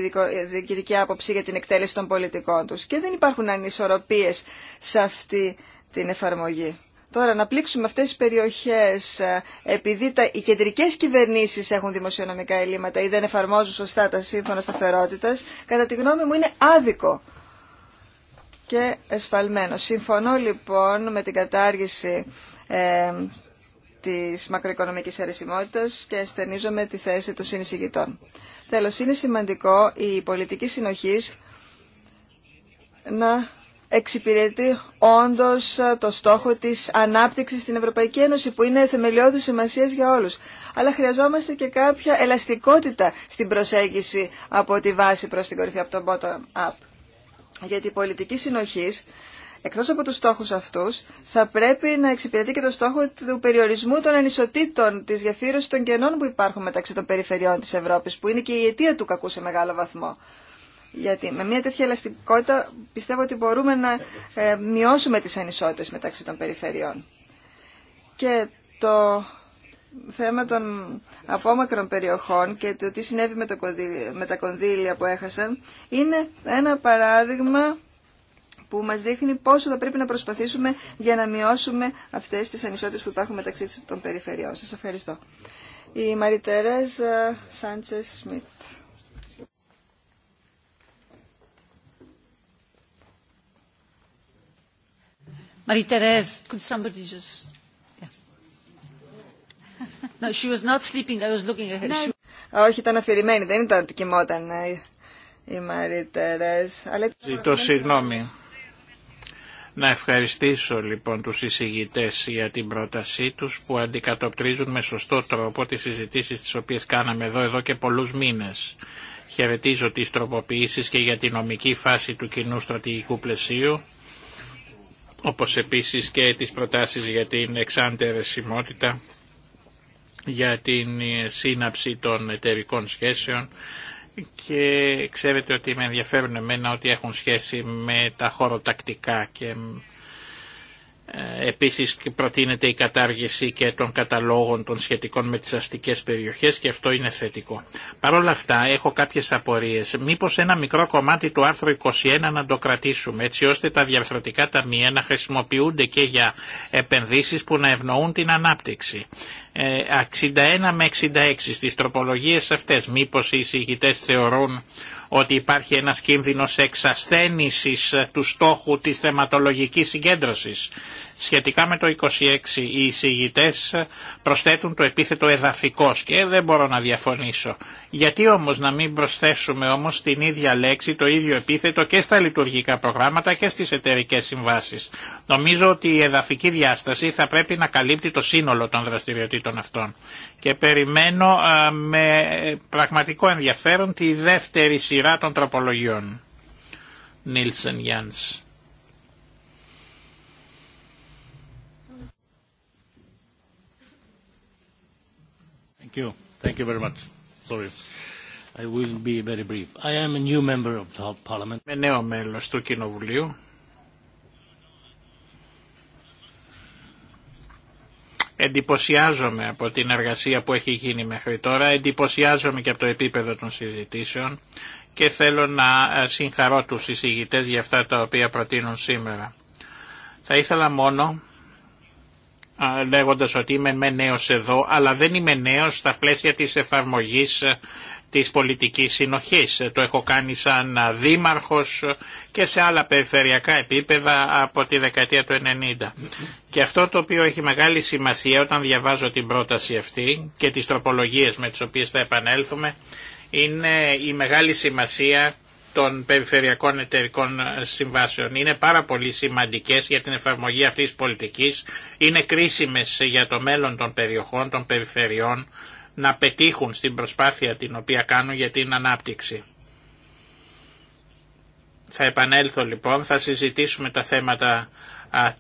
[SPEAKER 1] διοικητική ε, άποψη για την εκτέλεση των πολιτικών τους και δεν υπάρχουν ανισορροπίες σε αυτή την εφαρμογή. Τώρα να πλήξουμε αυτές τις περιοχές ε, επειδή τα, οι κεντρικές κυβερνήσεις έχουν δημοσιονομικά ελλείμματα ή δεν εφαρμόζουν σωστά τα σύμφωνα σταθερότητας, κατά τη γνώμη μου είναι άδικο και εσφαλμένο. Συμφωνώ λοιπόν με την κατάργηση ε, της μακροοικονομικής αρεσιμότητας και στενίζομαι τη θέση των συνεισηγητών. Τέλος, είναι σημαντικό η πολιτική συνοχής να εξυπηρετεί όντως ε, το στόχο της ανάπτυξης στην Ευρωπαϊκή Ένωση που είναι θεμελιώδης σημασία για όλους. Αλλά χρειαζόμαστε και κάποια ελαστικότητα στην προσέγγιση από τη βάση προς την κορυφή, από τον bottom-up. Γιατί η πολιτική συνοχής εκτός από τους στόχους αυτούς, θα πρέπει να εξυπηρετεί και το στόχο του περιορισμού των ανισοτήτων, της διαφύρωσης των κενών που υπάρχουν μεταξύ των περιφερειών της Ευρώπης, που είναι και η αιτία του κακού σε μεγάλο βαθμό. Γιατί με μια τέτοια ελαστικότητα πιστεύω ότι μπορούμε να ε, μειώσουμε τις ανισότητες μεταξύ των περιφερειών. Και το θέμα των απόμακρων περιοχών και το τι συνέβη με, το τα κονδύλια που έχασαν είναι ένα παράδειγμα που μας δείχνει πόσο θα πρέπει να προσπαθήσουμε για να μειώσουμε αυτές τις ανισότητες που υπάρχουν μεταξύ των περιφερειών. Σας ευχαριστώ. Η Μαριτερέζ Σάντσες Σμιτ. Marie-Thérèse, could somebody just... No, she was not sleeping, ναι. Όχι, ήταν αφηρημένη, δεν ήταν ότι κοιμόταν ε, η Μαρή Τερέζ. Ζητώ
[SPEAKER 3] συγγνώμη. Να ευχαριστήσω λοιπόν τους εισηγητές για την πρότασή τους που αντικατοπτρίζουν με σωστό τρόπο τις συζητήσεις τις οποίες κάναμε εδώ εδώ και πολλούς μήνες. Χαιρετίζω τις τροποποιήσεις και για τη νομική φάση του κοινού στρατηγικού πλαισίου όπως επίσης και τις προτάσεις για την εξάντερεσιμότητα, για την ε, σύναψη των εταιρικών σχέσεων και ξέρετε ότι με ενδιαφέρουν εμένα ότι έχουν σχέση με τα χωροτακτικά και ε, επίσης προτείνεται η κατάργηση και των καταλόγων των σχετικών με τις αστικές περιοχές και αυτό είναι θετικό. Παρ' όλα αυτά έχω κάποιες απορίες. Μήπως ένα μικρό κομμάτι του άρθρου 21 να το κρατήσουμε έτσι ώστε τα διαρθρωτικά ταμεία να χρησιμοποιούνται και για επενδύσεις που να ευνοούν την ανάπτυξη. 61 ε, με 66 στις τροπολογίες αυτές. Μήπως οι εισηγητές θεωρούν ότι υπάρχει ένας κίνδυνος εξασθένησης του στόχου της θεματολογικής συγκέντρωσης. Σχετικά με το 26 οι εισηγητές προσθέτουν το επίθετο εδαφικός και δεν μπορώ να διαφωνήσω. Γιατί όμως να μην προσθέσουμε όμως την ίδια λέξη, το ίδιο επίθετο και στα λειτουργικά προγράμματα και στις εταιρικές συμβάσεις. Νομίζω ότι η εδαφική διάσταση θα πρέπει να καλύπτει το σύνολο των δραστηριοτήτων αυτών. Και περιμένω με πραγματικό ενδιαφέρον τη δεύτερη σειρά των τροπολογιών. Νίλσεν Jans. Thank you very much. Sorry. I will be very brief. I am a new member of the Parliament. Είμαι νέο μέλος του Κοινοβουλίου. Εντυπωσιάζομαι από την εργασία που έχει γίνει μέχρι τώρα, εντυπωσιάζομαι και από το επίπεδο των συζητήσεων και θέλω να ε, συγχαρώ τους συζητητές για αυτά τα οποία προτείνουν σήμερα. Θα ήθελα μόνο λέγοντας ότι είμαι με νέος εδώ, αλλά δεν είμαι νέος στα πλαίσια της εφαρμογής ε, της πολιτικής συνοχής. Το έχω κάνει σαν ε, δήμαρχος και σε άλλα περιφερειακά επίπεδα από τη δεκαετία του 90. Και αυτό το οποίο έχει μεγάλη σημασία όταν διαβάζω την πρόταση αυτή και τις τροπολογίες με τις οποίες θα επανέλθουμε είναι η μεγάλη σημασία των περιφερειακών εταιρικών ε, συμβάσεων. Είναι πάρα πολύ σημαντικές για την εφαρμογή αυτής της πολιτικής. Είναι κρίσιμες για το μέλλον των περιοχών, των περιφερειών, να πετύχουν στην προσπάθεια την οποία κάνουν για την ανάπτυξη. Θα επανέλθω λοιπόν, θα συζητήσουμε τα θέματα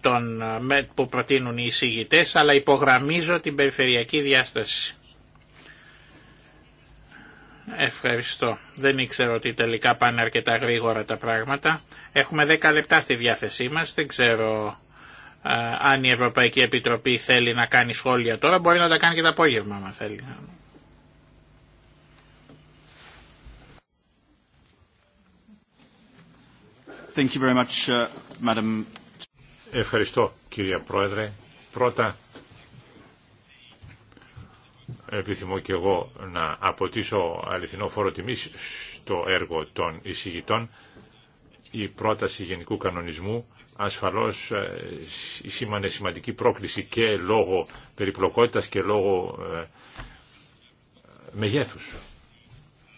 [SPEAKER 3] των, ε, που προτείνουν οι εισηγητές, αλλά υπογραμμίζω την περιφερειακή διάσταση. Ευχαριστώ. Δεν ήξερα ότι τελικά πάνε αρκετά γρήγορα τα πράγματα. Έχουμε 10 λεπτά στη διάθεσή μας. Δεν ξέρω ε, αν η Ευρωπαϊκή Επιτροπή θέλει να κάνει σχόλια τώρα. Μπορεί να τα κάνει και το απόγευμα, αν θέλει.
[SPEAKER 2] Thank you very much, uh, Madam. Ευχαριστώ, κύριε Πρόεδρε. Πρώτα επιθυμώ και εγώ να αποτίσω αληθινό φόρο τιμής στο έργο των εισηγητών. Η πρόταση γενικού κανονισμού ασφαλώς ε, σήμανε σημαντική πρόκληση και λόγω περιπλοκότητας και λόγω ε, μεγέθους.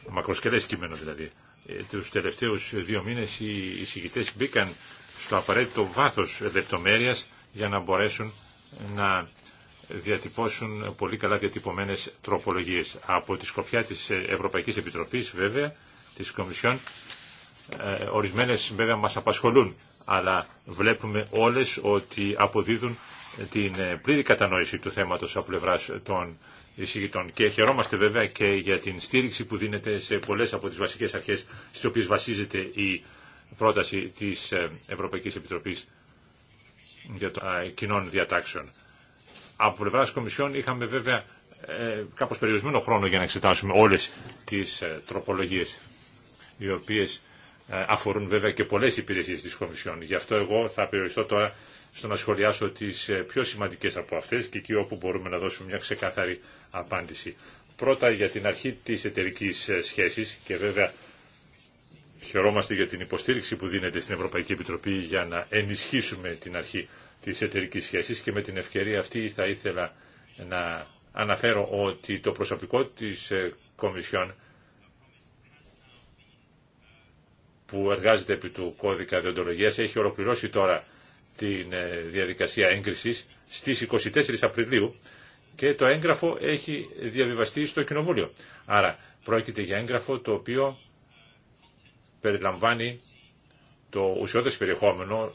[SPEAKER 2] Μακροσκελές κείμενο δηλαδή. Ε, τους τελευταίους δύο μήνες οι εισηγητές μπήκαν στο απαραίτητο βάθος λεπτομέρειας για να μπορέσουν να διατυπώσουν πολύ καλά διατυπωμένες τροπολογίες. Από τη σκοπιά της Ευρωπαϊκής Επιτροπής βέβαια, της Κομισιόν, ε, ορισμένες βέβαια μας απασχολούν, αλλά βλέπουμε όλες ότι αποδίδουν την ε, πλήρη κατανόηση του θέματος από πλευρά των εισηγητών. Και χαιρόμαστε βέβαια και για την στήριξη που δίνεται σε πολλές από τις βασικές αρχές στις οποίες βασίζεται η πρόταση της ε, Ευρωπαϊκής Επιτροπής για κοινών διατάξεων. Από πλευρά τη Κομισιόν είχαμε βέβαια ε, κάπως περιορισμένο χρόνο για να εξετάσουμε όλες τις ε, τροπολογίες οι οποίες ε, αφορούν βέβαια και πολλές υπηρεσίες της Κομισιόν. Γι' αυτό εγώ θα περιοριστώ τώρα στο να σχολιάσω τις ε, πιο σημαντικές από αυτές και εκεί όπου μπορούμε να δώσουμε μια ξεκάθαρη απάντηση. Πρώτα για την αρχή της εταιρική ε, σχέσης και βέβαια χαιρόμαστε για την υποστήριξη που δίνεται στην Ευρωπαϊκή Επιτροπή για να ενισχύσουμε την αρχή της εταιρικής σχέσης και με την ευκαιρία αυτή θα ήθελα να αναφέρω ότι το προσωπικό της ε, Κομισιόν που εργάζεται επί του κώδικα διοντολογίας έχει ολοκληρώσει τώρα τη ε, διαδικασία έγκρισης στις 24 Απριλίου και το έγγραφο έχει διαβιβαστεί στο Κοινοβούλιο. Άρα πρόκειται για έγγραφο το οποίο περιλαμβάνει το ουσιώδες περιεχόμενο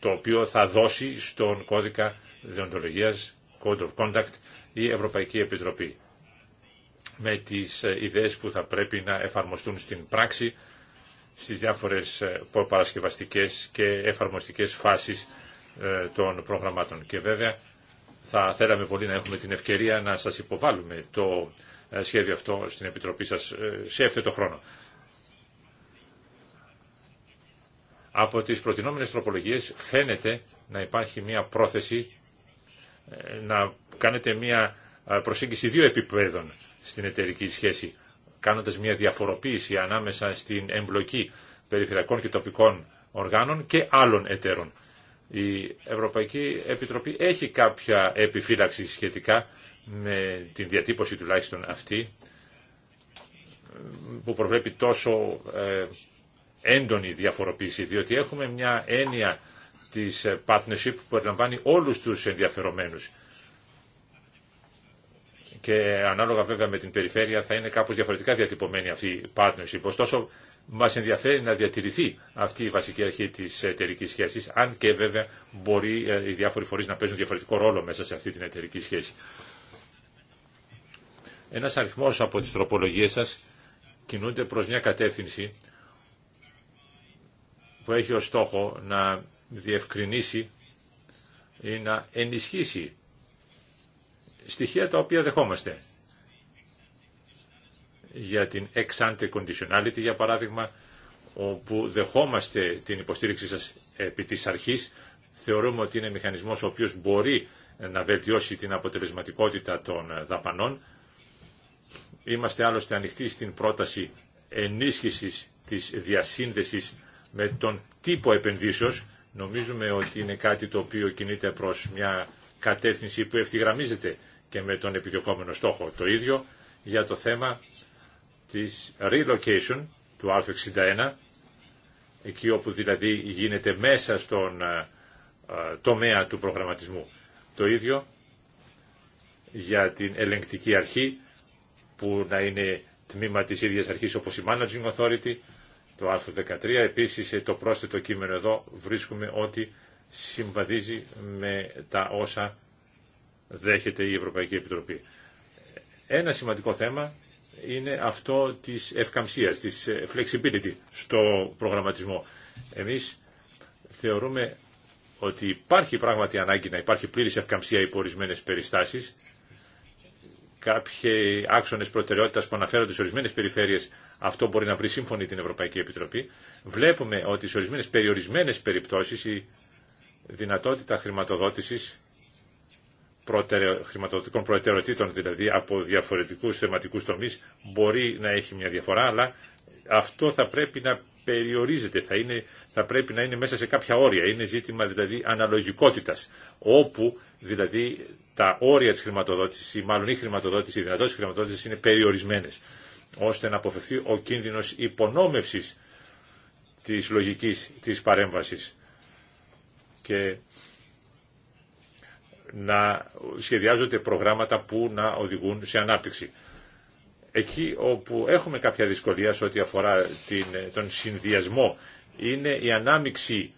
[SPEAKER 2] το οποίο θα δώσει στον κώδικα διοντολογίας Code of Conduct η Ευρωπαϊκή Επιτροπή με τις ε, ιδέες που θα πρέπει να εφαρμοστούν στην πράξη στις διάφορες ε, προπαρασκευαστικές και εφαρμοστικές φάσεις ε, των προγραμμάτων. Και βέβαια θα θέλαμε πολύ να έχουμε την ευκαιρία να σας υποβάλουμε το σχέδιο αυτό στην Επιτροπή σας σε το χρόνο. Από τις προτινόμενες τροπολογίες φαίνεται να υπάρχει μια πρόθεση ε, να κάνετε μια ε, προσέγγιση δύο επιπέδων στην εταιρική σχέση, κάνοντας μια διαφοροποίηση ανάμεσα στην εμπλοκή περιφερειακών και τοπικών οργάνων και άλλων εταίρων. Η Ευρωπαϊκή Επιτροπή έχει κάποια επιφύλαξη σχετικά με την διατύπωση τουλάχιστον αυτή που προβλέπει τόσο ε, έντονη διαφοροποίηση, διότι έχουμε μια έννοια της ε, partnership που περιλαμβάνει όλους τους ενδιαφερομένους. Και ανάλογα βέβαια με την περιφέρεια θα είναι κάπως διαφορετικά διατυπωμένη αυτή η partnership. Ωστόσο μας ενδιαφέρει να διατηρηθεί αυτή η βασική αρχή της εταιρική σχέσης, αν και βέβαια μπορεί ε, οι διάφοροι φορείς να παίζουν διαφορετικό ρόλο μέσα σε αυτή την εταιρική σχέση. Ένας αριθμός από τις τροπολογίες σας κινούνται προς μια κατεύθυνση που έχει ως στόχο να διευκρινίσει ή να ενισχύσει στοιχεία τα οποία δεχόμαστε. Για την ex ante conditionality, για παράδειγμα, όπου δεχόμαστε την υποστήριξή σας επί της αρχής, θεωρούμε ότι είναι μηχανισμός ο οποίος μπορεί να βελτιώσει την αποτελεσματικότητα των δαπανών. Είμαστε άλλωστε ανοιχτοί στην πρόταση ενίσχυσης της διασύνδεσης με τον τύπο επενδύσεως νομίζουμε ότι είναι κάτι το οποίο κινείται προς μια κατεύθυνση που ευθυγραμμίζεται και με τον επιδιωκόμενο στόχο. Το ίδιο για το θέμα της relocation του Α61, εκεί όπου δηλαδή γίνεται μέσα στον ε, ε, τομέα του προγραμματισμού. Το ίδιο για την ελεγκτική αρχή που να είναι τμήμα της ίδιας αρχής όπως η Managing Authority το άρθρο 13. Επίσης ε, το πρόσθετο κείμενο εδώ βρίσκουμε ότι συμβαδίζει με τα όσα δέχεται η Ευρωπαϊκή Επιτροπή. Ένα σημαντικό θέμα είναι αυτό της ευκαμψίας, της ε, flexibility στο προγραμματισμό. Εμείς θεωρούμε ότι υπάρχει πράγματι ανάγκη να υπάρχει πλήρης ευκαμψία υπό ορισμένε περιστάσεις. Κάποιοι άξονες προτεραιότητας που αναφέρονται σε ορισμένες περιφέρειες αυτό μπορεί να βρει σύμφωνη την Ευρωπαϊκή Επιτροπή, βλέπουμε ότι σε ορισμένε περιορισμένε περιπτώσει η δυνατότητα χρηματοδότηση χρηματοδοτικών προτεραιοτήτων, δηλαδή από διαφορετικού θεματικού τομεί, μπορεί να έχει μια διαφορά, αλλά αυτό θα πρέπει να περιορίζεται, θα, θα πρέπει να είναι μέσα σε κάποια όρια. Είναι ζήτημα δηλαδή αναλογικότητας, όπου δηλαδή τα όρια της χρηματοδότησης, ή μάλλον η χρηματοδότηση, οι δυνατότητες χρηματοδότησης είναι περιορισμένες ώστε να αποφευθεί ο κίνδυνος υπονόμευσης της λογικής της παρέμβασης και να σχεδιάζονται προγράμματα που να οδηγούν σε ανάπτυξη. Εκεί όπου έχουμε κάποια δυσκολία σε ό,τι αφορά την, τον συνδυασμό είναι η ανάμιξη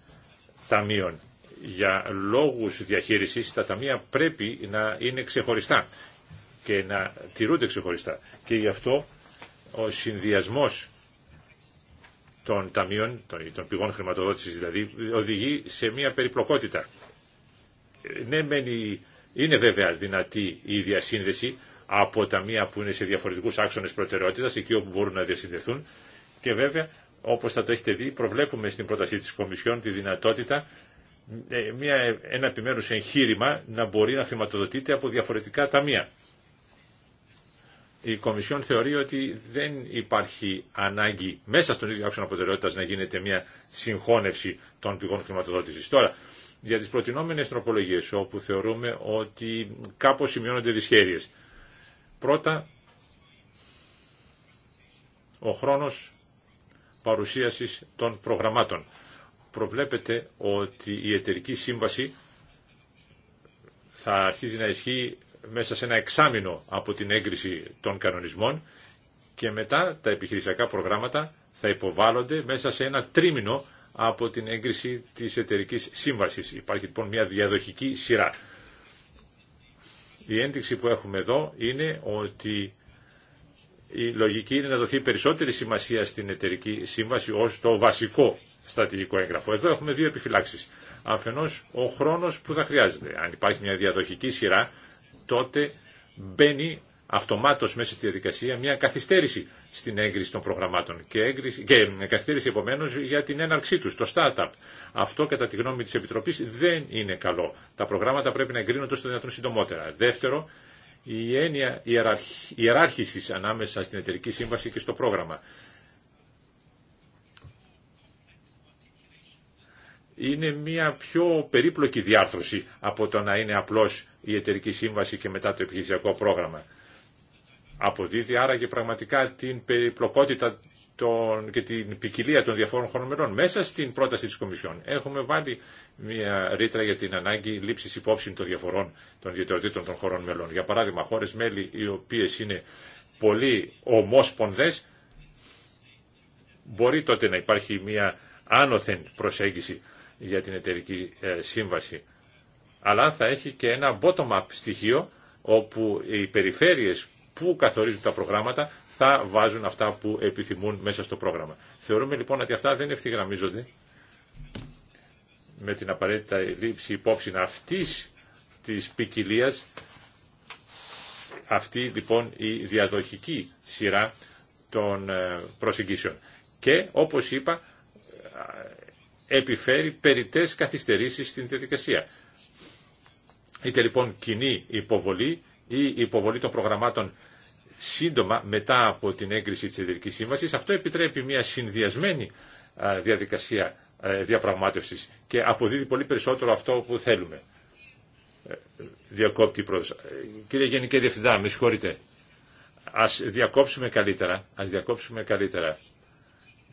[SPEAKER 2] ταμείων. Για λόγους διαχείρισης τα ταμεία πρέπει να είναι ξεχωριστά και να τηρούνται ξεχωριστά. Και γι' αυτό ο συνδυασμός των ταμείων, των πηγών χρηματοδότησης δηλαδή, οδηγεί σε μια περιπλοκότητα. Ναι, είναι βέβαια δυνατή η διασύνδεση από ταμεία που είναι σε διαφορετικούς άξονες προτεραιότητας, εκεί όπου μπορούν να διασυνδεθούν και βέβαια, όπως θα το έχετε δει, προβλέπουμε στην πρόταση της Κομισιόν τη δυνατότητα ε, μια, ένα επιμέρους εγχείρημα να μπορεί να χρηματοδοτείται από διαφορετικά ταμεία η Κομισιόν θεωρεί ότι δεν υπάρχει ανάγκη μέσα στον ίδιο άξονα προτεραιότητας να γίνεται μια συγχώνευση των πηγών χρηματοδότηση. Τώρα, για τις προτινόμενε τροπολογίες όπου θεωρούμε ότι κάπως σημειώνονται δυσχέρειες. Πρώτα, ο χρόνος παρουσίαση των προγραμμάτων. Προβλέπεται ότι η εταιρική σύμβαση θα αρχίζει να ισχύει μέσα σε ένα εξάμηνο από την έγκριση των κανονισμών και μετά τα επιχειρησιακά προγράμματα θα υποβάλλονται μέσα σε ένα τρίμηνο από την έγκριση της εταιρική σύμβασης. Υπάρχει λοιπόν μια διαδοχική σειρά. Η ένδειξη που έχουμε εδώ είναι ότι η λογική είναι να δοθεί περισσότερη σημασία στην εταιρική σύμβαση ως το βασικό στρατηγικό έγγραφο. Εδώ έχουμε δύο επιφυλάξεις. Αφενός ο χρόνος που θα χρειάζεται. Αν υπάρχει μια διαδοχική σειρά τότε μπαίνει αυτομάτως μέσα στη διαδικασία μια καθυστέρηση στην έγκριση των προγραμμάτων και, έγκριση, και ε, καθυστέρηση επομένω για την έναρξή τους, το startup. Αυτό κατά τη γνώμη της Επιτροπής δεν είναι καλό. Τα προγράμματα πρέπει να εγκρίνονται στο δυνατόν συντομότερα. Δεύτερο, η έννοια ιεράρχηση ανάμεσα στην εταιρική σύμβαση και στο πρόγραμμα. είναι μια πιο περίπλοκη διάρθρωση από το να είναι απλώς η εταιρική σύμβαση και μετά το επιχειρησιακό πρόγραμμα. Αποδίδει άραγε πραγματικά την περιπλοκότητα των, και την ποικιλία των διαφόρων χωρών Μέσα στην πρόταση της Κομισιόν έχουμε βάλει μια ρήτρα για την ανάγκη λήψη υπόψη των διαφορών των ιδιαιτεροτήτων των χωρών μελών. Για παράδειγμα, χώρε μέλη οι οποίε είναι πολύ ομόσπονδε μπορεί τότε να υπάρχει μια άνωθεν προσέγγιση για την εταιρική ε, σύμβαση. Αλλά θα έχει και ένα bottom-up στοιχείο όπου οι περιφέρειες που καθορίζουν τα προγράμματα θα βάζουν αυτά που επιθυμούν μέσα στο πρόγραμμα. Θεωρούμε λοιπόν ότι αυτά δεν ευθυγραμμίζονται με την απαραίτητα λήψη υπόψη αυτής της ποικιλία, αυτή λοιπόν η διαδοχική σειρά των ε, προσεγγίσεων. Και όπως είπα επιφέρει περιττές καθυστερήσεις στην διαδικασία. Είτε λοιπόν κοινή υποβολή ή υποβολή των προγραμμάτων σύντομα μετά από την έγκριση της ειδική Σύμβασης, αυτό επιτρέπει μια συνδυασμένη διαδικασία διαπραγμάτευσης και αποδίδει πολύ περισσότερο αυτό που θέλουμε. Ε, διακόπτη προς. Ε, κύριε Γενική Διευθυντά, με συγχωρείτε. Ας διακόψουμε καλύτερα. Ας διακόψουμε καλύτερα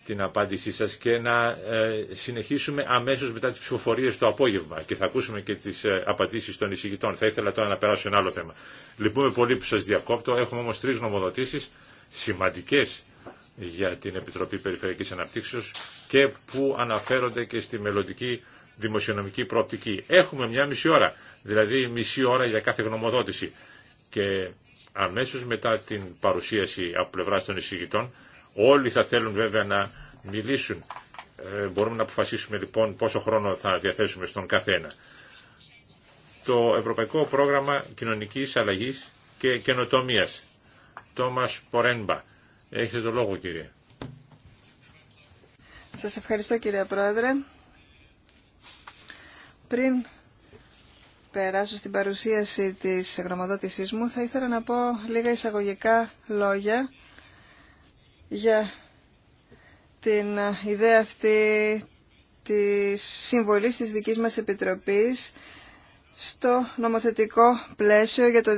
[SPEAKER 2] την απάντησή σας και να ε, συνεχίσουμε αμέσως μετά τις ψηφοφορίες το απόγευμα και θα ακούσουμε και τις ε, απαντήσεις των εισηγητών. Θα ήθελα τώρα να περάσω ένα άλλο θέμα. Λυπούμε πολύ που σας διακόπτω. Έχουμε όμως τρεις νομοδοτήσεις σημαντικές για την Επιτροπή Περιφερειακής Αναπτύξεως και που αναφέρονται και στη μελλοντική δημοσιονομική προοπτική. Έχουμε μια μισή ώρα, δηλαδή μισή ώρα για κάθε γνωμοδότηση και αμέσως μετά την παρουσίαση από πλευρά των εισηγητών Όλοι θα θέλουν βέβαια να μιλήσουν. Ε, μπορούμε να αποφασίσουμε λοιπόν πόσο χρόνο θα διαθέσουμε στον καθένα. Το Ευρωπαϊκό Πρόγραμμα Κοινωνικής Αλλαγής και Καινοτομίας. Τόμας Πορέμπα. Έχετε το λόγο κύριε.
[SPEAKER 1] Σας ευχαριστώ κύριε Πρόεδρε. Πριν περάσω στην παρουσίαση της γνωμοδότησής μου, θα ήθελα να πω λίγα εισαγωγικά λόγια για την ε, ιδέα αυτή της συμβολής της δικής μας Επιτροπής στο νομοθετικό πλαίσιο για το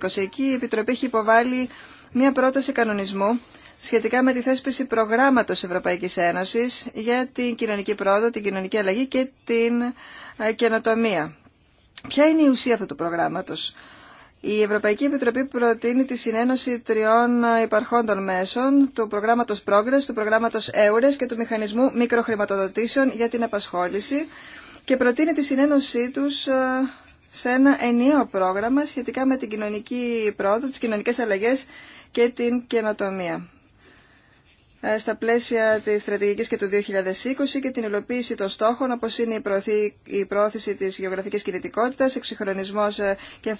[SPEAKER 1] 2014-2020. Εκεί η Επιτροπή έχει υποβάλει μια πρόταση κανονισμού σχετικά με τη θέσπιση προγράμματος Ευρωπαϊκής Ένωσης για την κοινωνική πρόοδο, την κοινωνική αλλαγή και την ε, καινοτομία. Ποια είναι η ουσία αυτού του προγράμματος. Η Ευρωπαϊκή Επιτροπή προτείνει τη συνένωση τριών υπαρχόντων μέσων, του προγράμματος Progress, του προγράμματος Eures και του μηχανισμού μικροχρηματοδοτήσεων για την απασχόληση και προτείνει τη συνένωσή τους ε, σε ένα ενιαίο πρόγραμμα σχετικά με την κοινωνική πρόοδο, τι κοινωνικές αλλαγέ και την καινοτομία. Ε, στα πλαίσια της στρατηγικής και του 2020 και την υλοποίηση των στόχων όπως είναι η πρόθεση της γεωγραφικής κινητικότητας, εξυγχρονισμός ε, και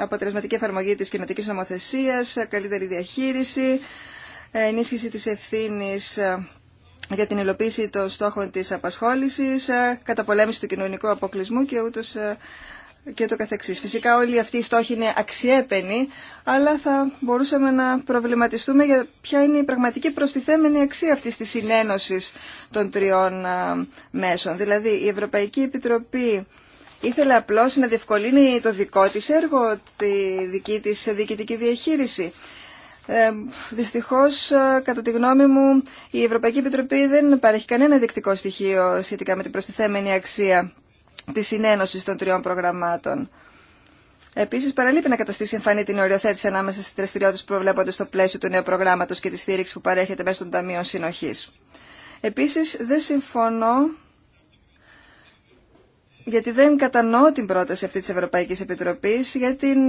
[SPEAKER 1] αποτελεσματική εφαρμογή της κοινωτικής νομοθεσίας, ε, καλύτερη διαχείριση, ενίσχυση της ευθύνη για την υλοποίηση των στόχων της απασχόλησης, καταπολέμηση του κοινωνικού αποκλεισμού και ούτως και το καθεξής. Φυσικά όλοι αυτοί οι στόχοι είναι αξιέπαινοι, αλλά θα μπορούσαμε να προβληματιστούμε για ποια είναι η πραγματική προστιθέμενη αξία αυτής της συνένωσης των τριών μέσων. Δηλαδή η Ευρωπαϊκή Επιτροπή ήθελε απλώς να διευκολύνει το δικό της έργο, τη δική της διοικητική διαχείριση. Ε, δυστυχώς, κατά τη γνώμη μου, η Ευρωπαϊκή Επιτροπή δεν παρέχει κανένα δεικτικό στοιχείο σχετικά με την προστιθέμενη αξία Τη συνένωση των τριών προγραμμάτων. Επίση, παραλείπει να καταστήσει εμφανή την οριοθέτηση ανάμεσα στι δραστηριότητε που προβλέπονται στο πλαίσιο του νέου προγράμματο και τη στήριξη που παρέχεται μέσω των Ταμείων Συνοχή. Επίση, δεν συμφωνώ γιατί δεν κατανοώ την πρόταση αυτή της Ευρωπαϊκής Επιτροπής για την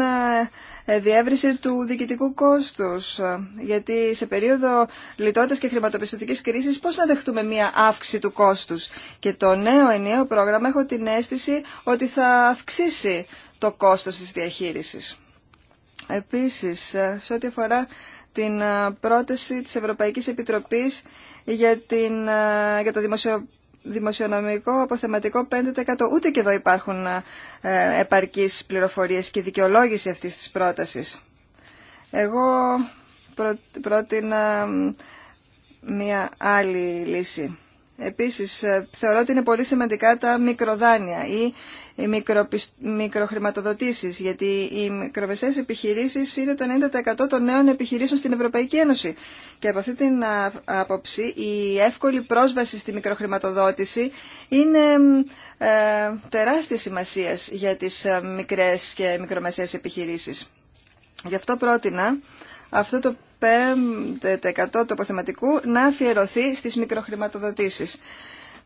[SPEAKER 1] ε, διεύρυνση του διοικητικού κόστους. Γιατί σε περίοδο λιτότητας και χρηματοπιστωτικής κρίσης πώς να δεχτούμε μία αύξηση του κόστους. Και το νέο ενιαίο πρόγραμμα έχω την αίσθηση ότι θα αυξήσει το κόστος της διαχείρισης. Επίσης, ε, σε ό,τι αφορά την ε, πρόταση της Ευρωπαϊκής Επιτροπής για, την, για το δημοσιοποίηση δημοσιονομικό αποθεματικό 5%. Ούτε και εδώ υπάρχουν ε, επαρκείς πληροφορίες και δικαιολόγηση αυτής της πρότασης. Εγώ πρότεινα μια άλλη λύση. Επίσης, ε, θεωρώ ότι είναι πολύ σημαντικά τα μικροδάνεια ή οι μικροχρηματοδοτήσεις, γιατί οι μικρομεσαίες επιχειρήσεις είναι το 90% των νέων επιχειρήσεων στην Ευρωπαϊκή Ένωση. Και από αυτή την άποψη η εύκολη πρόσβαση στη μικροχρηματοδότηση είναι ε, τεράστια σημασία για τις ε, μικρές και μικρομεσαίες επιχειρήσεις. Γι' αυτό πρότεινα αυτό το 5% του αποθεματικού να αφιερωθεί στις μικροχρηματοδοτήσεις.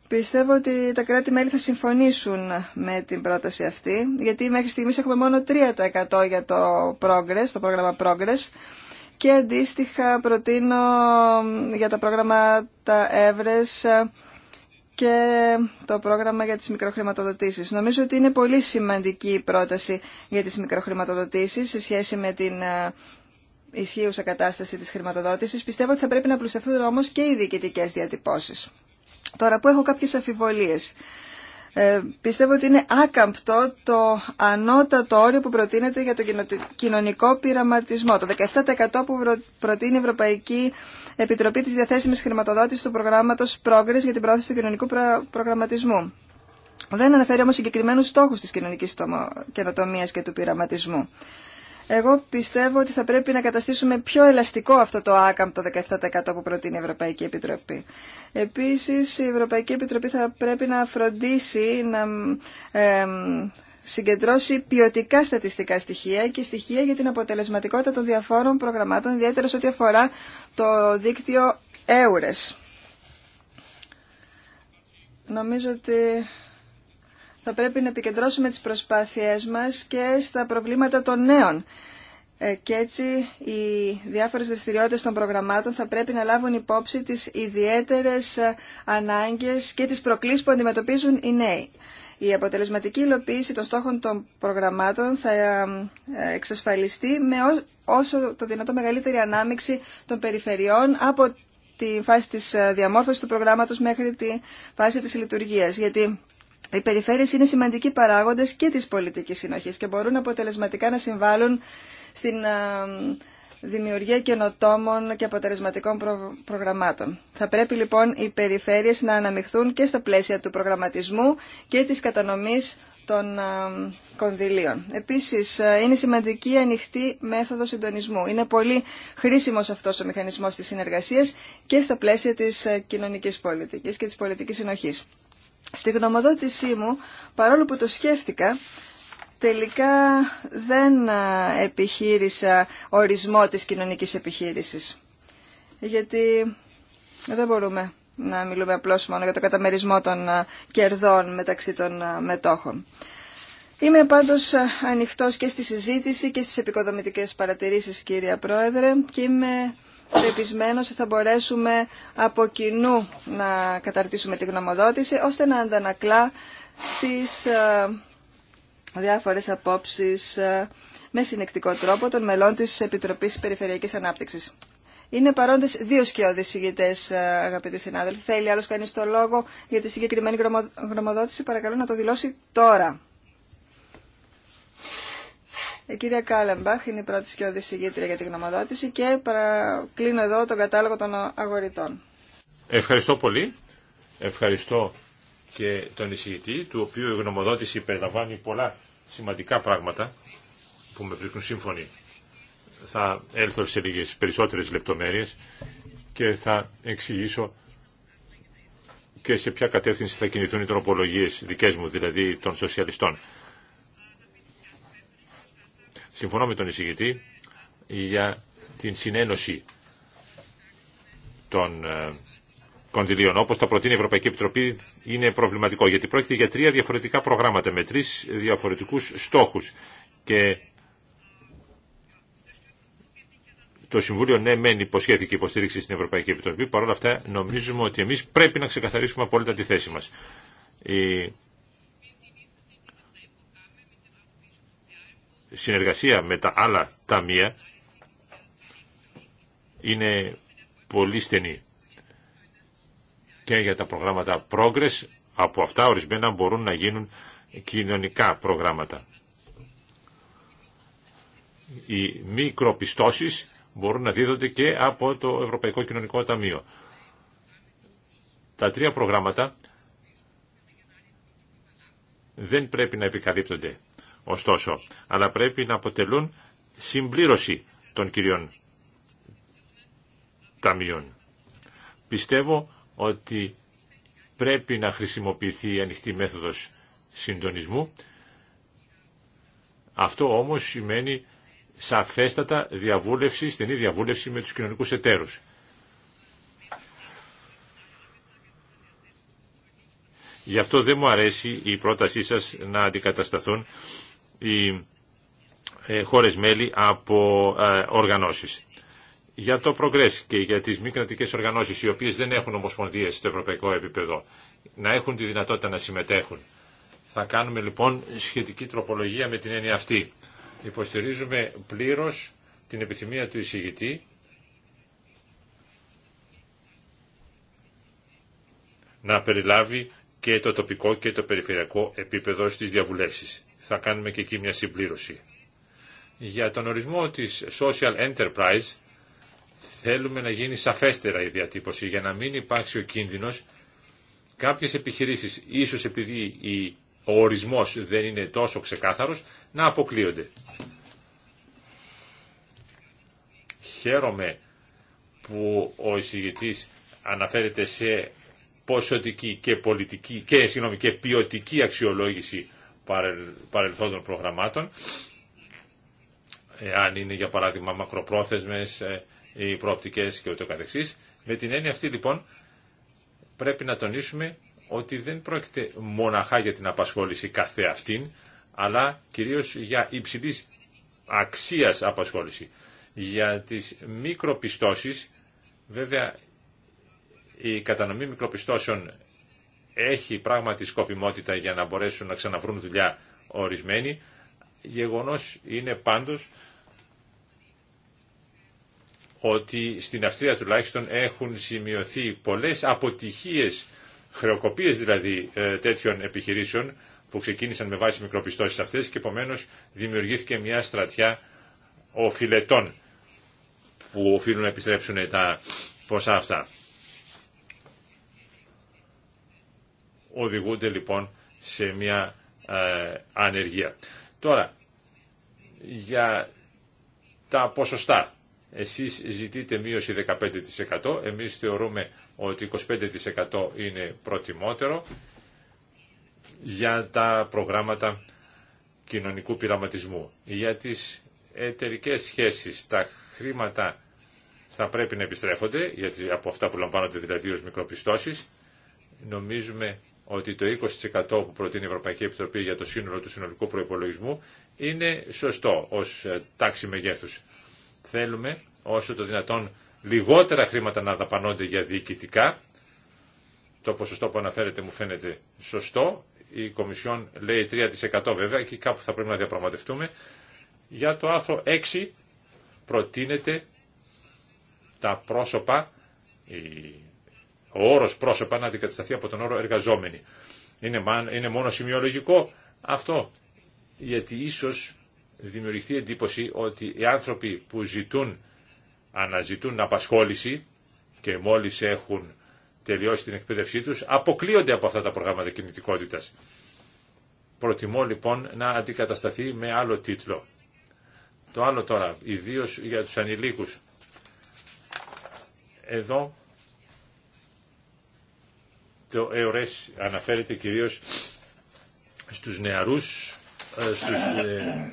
[SPEAKER 1] Πιστεύω ότι τα κράτη-μέλη θα συμφωνήσουν με την πρόταση αυτή, γιατί μέχρι στιγμής έχουμε μόνο 3% για το Progress, το πρόγραμμα Progress, και αντίστοιχα προτείνω για τα πρόγραμματα Εύρες και το πρόγραμμα για τις μικροχρηματοδοτήσεις. Νομίζω ότι είναι πολύ σημαντική η πρόταση για τις μικροχρηματοδοτήσεις σε σχέση με την ε, ισχύουσα κατάσταση της χρηματοδότησης. Πιστεύω ότι θα πρέπει να πλουστευτούν όμως και οι διοικητικές διατυπώσεις. Τώρα που έχω κάποιες αφιβολίες. Ε, πιστεύω ότι είναι άκαμπτο το ανώτατο όριο που προτείνεται για τον κοινωνικό πειραματισμό. Το 17% που προτείνει η Ευρωπαϊκή Επιτροπή της Διαθέσιμης Χρηματοδότησης του προγράμματος Progress για την πρόθεση του κοινωνικού προγραμματισμού. Δεν αναφέρει όμως συγκεκριμένους στόχους της κοινωνικής καινοτομίας και του πειραματισμού. Εγώ πιστεύω ότι θα πρέπει να καταστήσουμε πιο ελαστικό αυτό το άκαμπτο 17% που προτείνει η Ευρωπαϊκή Επιτροπή. Επίσης, η Ευρωπαϊκή Επιτροπή θα πρέπει να φροντίσει να ε, συγκεντρώσει ποιοτικά στατιστικά στοιχεία και στοιχεία για την αποτελεσματικότητα των διαφόρων προγραμμάτων, ιδιαίτερα σε ό,τι αφορά το δίκτυο EURES. Νομίζω ότι θα πρέπει να επικεντρώσουμε τις προσπάθειές μας και στα προβλήματα των νέων. Ε, και έτσι οι διάφορες δραστηριότητε των προγραμμάτων θα πρέπει να λάβουν υπόψη τις ιδιαίτερες ε, ανάγκες και τις προκλήσεις που αντιμετωπίζουν οι νέοι. Η αποτελεσματική υλοποίηση των στόχων των προγραμμάτων θα ε, εξασφαλιστεί με όσο το δυνατό μεγαλύτερη ανάμειξη των περιφερειών από τη φάση της διαμόρφωσης του προγράμματος μέχρι τη φάση της λειτουργίας. Γιατί οι περιφέρειες είναι σημαντικοί παράγοντες και της πολιτικής συνοχής και μπορούν αποτελεσματικά να συμβάλλουν στην δημιουργία καινοτόμων και αποτελεσματικών προγραμμάτων. Θα πρέπει λοιπόν οι περιφέρειες να αναμειχθούν και στα πλαίσια του προγραμματισμού και της κατανομής των κονδυλίων. Επίσης, είναι σημαντική η ανοιχτή μέθοδος συντονισμού. Είναι πολύ χρήσιμος αυτός ο μηχανισμός της συνεργασίας και στα πλαίσια της κοινωνικής πολιτικής και της πολιτικής συνοχής. Στη γνωμοδότησή μου, παρόλο που το σκέφτηκα, τελικά δεν ε, επιχείρησα ορισμό της κοινωνικής επιχείρησης. Γιατί δεν μπορούμε να μιλούμε απλώς μόνο για το καταμερισμό των ε, κερδών μεταξύ των ε, μετόχων. Είμαι πάντως ανοιχτός και στη συζήτηση και στις επικοδομητικές παρατηρήσεις κύριε Πρόεδρε και είμαι πεπισμένος ότι θα μπορέσουμε από κοινού να καταρτήσουμε τη γνωμοδότηση, ώστε να αντανακλά τις ε, διάφορες απόψεις ε, με συνεκτικό τρόπο των μελών της Επιτροπής Περιφερειακής Ανάπτυξης. Είναι παρόντες δύο σκιώδεις ηγητέ, ε, αγαπητοί συνάδελφοι. Θέλει άλλος κανείς το λόγο για τη συγκεκριμένη γνωμοδότηση, παρακαλώ να το δηλώσει τώρα. Η ε, κυρία Κάλεμπαχ είναι η πρώτη σκιώδη συγγήτρια για την γνωμοδότηση και παρα... κλείνω εδώ τον κατάλογο των αγορητών.
[SPEAKER 2] Ευχαριστώ πολύ. Ευχαριστώ και τον εισηγητή, του οποίου η γνωμοδότηση περιλαμβάνει πολλά σημαντικά πράγματα που με βρίσκουν σύμφωνοι. Θα έλθω σε λίγε περισσότερες λεπτομέρειες και θα εξηγήσω και σε ποια κατεύθυνση θα κινηθούν οι τροπολογίες δικές μου, δηλαδή των σοσιαλιστών. Συμφωνώ με τον εισηγητή για την συνένωση των ε, κονδυλίων. Όπως τα προτείνει η Ευρωπαϊκή Επιτροπή είναι προβληματικό γιατί πρόκειται για τρία διαφορετικά προγράμματα με τρεις διαφορετικούς στόχους και το Συμβούλιο ναι μεν υποσχέθηκε υποστήριξη στην Ευρωπαϊκή Επιτροπή παρόλα αυτά νομίζουμε ότι εμείς πρέπει να ξεκαθαρίσουμε απόλυτα τη θέση μας. Η συνεργασία με τα άλλα ταμεία είναι πολύ στενή. Και για τα προγράμματα Progress, από αυτά ορισμένα μπορούν να γίνουν κοινωνικά προγράμματα. Οι μικροπιστώσεις μπορούν να δίδονται και από το Ευρωπαϊκό Κοινωνικό Ταμείο. Τα τρία προγράμματα δεν πρέπει να επικαλύπτονται ωστόσο, αλλά πρέπει να αποτελούν συμπλήρωση των κυρίων ταμείων. Πιστεύω ότι πρέπει να χρησιμοποιηθεί η ανοιχτή μέθοδος συντονισμού. Αυτό όμως σημαίνει σαφέστατα διαβούλευση, στενή διαβούλευση με τους κοινωνικούς εταίρους. Γι' αυτό δεν μου αρέσει η πρότασή σας να αντικατασταθούν οι ε, χώρες μέλη από ε, οργανώσεις. Για το Progress και για τις μη κρατικές οργανώσεις οι οποίες δεν έχουν ομοσπονδίες στο ευρωπαϊκό επίπεδο να έχουν τη δυνατότητα να συμμετέχουν. Θα κάνουμε λοιπόν σχετική τροπολογία με την έννοια αυτή. Υποστηρίζουμε πλήρως την επιθυμία του εισηγητή να περιλάβει και το τοπικό και το περιφερειακό επίπεδο στις διαβουλεύσεις θα κάνουμε και εκεί μια συμπλήρωση. Για τον ορισμό της social enterprise θέλουμε να γίνει σαφέστερα η διατύπωση για να μην υπάρξει ο κίνδυνος κάποιες επιχειρήσεις, ίσως επειδή ο ορισμός δεν είναι τόσο ξεκάθαρος, να αποκλείονται. Χαίρομαι που ο εισηγητής αναφέρεται σε ποσοτική και πολιτική και, συγγνώμη, και ποιοτική αξιολόγηση παρελθόντων προγραμμάτων, αν είναι για παράδειγμα μακροπρόθεσμες ή ε, προοπτικές και ούτω καθεξής. Με την έννοια αυτή λοιπόν πρέπει να τονίσουμε ότι δεν πρόκειται μοναχά για την απασχόληση κάθε αυτήν, αλλά κυρίως για υψηλής αξίας απασχόληση. Για τις μικροπιστώσεις, βέβαια η κατανομή μικροπιστώσεων έχει πράγματι σκοπιμότητα για να μπορέσουν να ξαναβρούν δουλειά ορισμένοι. Γεγονός είναι πάντως ότι στην Αυστρία τουλάχιστον έχουν σημειωθεί πολλές αποτυχίες, χρεοκοπίες δηλαδή ε, τέτοιων επιχειρήσεων που ξεκίνησαν με βάση μικροπιστώσεις αυτές και επομένως δημιουργήθηκε μια στρατιά οφειλετών που οφείλουν να επιστρέψουν τα ποσά αυτά. οδηγούνται λοιπόν σε μια ε, ανεργία. Τώρα, για τα ποσοστά. Εσείς ζητείτε μείωση 15%, εμείς θεωρούμε ότι 25% είναι προτιμότερο για τα προγράμματα κοινωνικού πειραματισμού. Για τις εταιρικές σχέσεις, τα χρήματα θα πρέπει να επιστρέφονται, γιατί από αυτά που λαμβάνονται δηλαδή ως μικροπιστώσεις, νομίζουμε ότι το 20% που προτείνει η Ευρωπαϊκή Επιτροπή για το σύνολο του συνολικού προϋπολογισμού είναι σωστό ως ε, τάξη μεγέθους. Θέλουμε όσο το δυνατόν λιγότερα χρήματα να δαπανώνται για διοικητικά. Το ποσοστό που αναφέρεται μου φαίνεται σωστό. Η Κομισιόν λέει 3% βέβαια και κάπου θα πρέπει να διαπραγματευτούμε. Για το άρθρο 6 προτείνεται τα πρόσωπα, οι ο όρος πρόσωπα να αντικατασταθεί από τον όρο εργαζόμενοι. Είναι, είναι μόνο σημειολογικό αυτό, γιατί ίσως δημιουργηθεί εντύπωση ότι οι άνθρωποι που ζητούν, αναζητούν απασχόληση και μόλις έχουν τελειώσει την εκπαίδευσή τους, αποκλείονται από αυτά τα προγράμματα κινητικότητα. Προτιμώ λοιπόν να αντικατασταθεί με άλλο τίτλο. Το άλλο τώρα, Ιδίω για του ανηλίκους. Εδώ το ΕΟΡΕΣ αναφέρεται κυρίως στους νεαρούς, ε, στους, ε,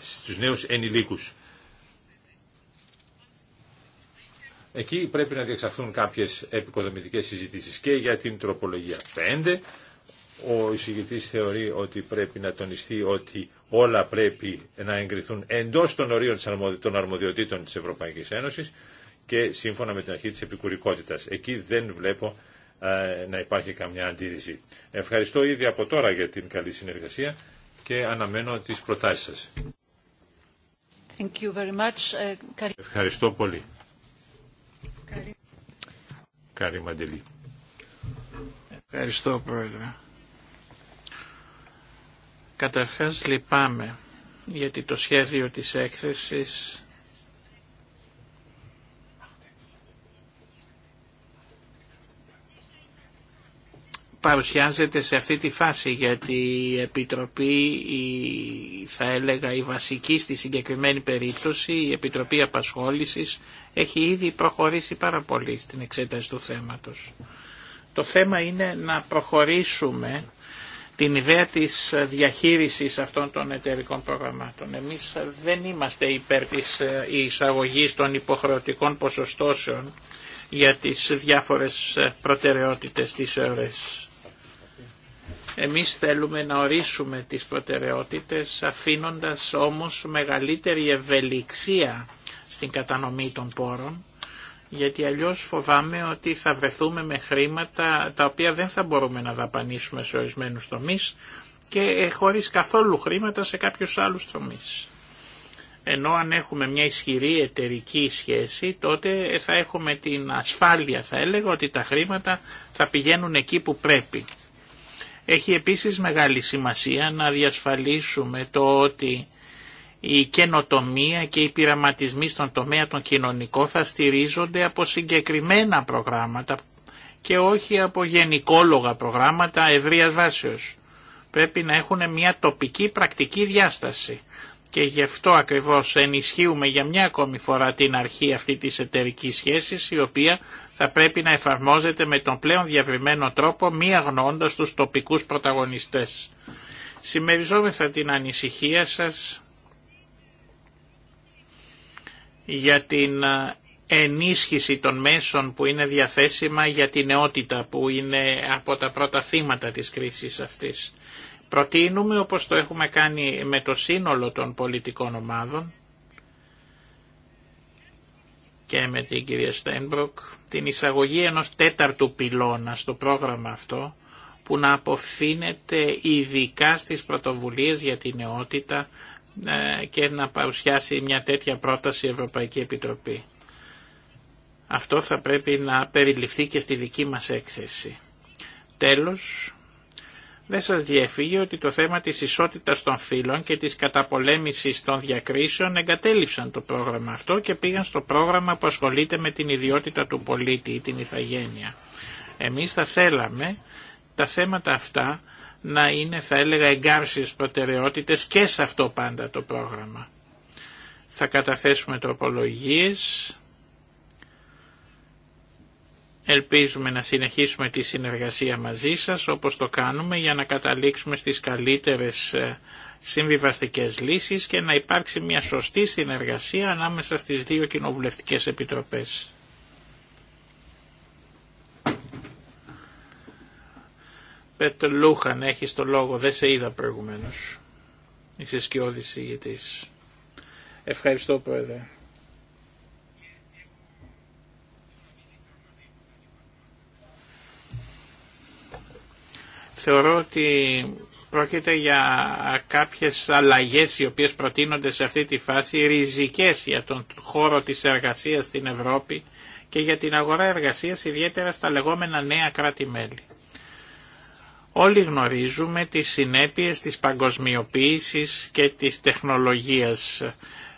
[SPEAKER 2] στους νέους ενηλίκους. Εκεί πρέπει να διεξαχθούν κάποιες επικοδομητικές συζητήσεις και για την τροπολογία 5. Ο εισηγητής θεωρεί ότι πρέπει να τονιστεί ότι όλα πρέπει να εγκριθούν εντός των ορίων των αρμοδιοτήτων της Ευρωπαϊκής Ένωσης και σύμφωνα με την αρχή της επικουρικότητας. Εκεί δεν βλέπω ε, να υπάρχει καμιά αντίρρηση. Ευχαριστώ ήδη από τώρα για την καλή συνεργασία και αναμένω τις προτάσεις σας.
[SPEAKER 4] Thank you very much. Ε,
[SPEAKER 2] Ευχαριστώ πολύ. Καλή Μαντελή.
[SPEAKER 3] Ευχαριστώ πρόεδρε. Καταρχάς λυπάμαι γιατί το σχέδιο της έκθεσης παρουσιάζεται σε αυτή τη φάση γιατί η Επιτροπή, θα έλεγα η βασική στη συγκεκριμένη περίπτωση, η Επιτροπή Απασχόλησης έχει ήδη προχωρήσει πάρα πολύ στην εξέταση του θέματος. Το θέμα είναι να προχωρήσουμε την ιδέα της διαχείρισης αυτών των εταιρικών προγραμμάτων. Εμείς δεν είμαστε υπέρ της ε, εισαγωγής των υποχρεωτικών ποσοστώσεων για τις διάφορες ε, προτεραιότητες της ΕΡΕΣ. Εμείς θέλουμε να ορίσουμε τις προτεραιότητες αφήνοντας όμως μεγαλύτερη ευελιξία στην κατανομή των πόρων γιατί αλλιώς φοβάμαι ότι θα βρεθούμε με χρήματα τα οποία δεν θα μπορούμε να δαπανίσουμε σε ορισμένους τομείς και χωρίς καθόλου χρήματα σε κάποιους άλλους τομείς. Ενώ αν έχουμε μια ισχυρή εταιρική σχέση τότε θα έχουμε την ασφάλεια θα έλεγα ότι τα χρήματα θα πηγαίνουν εκεί που πρέπει. Έχει επίσης μεγάλη σημασία να διασφαλίσουμε το ότι η καινοτομία και οι πειραματισμοί στον τομέα των κοινωνικών θα στηρίζονται από συγκεκριμένα προγράμματα και όχι από γενικόλογα προγράμματα ευρείας βάσεως. Πρέπει να έχουν μια τοπική πρακτική διάσταση και γι' αυτό ακριβώς ενισχύουμε για μια ακόμη φορά την αρχή αυτή της εταιρικής σχέσης η οποία θα πρέπει να εφαρμόζεται με τον πλέον διαβριμένο τρόπο μη αγνοώντας τους τοπικούς πρωταγωνιστές. Συμμεριζόμεθα την ανησυχία σας για την ε, ενίσχυση των μέσων που είναι διαθέσιμα για την νεότητα που είναι από τα πρώτα θύματα της κρίσης αυτής. Προτείνουμε όπως το έχουμε κάνει με το σύνολο των πολιτικών ομάδων και με την κυρία Στένμπροκ την εισαγωγή ενός τέταρτου πυλώνα στο πρόγραμμα αυτό που να αποφύνεται ειδικά στις πρωτοβουλίες για την νεότητα ε, και να παρουσιάσει μια τέτοια πρόταση η Ευρωπαϊκή Επιτροπή. Αυτό θα πρέπει να περιληφθεί και στη δική μας έκθεση. Τέλος, δεν σας διεφύγει ότι το θέμα της ισότητας των φύλων και της καταπολέμησης των διακρίσεων εγκατέλειψαν το πρόγραμμα αυτό και πήγαν στο πρόγραμμα που ασχολείται με την ιδιότητα του πολίτη ή την ηθαγένεια. Εμείς θα θέλαμε τα θέματα αυτά να είναι θα έλεγα εγκάρσιες προτεραιότητες και σε αυτό πάντα το πρόγραμμα. Θα καταθέσουμε τροπολογίες Ελπίζουμε να συνεχίσουμε τη συνεργασία μαζί σας όπως το κάνουμε για να καταλήξουμε στις καλύτερες ε, συμβιβαστικές λύσεις και να υπάρξει μια σωστή συνεργασία ανάμεσα στις δύο κοινοβουλευτικές επιτροπές. Πέτ Λούχαν έχει το λόγο, δεν σε είδα προηγουμένως. Είσαι σκιώδης ηγητής. Ευχαριστώ πρόεδρε. Θεωρώ ότι πρόκειται για κάποιες αλλαγές οι οποίες προτείνονται σε αυτή τη φάση, ριζικές για τον χώρο της εργασίας στην Ευρώπη και για την αγορά εργασίας ιδιαίτερα στα λεγόμενα νέα κράτη-μέλη. Όλοι γνωρίζουμε τις συνέπειες της παγκοσμιοποίησης και της τεχνολογίας.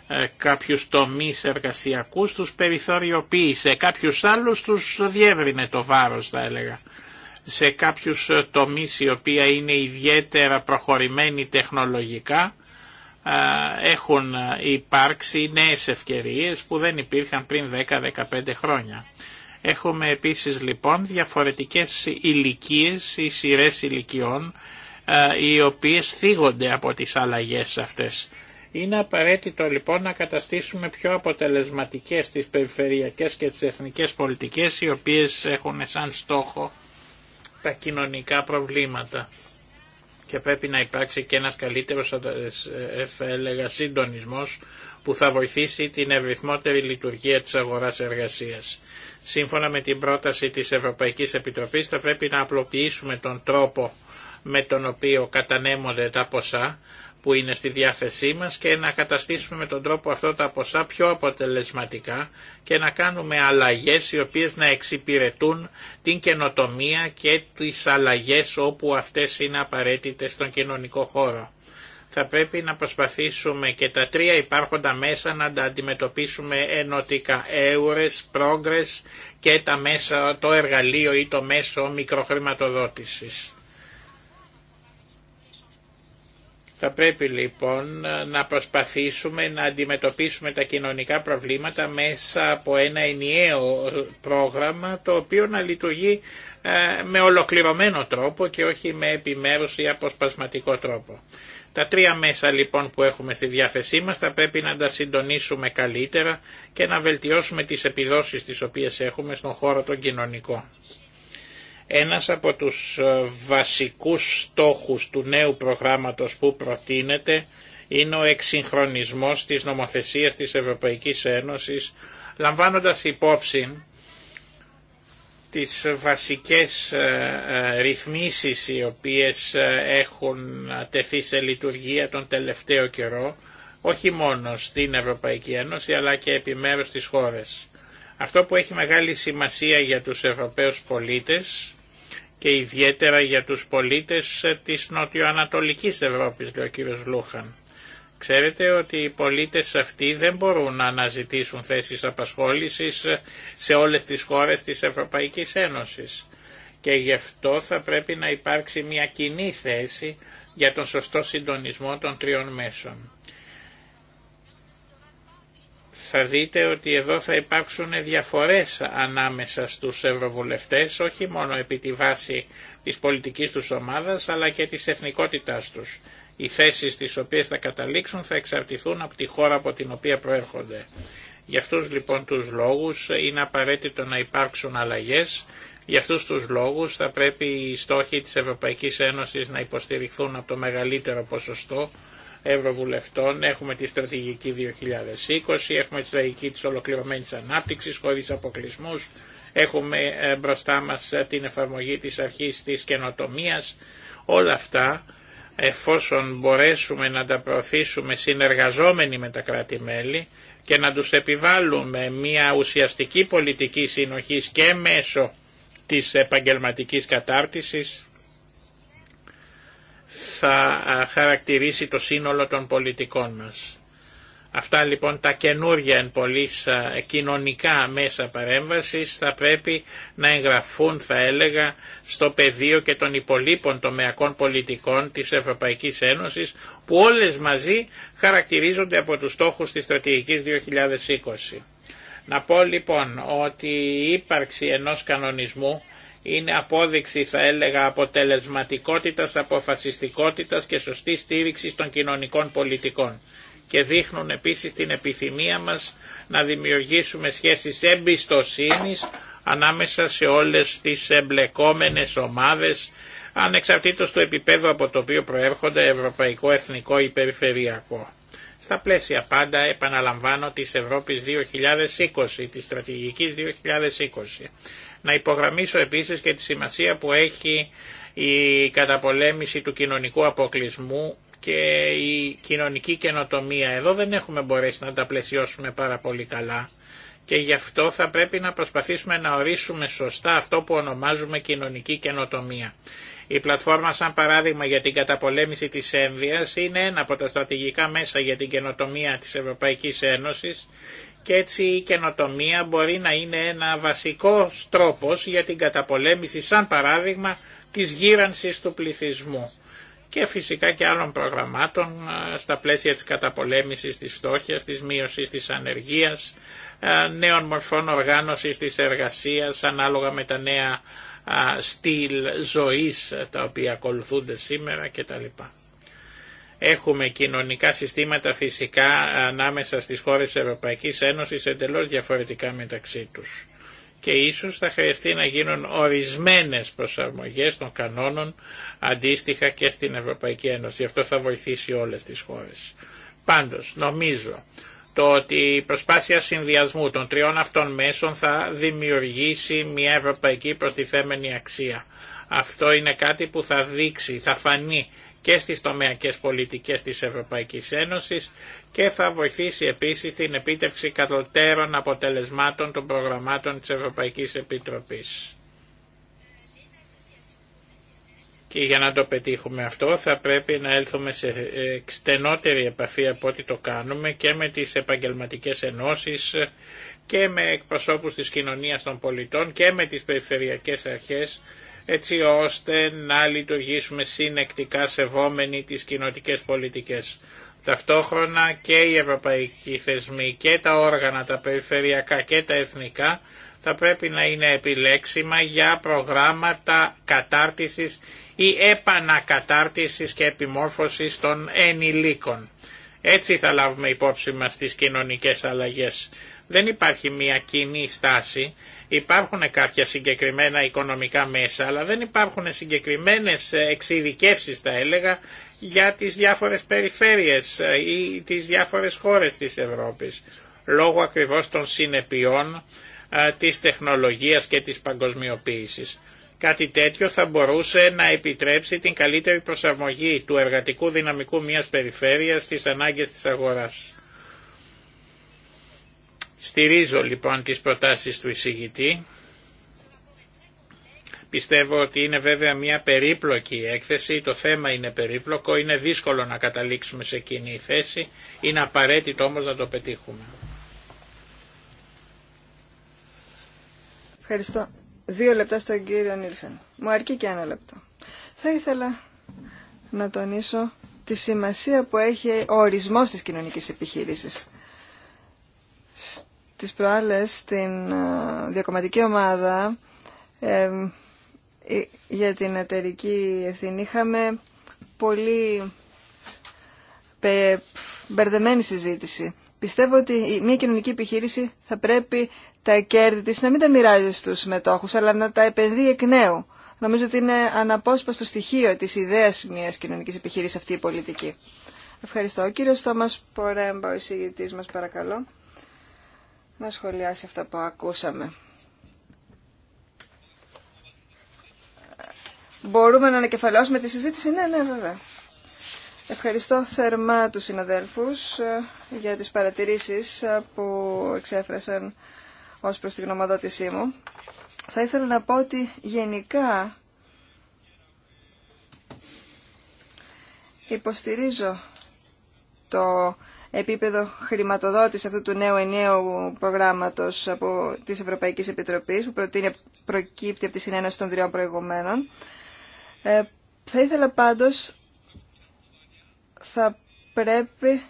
[SPEAKER 3] Ε, κάποιους τομείς εργασιακούς τους περιθωριοποίησε, κάποιους άλλους τους διεύρυνε το βάρος θα έλεγα σε κάποιους ε, τομείς οι οποίοι είναι ιδιαίτερα προχωρημένοι τεχνολογικά ε, έχουν ε, υπάρξει νέες ευκαιρίες που δεν υπήρχαν πριν 10-15 χρόνια. Έχουμε επίσης λοιπόν διαφορετικές ηλικίε ή σειρέ ηλικιών οι οποίες θίγονται από τις αλλαγές αυτές. Είναι απαραίτητο λοιπόν να καταστήσουμε πιο αποτελεσματικές τις περιφερειακές και τις εθνικές πολιτικές οι οποίες έχουν σαν στόχο τα κοινωνικά προβλήματα και πρέπει να υπάρξει και ένας καλύτερος ε, συντονισμός που θα βοηθήσει την ευρυθμότερη λειτουργία της αγοράς εργασίας. Σύμφωνα με την πρόταση της Ευρωπαϊκής Επιτροπής θα πρέπει να απλοποιήσουμε τον τρόπο με τον οποίο κατανέμονται τα ποσά που είναι στη διάθεσή μας και να καταστήσουμε με τον τρόπο αυτό τα ποσά πιο αποτελεσματικά και να κάνουμε αλλαγές οι οποίες να εξυπηρετούν την καινοτομία και τις αλλαγές όπου αυτές είναι απαραίτητες στον κοινωνικό χώρο. Θα πρέπει να προσπαθήσουμε και τα τρία υπάρχοντα μέσα να τα αντιμετωπίσουμε ενωτικά. Έουρες, πρόγκρες και τα μέσα, το εργαλείο ή το μέσο μικροχρηματοδότησης. Θα πρέπει λοιπόν ε, να προσπαθήσουμε να αντιμετωπίσουμε τα κοινωνικά προβλήματα μέσα από ένα ενιαίο ε, πρόγραμμα το οποίο να λειτουργεί ε, με ολοκληρωμένο τρόπο και όχι με επιμέρους ή αποσπασματικό τρόπο. Τα τρία μέσα λοιπόν που έχουμε στη διάθεσή μας θα πρέπει να τα συντονίσουμε καλύτερα και να βελτιώσουμε τις επιδόσεις τις οποίες έχουμε στον χώρο τον κοινωνικό. Ένας από τους ε, βασικούς στόχους του νέου προγράμματος που προτείνεται είναι ο εξυγχρονισμός της νομοθεσίας της Ευρωπαϊκής Ένωσης λαμβάνοντας υπόψη τις βασικές ε, ε, ρυθμίσεις οι οποίες έχουν τεθεί σε λειτουργία τον τελευταίο καιρό όχι μόνο στην Ευρωπαϊκή Ένωση αλλά και επιμέρους στις χώρες. Αυτό που έχει μεγάλη σημασία για τους Ευρωπαίους πολίτες και ιδιαίτερα για τους πολίτες ε, της νοτιοανατολικής Ευρώπης, λέει ο κ. Λούχαν. Ξέρετε ότι οι πολίτες αυτοί δεν μπορούν να αναζητήσουν θέσεις απασχόλησης ε, σε όλες τις χώρες της Ευρωπαϊκής Ένωσης και γι' αυτό θα πρέπει να υπάρξει μια κοινή θέση για τον σωστό συντονισμό των τριών μέσων θα δείτε ότι εδώ θα υπάρξουν διαφορές ανάμεσα στους ευρωβουλευτές, όχι μόνο επί τη βάση της πολιτικής τους ομάδας, αλλά και της εθνικότητάς τους. Οι θέσεις τις οποίες θα καταλήξουν θα εξαρτηθούν από τη χώρα από την οποία προέρχονται. Γι' αυτούς λοιπόν τους λόγους είναι απαραίτητο να υπάρξουν αλλαγές. Γι' αυτούς τους λόγους θα πρέπει οι στόχοι της Ευρωπαϊκής Ένωσης να υποστηριχθούν από το μεγαλύτερο ποσοστό Ευρωβουλευτών. Έχουμε τη στρατηγική 2020, έχουμε τη στρατηγική της ολοκληρωμένης ανάπτυξης χωρίς αποκλεισμούς, έχουμε ε, μπροστά μας ε, την εφαρμογή της αρχής της καινοτομίας. Όλα αυτά εφόσον μπορέσουμε να τα προωθήσουμε συνεργαζόμενοι με τα κράτη-μέλη και να τους επιβάλλουμε μια ουσιαστική πολιτική συνοχής και μέσω της επαγγελματικής κατάρτισης θα χαρακτηρίσει το σύνολο των πολιτικών μας. Αυτά λοιπόν τα καινούργια εν πολλής κοινωνικά μέσα παρέμβασης θα πρέπει να εγγραφούν θα έλεγα στο πεδίο και των υπολείπων τομεακών πολιτικών της Ευρωπαϊκής Ένωσης που όλες μαζί χαρακτηρίζονται από τους στόχους της στρατηγικής 2020. Να πω λοιπόν ότι η ύπαρξη ενός κανονισμού είναι απόδειξη θα έλεγα αποτελεσματικότητας, αποφασιστικότητας και σωστή στήριξη των κοινωνικών πολιτικών και δείχνουν επίσης την επιθυμία μας να δημιουργήσουμε σχέσεις εμπιστοσύνης ανάμεσα σε όλες τις εμπλεκόμενες ομάδες ανεξαρτήτως του επίπεδου από το οποίο προέρχονται ευρωπαϊκό, εθνικό ή περιφερειακό. Στα πλαίσια πάντα επαναλαμβάνω της Ευρώπης 2020, της στρατηγικής 2020. Να υπογραμμίσω επίσης και τη σημασία που έχει η καταπολέμηση του κοινωνικού αποκλεισμού και η κοινωνική καινοτομία. Εδώ δεν έχουμε μπορέσει να τα πλαισιώσουμε πάρα πολύ καλά και γι' αυτό θα πρέπει να προσπαθήσουμε να ορίσουμε σωστά αυτό που ονομάζουμε κοινωνική καινοτομία. Η πλατφόρμα σαν παράδειγμα για την καταπολέμηση της ένδυας είναι ένα από τα στρατηγικά μέσα για την καινοτομία της Ευρωπαϊκής Ένωσης και έτσι η καινοτομία μπορεί να είναι ένα βασικό τρόπος για την καταπολέμηση σαν παράδειγμα της γύρανσης του πληθυσμού και φυσικά και άλλων προγραμμάτων ε, στα πλαίσια της καταπολέμησης της φτώχειας, της μείωσης της ανεργίας, ε, νέων μορφών οργάνωσης της εργασίας ανάλογα με τα νέα στυλ ζωής ε, τα οποία ακολουθούνται σήμερα κτλ. Έχουμε κοινωνικά συστήματα φυσικά ανάμεσα στις χώρες Ευρωπαϊκής Ένωσης εντελώς διαφορετικά μεταξύ τους και ίσως θα χρειαστεί να γίνουν ορισμένες προσαρμογές των κανόνων αντίστοιχα και στην Ευρωπαϊκή Ένωση. Αυτό θα βοηθήσει όλες τις χώρες. Πάντως, νομίζω το ότι η προσπάθεια συνδυασμού των τριών αυτών μέσων θα δημιουργήσει μια ευρωπαϊκή προστιθέμενη αξία. Αυτό είναι κάτι που θα δείξει, θα φανεί και στις τομεακές πολιτικές της Ευρωπαϊκής Ένωσης και θα βοηθήσει επίσης την επίτευξη κατωτέρων αποτελεσμάτων των προγραμμάτων της Ευρωπαϊκής Επιτροπής. Και για να το πετύχουμε αυτό θα πρέπει να έλθουμε σε ε, στενότερη επαφή από ό,τι το κάνουμε και με τις επαγγελματικές ενώσεις ε, και με εκπροσώπους της κοινωνίας των πολιτών και με τις περιφερειακές αρχές έτσι ώστε να λειτουργήσουμε συνεκτικά σεβόμενοι τις κοινοτικές πολιτικές. Ταυτόχρονα και οι ευρωπαϊκοί θεσμοί και τα όργανα, τα περιφερειακά και τα εθνικά θα πρέπει να είναι επιλέξιμα για προγράμματα κατάρτισης ή επανακατάρτισης και επιμόρφωσης των ενηλίκων. Έτσι θα λάβουμε υπόψη μας τις κοινωνικές αλλαγές. Δεν υπάρχει μια κοινή στάση, υπάρχουν κάποια συγκεκριμένα οικονομικά μέσα, αλλά δεν υπάρχουν συγκεκριμένες ε, εξειδικεύσεις θα έλεγα για τις διάφορες περιφέρειες ε, ή τις διάφορες χώρες της Ευρώπης, λόγω ακριβώς των συνεπειών ε, της τεχνολογίας και της παγκοσμιοποίησης. Κάτι τέτοιο θα μπορούσε να επιτρέψει την καλύτερη προσαρμογή του εργατικού δυναμικού μιας περιφέρειας στις ανάγκες της αγοράς. Στηρίζω λοιπόν τις προτάσεις του εισηγητή. Πιστεύω ότι είναι βέβαια μια περίπλοκη έκθεση, το θέμα είναι περίπλοκο, είναι δύσκολο να καταλήξουμε σε κοινή θέση, είναι απαραίτητο όμως να το πετύχουμε.
[SPEAKER 1] Ευχαριστώ. Δύο λεπτά στον κύριο Νίλσεν. Μου αρκεί και ένα λεπτό. Θα ήθελα να τονίσω τη σημασία που έχει ο ορισμός της κοινωνικής επιχείρησης τις προάλλες στην ε, διακομματική ομάδα ε, ε, για την εταιρική ευθύνη είχαμε πολύ μπερδεμένη συζήτηση. Πιστεύω ότι μια κοινωνική επιχείρηση θα πρέπει τα κέρδη της να μην τα μοιράζει στους μετόχους, αλλά να τα επενδύει εκ νέου. Νομίζω ότι είναι αναπόσπαστο στοιχείο της ιδέας μιας κοινωνικής επιχείρησης αυτή η πολιτική. Ευχαριστώ. Ο κύριος Θόμας Πορέμπα, ο εισηγητής μας, παρακαλώ να σχολιάσει αυτά που ακούσαμε. Μπορούμε να ανακεφαλαιώσουμε τη συζήτηση. Ναι, ναι, βέβαια. Ευχαριστώ θερμά τους συναδέλφους ε, για τις παρατηρήσεις ε, που εξέφρασαν ως προς την γνωμοδότησή μου. Θα ήθελα να πω ότι γενικά υποστηρίζω το επίπεδο χρηματοδότηση αυτού του νέου ενιαίου προγράμματος από Ευρωπαϊκή Επιτροπή, που προτείνει, προκύπτει από τη συνένωση των τριών προηγουμένων. Ε, θα ήθελα πάντως θα πρέπει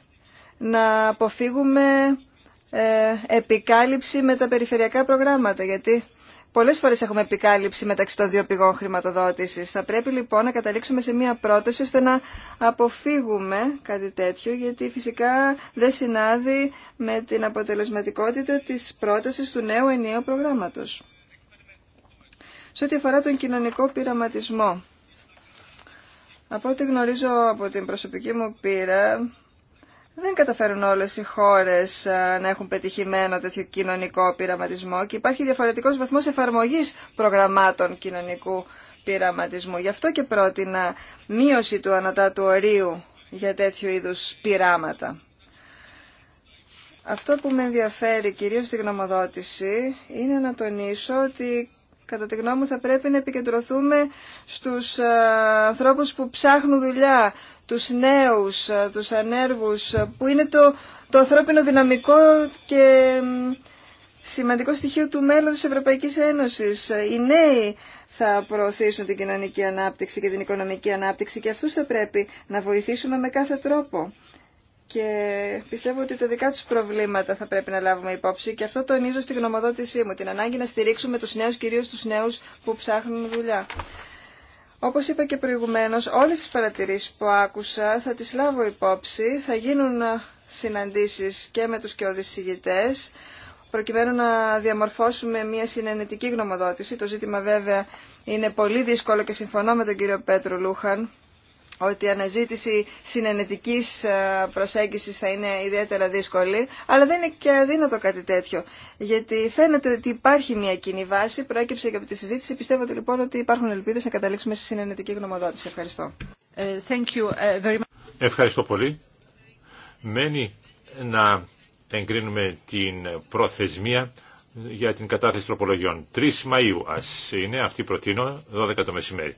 [SPEAKER 1] να αποφύγουμε ε, επικάλυψη με τα περιφερειακά προγράμματα γιατί Πολλέ φορές έχουμε επικάλυψη μεταξύ των δύο πηγών χρηματοδότησης. Θα πρέπει λοιπόν να καταλήξουμε σε μία πρόταση ώστε να αποφύγουμε κάτι τέτοιο, γιατί φυσικά δεν συνάδει με την αποτελεσματικότητα της πρόταση του νέου ενιαίου προγράμματος. Σε ό,τι αφορά τον κοινωνικό πειραματισμό, από ό,τι γνωρίζω από την προσωπική μου πείρα, δεν καταφέρουν όλες οι χώρες να έχουν πετυχημένο τέτοιο κοινωνικό πειραματισμό και υπάρχει διαφορετικός βαθμός εφαρμογής προγραμμάτων κοινωνικού πειραματισμού. Γι' αυτό και πρότεινα μείωση του ανατάτου ορίου για τέτοιου είδους πειράματα. Αυτό που με ενδιαφέρει κυρίως στη γνωμοδότηση είναι να τονίσω ότι Κατά τη γνώμη μου θα πρέπει να επικεντρωθούμε στους ε, ανθρώπους που ψάχνουν δουλειά, τους νέους, ε, τους ανέργους, ε, που είναι το, το ανθρώπινο δυναμικό και σημαντικό στοιχείο του μέλλοντος της Ευρωπαϊκής Ένωσης. Οι νέοι θα προωθήσουν την κοινωνική ανάπτυξη και την οικονομική ανάπτυξη και αυτούς θα πρέπει να βοηθήσουμε με κάθε τρόπο. Και πιστεύω ότι τα δικά τους προβλήματα θα πρέπει να λάβουμε υπόψη και αυτό τονίζω στη γνωμοδότησή μου, την ανάγκη να στηρίξουμε τους νέους, κυρίως τους νέους που ψάχνουν δουλειά. Όπως είπα και προηγουμένως, όλες τις παρατηρήσεις που άκουσα θα τις λάβω υπόψη, θα γίνουν συναντήσεις και με τους και οδησηγητές, προκειμένου να διαμορφώσουμε μια συνενετική γνωμοδότηση. Το ζήτημα βέβαια είναι πολύ δύσκολο και συμφωνώ με τον κύριο Πέτρο Λούχαν ότι η αναζήτηση συνενετικής ε, προσέγγισης θα είναι ιδιαίτερα δύσκολη, αλλά δεν είναι και αδύνατο κάτι τέτοιο, γιατί φαίνεται ότι υπάρχει μια κοινή βάση, προέκυψε και από τη συζήτηση, πιστεύω ότι, λοιπόν ότι υπάρχουν ελπίδες να καταλήξουμε στη συνενετική γνωμοδότηση. Ευχαριστώ. Ε, thank you ε, very much.
[SPEAKER 2] Ευχαριστώ πολύ. Μένει να εγκρίνουμε την προθεσμία για την κατάθεση τροπολογιών. 3 Μαΐου ας είναι, αυτή προτείνω, 12 το μεσημέρι.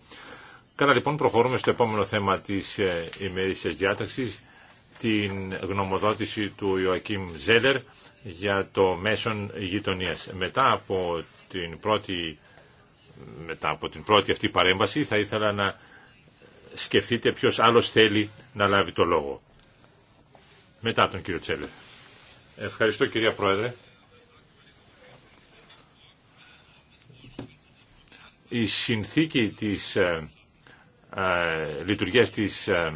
[SPEAKER 2] Καλά λοιπόν προχωρούμε στο επόμενο θέμα της ε, ημερήσιας διάταξης, την γνωμοδότηση του Ιωακίμ Ζέλερ για το μέσον γειτονία. Μετά από την πρώτη μετά από την πρώτη αυτή παρέμβαση θα ήθελα να σκεφτείτε ποιος άλλος θέλει να λάβει το λόγο. Μετά από τον κύριο Τσέλερ. Ευχαριστώ κυρία Πρόεδρε. Η συνθήκη της ε, ε, λειτουργίας της ε,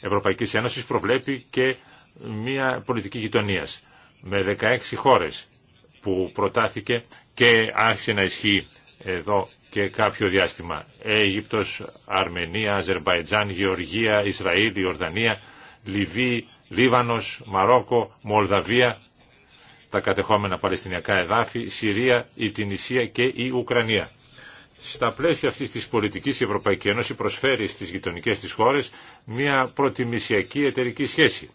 [SPEAKER 2] Ευρωπαϊκής Ένωσης προβλέπει και μια πολιτική γειτονία με 16 χώρες που προτάθηκε και άρχισε να ισχύει εδώ και κάποιο διάστημα. Αίγυπτος, Αρμενία, Αζερβαϊτζάν, Γεωργία, Ισραήλ, Ιορδανία, Λιβύη, Λίβανος, Μαρόκο, Μολδαβία, τα κατεχόμενα Παλαιστινιακά εδάφη, Συρία, η Τινησία και η Ουκρανία. Στα πλαίσια αυτής της πολιτικής η Ευρωπαϊκή Ένωση προσφέρει στις γειτονικές της χώρες μια προτιμησιακή εταιρική σχέση.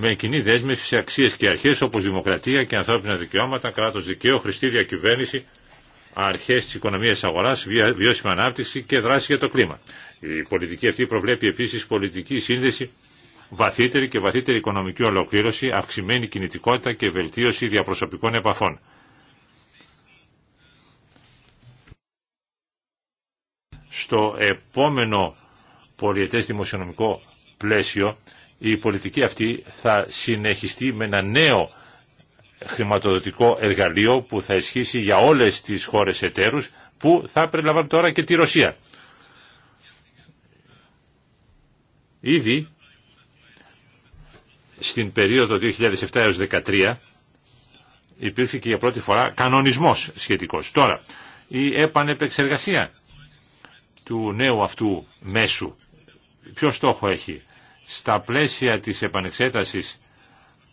[SPEAKER 2] με κοινή δέσμευση σε αξίες και αρχές όπως δημοκρατία και ανθρώπινα δικαιώματα, κράτος δικαίου, χρηστή διακυβέρνηση, αρχές της οικονομίας αγοράς, βιώσιμη ανάπτυξη και δράση για το κλίμα. Η πολιτική αυτή προβλέπει επίσης πολιτική σύνδεση βαθύτερη και βαθύτερη οικονομική ολοκλήρωση, αυξημένη κινητικότητα και βελτίωση διαπροσωπικών επαφών. στο επόμενο πολιετές δημοσιονομικό πλαίσιο η πολιτική αυτή θα συνεχιστεί με ένα νέο χρηματοδοτικό εργαλείο που θα ισχύσει για όλες τις χώρες εταίρους που θα περιλαμβάνει τώρα και τη Ρωσία. Ήδη στην περίοδο 2007 έως 2013 υπήρξε και για πρώτη φορά κανονισμός σχετικός. Τώρα, η επανεπεξεργασία του νέου αυτού μέσου. Ποιο στόχο έχει. Στα πλαίσια της επανεξέτασης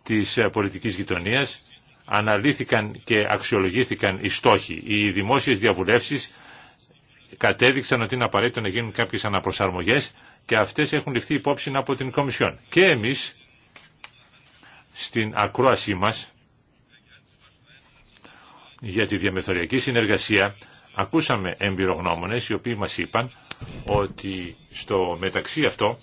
[SPEAKER 2] της ε, πολιτικής γειτονίας αναλύθηκαν και αξιολογήθηκαν οι στόχοι. Οι δημόσιες διαβουλεύσεις κατέδειξαν ότι είναι απαραίτητο να γίνουν κάποιες αναπροσαρμογές και αυτές έχουν ληφθεί υπόψη από την Κομισιόν. Και εμείς στην ακρόασή μας για τη διαμεθοριακή συνεργασία Ακούσαμε εμπειρογνώμονες οι οποίοι μας είπαν ότι στο μεταξύ αυτό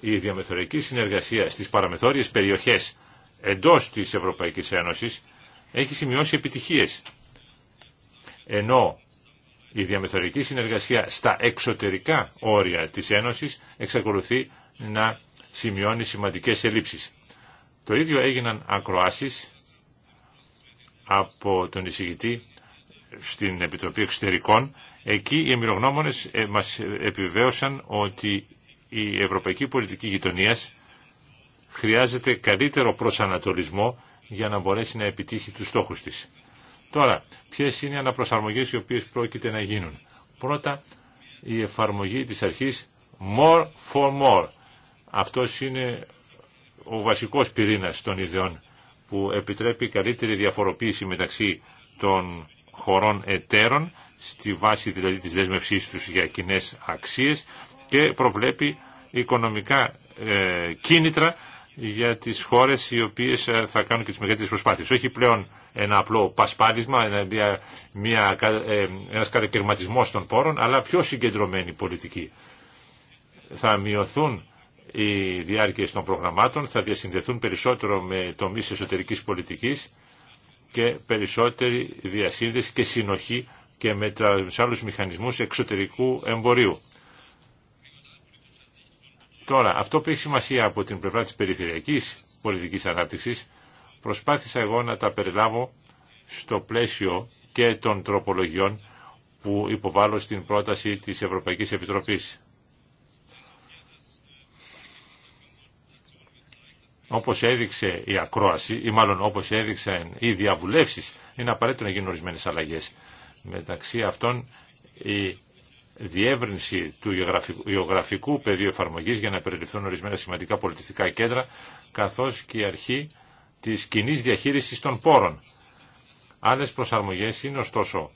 [SPEAKER 2] η διαμεθορική συνεργασία στις παραμεθόριες περιοχές εντός της Ευρωπαϊκής Ένωσης έχει σημειώσει επιτυχίες. Ενώ η διαμεθορική συνεργασία στα εξωτερικά όρια της Ένωσης εξακολουθεί να σημειώνει σημαντικές ελλείψεις. Το ίδιο έγιναν ακροάσεις από τον εισηγητή στην Επιτροπή Εξωτερικών, εκεί οι εμειρογνώμονες ε, μας επιβεβαίωσαν ότι η ευρωπαϊκή πολιτική γειτονίας χρειάζεται καλύτερο προσανατολισμό για να μπορέσει να επιτύχει τους στόχους της. Τώρα, ποιες είναι οι αναπροσαρμογές οι οποίες πρόκειται να γίνουν. Πρώτα, η εφαρμογή της αρχής more for more. Αυτός είναι ο βασικός πυρήνας των ιδεών που επιτρέπει καλύτερη διαφοροποίηση μεταξύ των χωρών εταίρων, στη βάση δηλαδή της δέσμευσής τους για κοινέ αξίες και προβλέπει οικονομικά ε, κίνητρα για τις χώρες οι οποίες ε, θα κάνουν και τις μεγαλύτερες προσπάθειες. Όχι πλέον ένα απλό πασπάλισμα, μια, μια, ε, ένας κατακαιρματισμός των πόρων, αλλά πιο συγκεντρωμένη πολιτική. Θα μειωθούν οι διάρκειες των προγραμμάτων, θα διασυνδεθούν περισσότερο με τομείς εσωτερικής πολιτικής και περισσότερη διασύνδεση και συνοχή και με τους άλλους μηχανισμούς εξωτερικού εμπορίου. Τώρα, αυτό που έχει σημασία από την πλευρά της περιφερειακής πολιτικής ανάπτυξης, προσπάθησα εγώ να τα περιλάβω στο πλαίσιο και των τροπολογιών που υποβάλλω στην πρόταση της Ευρωπαϊκής Επιτροπής. όπως έδειξε η ακρόαση ή μάλλον όπως έδειξαν οι διαβουλεύσεις είναι απαραίτητο να γίνουν ορισμένες αλλαγές. Μεταξύ αυτών η διεύρυνση του γεωγραφικού πεδίου εφαρμογής για να περιληφθούν ορισμένα σημαντικά πολιτιστικά κέντρα καθώς και η αρχή της κοινή διαχείρισης των πόρων. Άλλες προσαρμογές είναι ωστόσο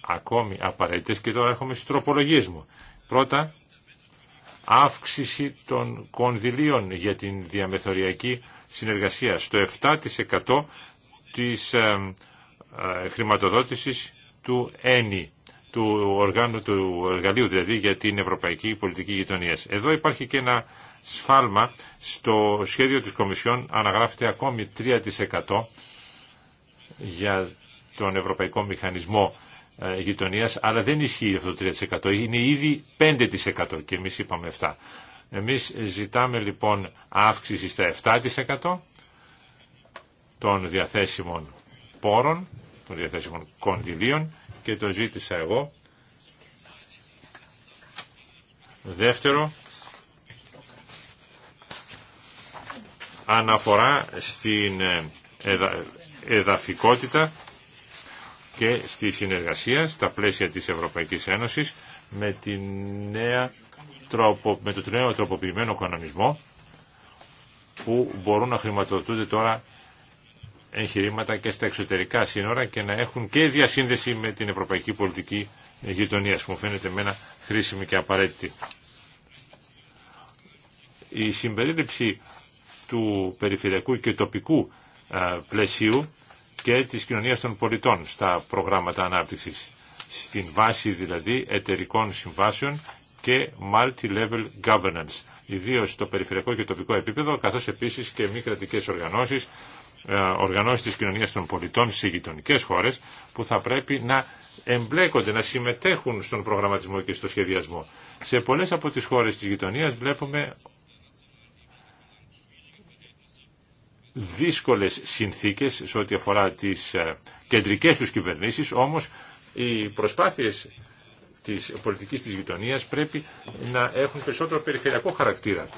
[SPEAKER 2] ακόμη απαραίτητες και τώρα έρχομαι στις τροπολογίες μου. Πρώτα, αύξηση των κονδυλίων για την διαμεθοριακή συνεργασία στο 7% της ε, ε, χρηματοδότησης του ΕΝΗ, του, οργάνου, του εργαλείου δηλαδή για την Ευρωπαϊκή Πολιτική Γειτονία. Εδώ υπάρχει και ένα σφάλμα στο σχέδιο της Κομισιόν αναγράφεται ακόμη 3% για τον Ευρωπαϊκό Μηχανισμό ε, γειτονία, αλλά δεν ισχύει αυτό το 3%. Είναι ήδη 5% και εμεί είπαμε 7%. Εμεί ζητάμε λοιπόν αύξηση στα 7% των διαθέσιμων πόρων, των διαθέσιμων κονδυλίων και το ζήτησα εγώ. Δεύτερο, αναφορά στην ε, εδαφικότητα και στη συνεργασία στα πλαίσια της Ευρωπαϊκής Ένωσης με, την νέα τροπο, με το νέο τροποποιημένο κανονισμό που μπορούν να χρηματοδοτούνται τώρα εγχειρήματα και στα εξωτερικά σύνορα και να έχουν και διασύνδεση με την ευρωπαϊκή πολιτική γειτονία. Μου φαίνεται εμένα χρήσιμη και απαραίτητη. Η συμπερίληψη του περιφερειακού και τοπικού πλαισίου και της κοινωνίας των πολιτών στα προγράμματα ανάπτυξης, στην βάση δηλαδή εταιρικών συμβάσεων και multi-level governance, ιδίως στο περιφερειακό και τοπικό επίπεδο, καθώς επίσης και μη κρατικέ οργανώσεις, ε, οργανώσεις της κοινωνίας των πολιτών σε γειτονικέ χώρες, που θα πρέπει να εμπλέκονται, να συμμετέχουν στον προγραμματισμό και στο σχεδιασμό. Σε πολλές από τις χώρες της γειτονίας βλέπουμε δύσκολες συνθήκες σε ό,τι αφορά τις ε, κεντρικές τους κυβερνήσεις, όμως οι προσπάθειες της πολιτικής της γειτονίας πρέπει να έχουν περισσότερο περιφερειακό χαρακτήρα.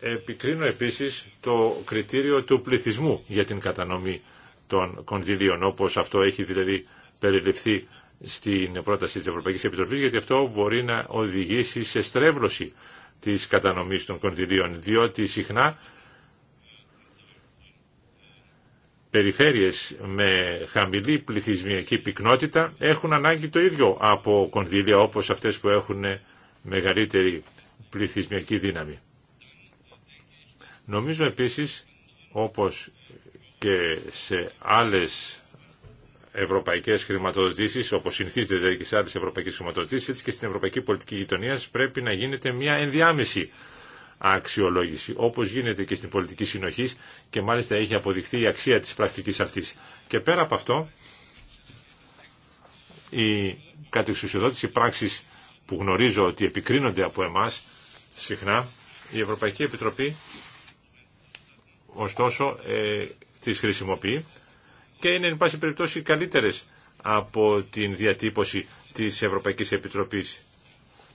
[SPEAKER 2] Επικρίνω επίσης το κριτήριο του πληθυσμού για την κατανομή των κονδυλίων, όπως αυτό έχει δηλαδή περιληφθεί στην πρόταση της Ευρωπαϊκής Επιτροπής, γιατί αυτό μπορεί να οδηγήσει σε στρέβλωση της κατανομής των κονδυλίων, διότι συχνά περιφέρειες με χαμηλή πληθυσμιακή πυκνότητα έχουν ανάγκη το ίδιο από κονδύλια όπως αυτές που έχουν μεγαλύτερη πληθυσμιακή δύναμη. Νομίζω επίσης, όπως και σε άλλες ευρωπαϊκές χρηματοδοτήσεις, όπως συνηθίζεται δηλαδή και σε άλλες ευρωπαϊκές χρηματοδοτήσεις, έτσι και στην ευρωπαϊκή πολιτική γειτονία πρέπει να γίνεται μια ενδιάμεση αξιολόγηση, όπως γίνεται και στην πολιτική συνοχή και μάλιστα έχει αποδειχθεί η αξία της πρακτικής αυτής. Και πέρα από αυτό, η κατεξουσιοδότηση πράξης που γνωρίζω ότι επικρίνονται από εμάς συχνά, η Ευρωπαϊκή Επιτροπή ωστόσο ε, τις χρησιμοποιεί και είναι εν πάση περιπτώσει καλύτερες από την διατύπωση της Ευρωπαϊκής Επιτροπής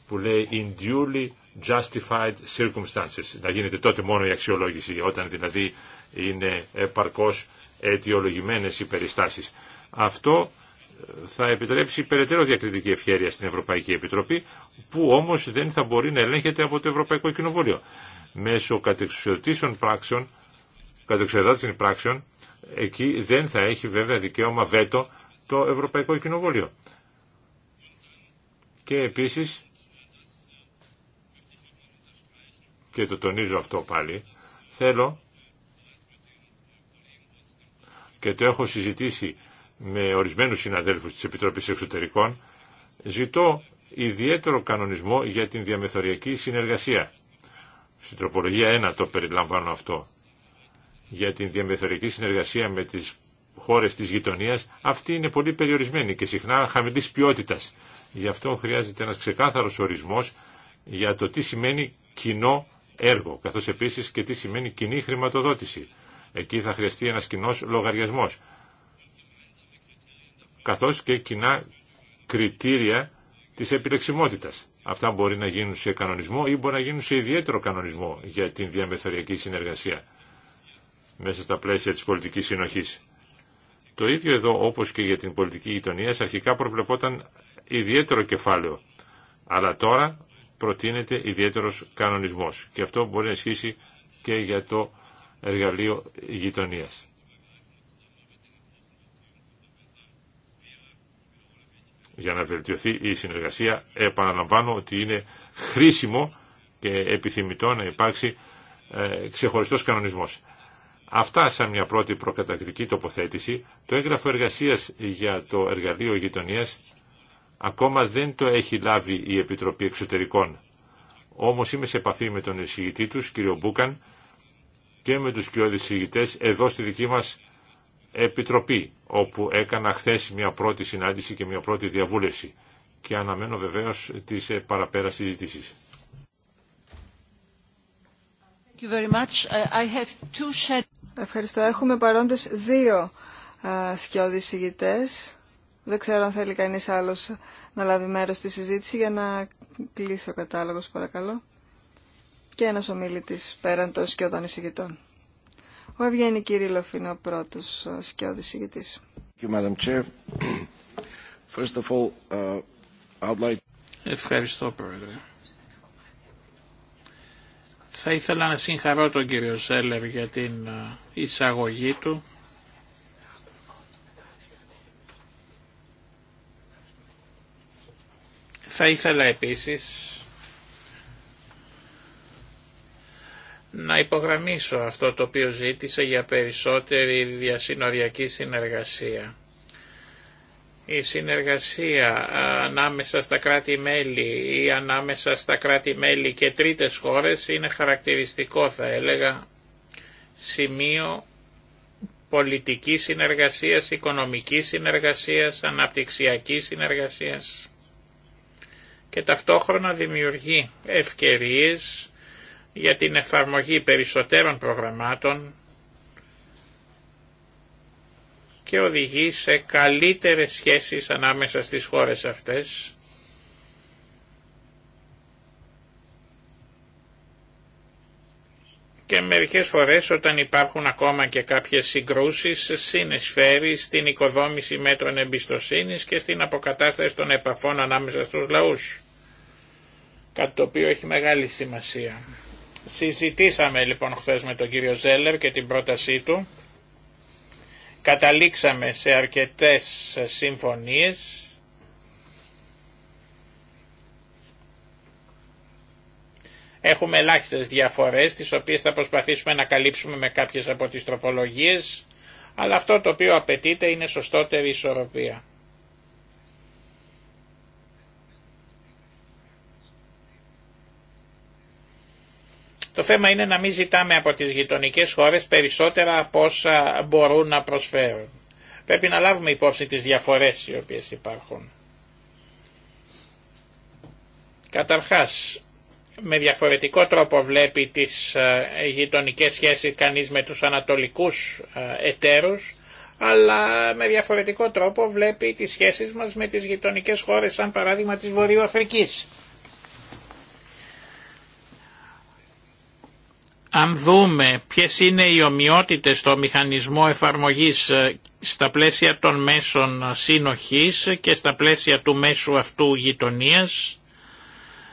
[SPEAKER 2] που λέει «in duly justified circumstances». Να γίνεται τότε μόνο η αξιολόγηση, όταν δηλαδή είναι επαρκώς αιτιολογημένες οι περιστάσεις. Αυτό ε, θα επιτρέψει περαιτέρω διακριτική ευχέρεια στην Ευρωπαϊκή Επιτροπή, που όμως δεν θα μπορεί να ελέγχεται από το Ευρωπαϊκό Κοινοβούλιο. Μέσω κατεξουσιωτήσεων πράξεων, πράξεων, εκεί δεν θα έχει βέβαια δικαίωμα βέτο το Ευρωπαϊκό Κοινοβούλιο. Και επίσης και το τονίζω αυτό πάλι, θέλω και το έχω συζητήσει με ορισμένους συναδέλφους της Επιτροπής Εξωτερικών, ζητώ ιδιαίτερο κανονισμό για την διαμεθοριακή συνεργασία. Στην τροπολογία 1 το περιλαμβάνω αυτό. Για την διαμεθοριακή συνεργασία με τις χώρες της γειτονίας, αυτή είναι πολύ περιορισμένη και συχνά χαμηλής ποιότητας. Γι' αυτό χρειάζεται ένας ξεκάθαρος ορισμός για το τι σημαίνει κοινό έργο, καθώς επίσης και τι σημαίνει κοινή χρηματοδότηση. Εκεί θα χρειαστεί ένα κοινό λογαριασμός, καθώς και κοινά κριτήρια της επιλεξιμότητας. Αυτά μπορεί να γίνουν σε κανονισμό ή μπορεί να γίνουν σε ιδιαίτερο κανονισμό για την διαμεθοριακή συνεργασία μέσα στα πλαίσια της πολιτικής συνοχή. Το ίδιο εδώ όπω και για την πολιτική γειτονία αρχικά προβλεπόταν ιδιαίτερο κεφάλαιο. Αλλά τώρα προτείνεται ιδιαίτερος κανονισμός και αυτό μπορεί να ισχύσει και για το εργαλείο γειτονία. Για να βελτιωθεί η συνεργασία επαναλαμβάνω ότι είναι χρήσιμο και επιθυμητό να υπάρξει ε, ξεχωριστός κανονισμός. Αυτά σαν μια πρώτη προκατακτική τοποθέτηση. Το έγγραφο εργασίας για το εργαλείο γειτονίας Ακόμα δεν το έχει λάβει η Επιτροπή Εξωτερικών. Όμως είμαι σε επαφή με τον εισηγητή τους, κύριο Μπούκαν, και με τους κοιόδης εισηγητές εδώ στη δική μας Επιτροπή, όπου έκανα χθε μια πρώτη συνάντηση και μια πρώτη διαβούλευση. Και αναμένω βεβαίως τις παραπέρα συζητήσεις.
[SPEAKER 1] Uh, Ευχαριστώ. Έχουμε παρόντες δύο ε, σκιώδεις ηγητές. Δεν ξέρω αν θέλει κανείς άλλος να λάβει μέρος στη συζήτηση για να κλείσει ο κατάλογος παρακαλώ. Και ένας ομίλητης πέραν των σκιωδών εισηγητών. Ο Ευγέννη Κυρίλοφ είναι ο πρώτος σκιώδης εισηγητής.
[SPEAKER 3] Uh, Ευχαριστώ πρόεδρε. Θα ήθελα να συγχαρώ τον κύριο Σέλερ για την uh, εισαγωγή του Θα ήθελα επίσης να υπογραμμίσω αυτό το οποίο ζήτησε για περισσότερη διασυνοριακή συνεργασία. Η συνεργασία ανάμεσα στα κράτη-μέλη ή ανάμεσα στα κράτη-μέλη και τρίτες χώρες είναι χαρακτηριστικό θα έλεγα σημείο πολιτικής συνεργασίας, οικονομικής συνεργασίας, αναπτυξιακής συνεργασίας και ταυτόχρονα δημιουργεί ευκαιρίες για την εφαρμογή περισσότερων προγραμμάτων και οδηγεί σε καλύτερες σχέσεις ανάμεσα στις χώρες αυτές και μερικές φορές όταν υπάρχουν ακόμα και κάποιες συγκρούσεις συνεισφέρει στην οικοδόμηση μέτρων εμπιστοσύνης και στην αποκατάσταση των επαφών ανάμεσα στους λαούς κάτι το οποίο έχει μεγάλη σημασία. Συζητήσαμε λοιπόν χθες με τον κύριο Ζέλερ και την πρότασή του. Καταλήξαμε σε αρκετές συμφωνίες. Έχουμε ελάχιστε διαφορές τις οποίες θα προσπαθήσουμε να καλύψουμε με κάποιες από τις τροπολογίες αλλά αυτό το οποίο απαιτείται είναι σωστότερη ισορροπία. Το θέμα είναι να μην ζητάμε από τις γειτονικές χώρες περισσότερα από όσα μπορούν να προσφέρουν. Πρέπει να λάβουμε υπόψη τις διαφορές οι οποίες υπάρχουν. Καταρχάς, με διαφορετικό τρόπο βλέπει τις ε, γειτονικές σχέσεις κανείς με τους ανατολικούς ε, εταίρους, αλλά με διαφορετικό τρόπο βλέπει τις σχέσεις μας με τις γειτονικές χώρες, σαν παράδειγμα της Βορειοαφρικής. Αν δούμε ποιες είναι οι ομοιότητες στο μηχανισμό εφαρμογής ε, στα πλαίσια των μέσων συνοχής και στα πλαίσια του μέσου αυτού γειτονίας,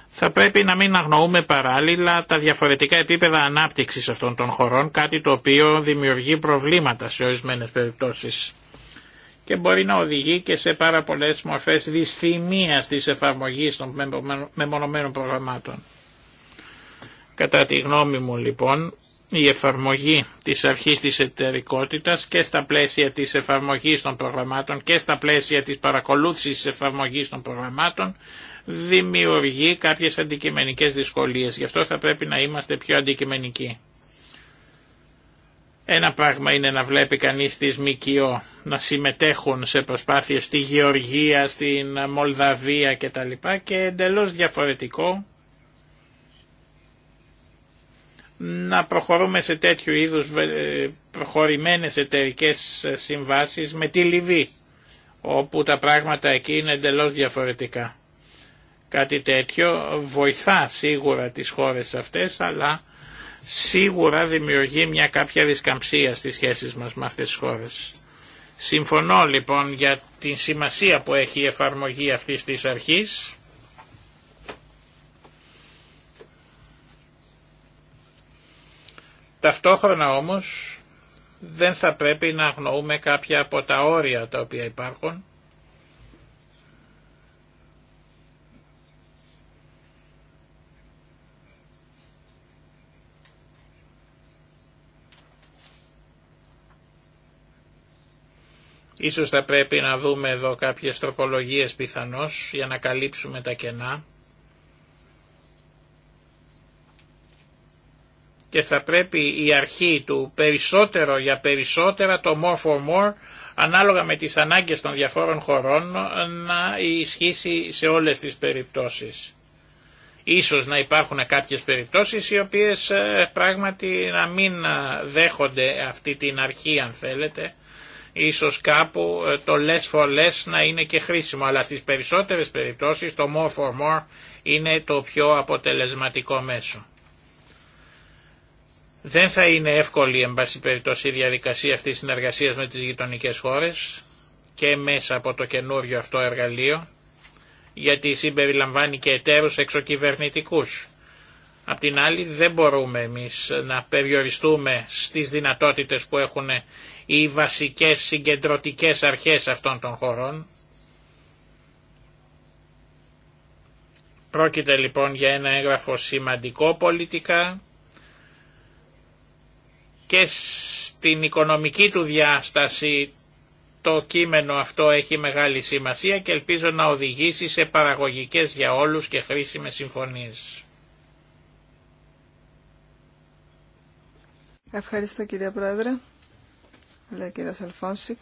[SPEAKER 3] θα πρέπει να μην αγνοούμε παράλληλα τα διαφορετικά επίπεδα ανάπτυξης αυτών των χωρών, κάτι το οποίο δημιουργεί προβλήματα σε ορισμένες περιπτώσεις και μπορεί να οδηγεί και σε πάρα πολλές μορφές δυσθυμίας της εφαρμογής των μεμονωμένων προγραμμάτων. Κατά τη γνώμη μου λοιπόν η εφαρμογή της αρχής της εταιρικότητας και στα πλαίσια της εφαρμογής των προγραμμάτων και στα πλαίσια της παρακολούθησης της εφαρμογής των προγραμμάτων δημιουργεί κάποιες αντικειμενικές δυσκολίες. Γι' αυτό θα πρέπει να είμαστε πιο αντικειμενικοί. Ένα πράγμα είναι να βλέπει κανείς τις ΜΚΙΟ να συμμετέχουν σε προσπάθειες στη Γεωργία, στην Μολδαβία κτλ. Και εντελώς διαφορετικό να προχωρούμε σε τέτοιου είδους ε, προχωρημένες εταιρικέ συμβάσεις με τη Λιβύη, όπου τα πράγματα εκεί είναι εντελώς διαφορετικά. Κάτι τέτοιο βοηθά σίγουρα τις χώρες αυτές, αλλά σίγουρα δημιουργεί μια κάποια δισκαμψία στις σχέσεις μας με αυτές τις χώρες. Συμφωνώ λοιπόν για την σημασία που έχει η εφαρμογή αυτής της αρχής Ταυτόχρονα όμως δεν θα πρέπει να αγνοούμε κάποια από τα όρια τα οποία υπάρχουν Ίσως θα πρέπει να δούμε εδώ κάποιες τροπολογίες πιθανώς για να καλύψουμε τα κενά. και θα πρέπει η αρχή του περισσότερο για περισσότερα, το more for more, ανάλογα με τις ανάγκες των διαφόρων χωρών, να ισχύσει σε όλες τις περιπτώσεις. Ίσως να υπάρχουν κάποιες περιπτώσεις οι οποίες ε, πράγματι να μην ε, δέχονται αυτή την αρχή αν θέλετε. Ίσως κάπου ε, το less for less να είναι και χρήσιμο, αλλά στις περισσότερες περιπτώσεις το more for more είναι το πιο αποτελεσματικό μέσο. Δεν θα είναι εύκολη εν πάση περιπτώσει η διαδικασία αυτής της συνεργασίας με τις γειτονικές χώρες και μέσα από το καινούριο αυτό εργαλείο γιατί συμπεριλαμβάνει και εταίρους εξοκυβερνητικούς. Απ' την άλλη δεν μπορούμε εμείς να περιοριστούμε στις δυνατότητες που έχουν οι βασικές συγκεντρωτικές αρχές αυτών των χωρών. Πρόκειται λοιπόν για ένα έγγραφο σημαντικό πολιτικά και στην οικονομική του διάσταση το κείμενο αυτό έχει μεγάλη σημασία και ελπίζω να οδηγήσει σε παραγωγικές για όλους και χρήσιμες συμφωνίες.
[SPEAKER 1] Ευχαριστώ κύριε Πρόεδρε, λέει ο κύριος Αλφόνση.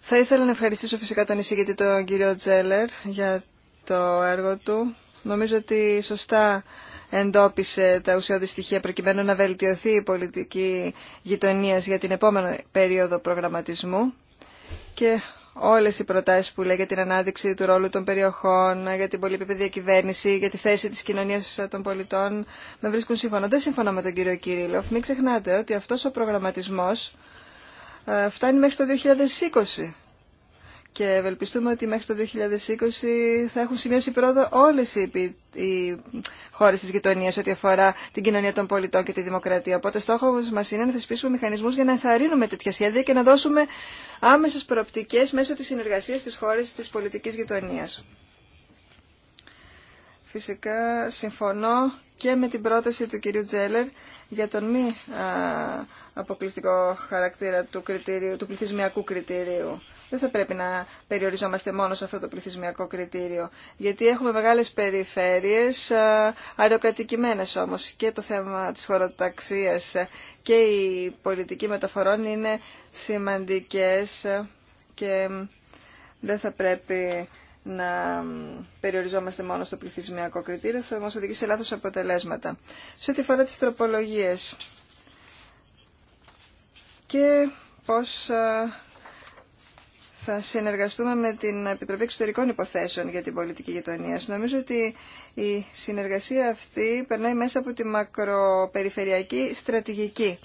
[SPEAKER 1] Θα ήθελα να ευχαριστήσω φυσικά τον εισηγητή τον κύριο Τζέλερ για το έργο του. Νομίζω ότι σωστά εντόπισε τα ουσιώδη στοιχεία προκειμένου να βελτιωθεί η πολιτική γειτονία για την επόμενη περίοδο προγραμματισμού και όλες οι προτάσεις που λέει για την ανάδειξη του ρόλου των περιοχών, για την πολυπίπεδη κυβέρνηση, για τη θέση της κοινωνίας των πολιτών, με βρίσκουν σύμφωνο. Δεν συμφωνώ με τον κύριο Κυρίλοφ. Μην ξεχνάτε ότι αυτός ο προγραμματισμός ε, φτάνει μέχρι το 2020 και ευελπιστούμε ότι μέχρι το 2020 θα έχουν σημειώσει πρόοδο όλε οι, οι χώρες της γειτονίας ό,τι αφορά την κοινωνία των πολιτών και τη δημοκρατία. Οπότε στόχο μα είναι να θεσπίσουμε μηχανισμού για να ενθαρρύνουμε τέτοια σχέδια και να δώσουμε άμεσε προοπτικές μέσω τη συνεργασία τη χώρες τη πολιτική γειτονία. Φυσικά συμφωνώ και με την πρόταση του κυρίου Τζέλερ για τον μη αποκλειστικό χαρακτήρα του, κριτήριου, του πληθυσμιακού κριτηρίου δεν θα πρέπει να περιοριζόμαστε μόνο σε αυτό το πληθυσμιακό κριτήριο, γιατί έχουμε μεγάλες περιφέρειες ε, αεροκατοικημένε όμω και το θέμα της χωροταξίας και η πολιτική μεταφορών είναι σημαντικές και δεν θα πρέπει να περιοριζόμαστε μόνο στο πληθυσμιακό κριτήριο, θα μας οδηγήσει σε λάθος αποτελέσματα. Σε ό,τι αφορά τις τροπολογίες και πώς ε, θα συνεργαστούμε με την Επιτροπή Εξωτερικών Υποθέσεων για την πολιτική γειτονία. Νομίζω ότι η συνεργασία αυτή περνάει μέσα από τη μακροπεριφερειακή στρατηγική.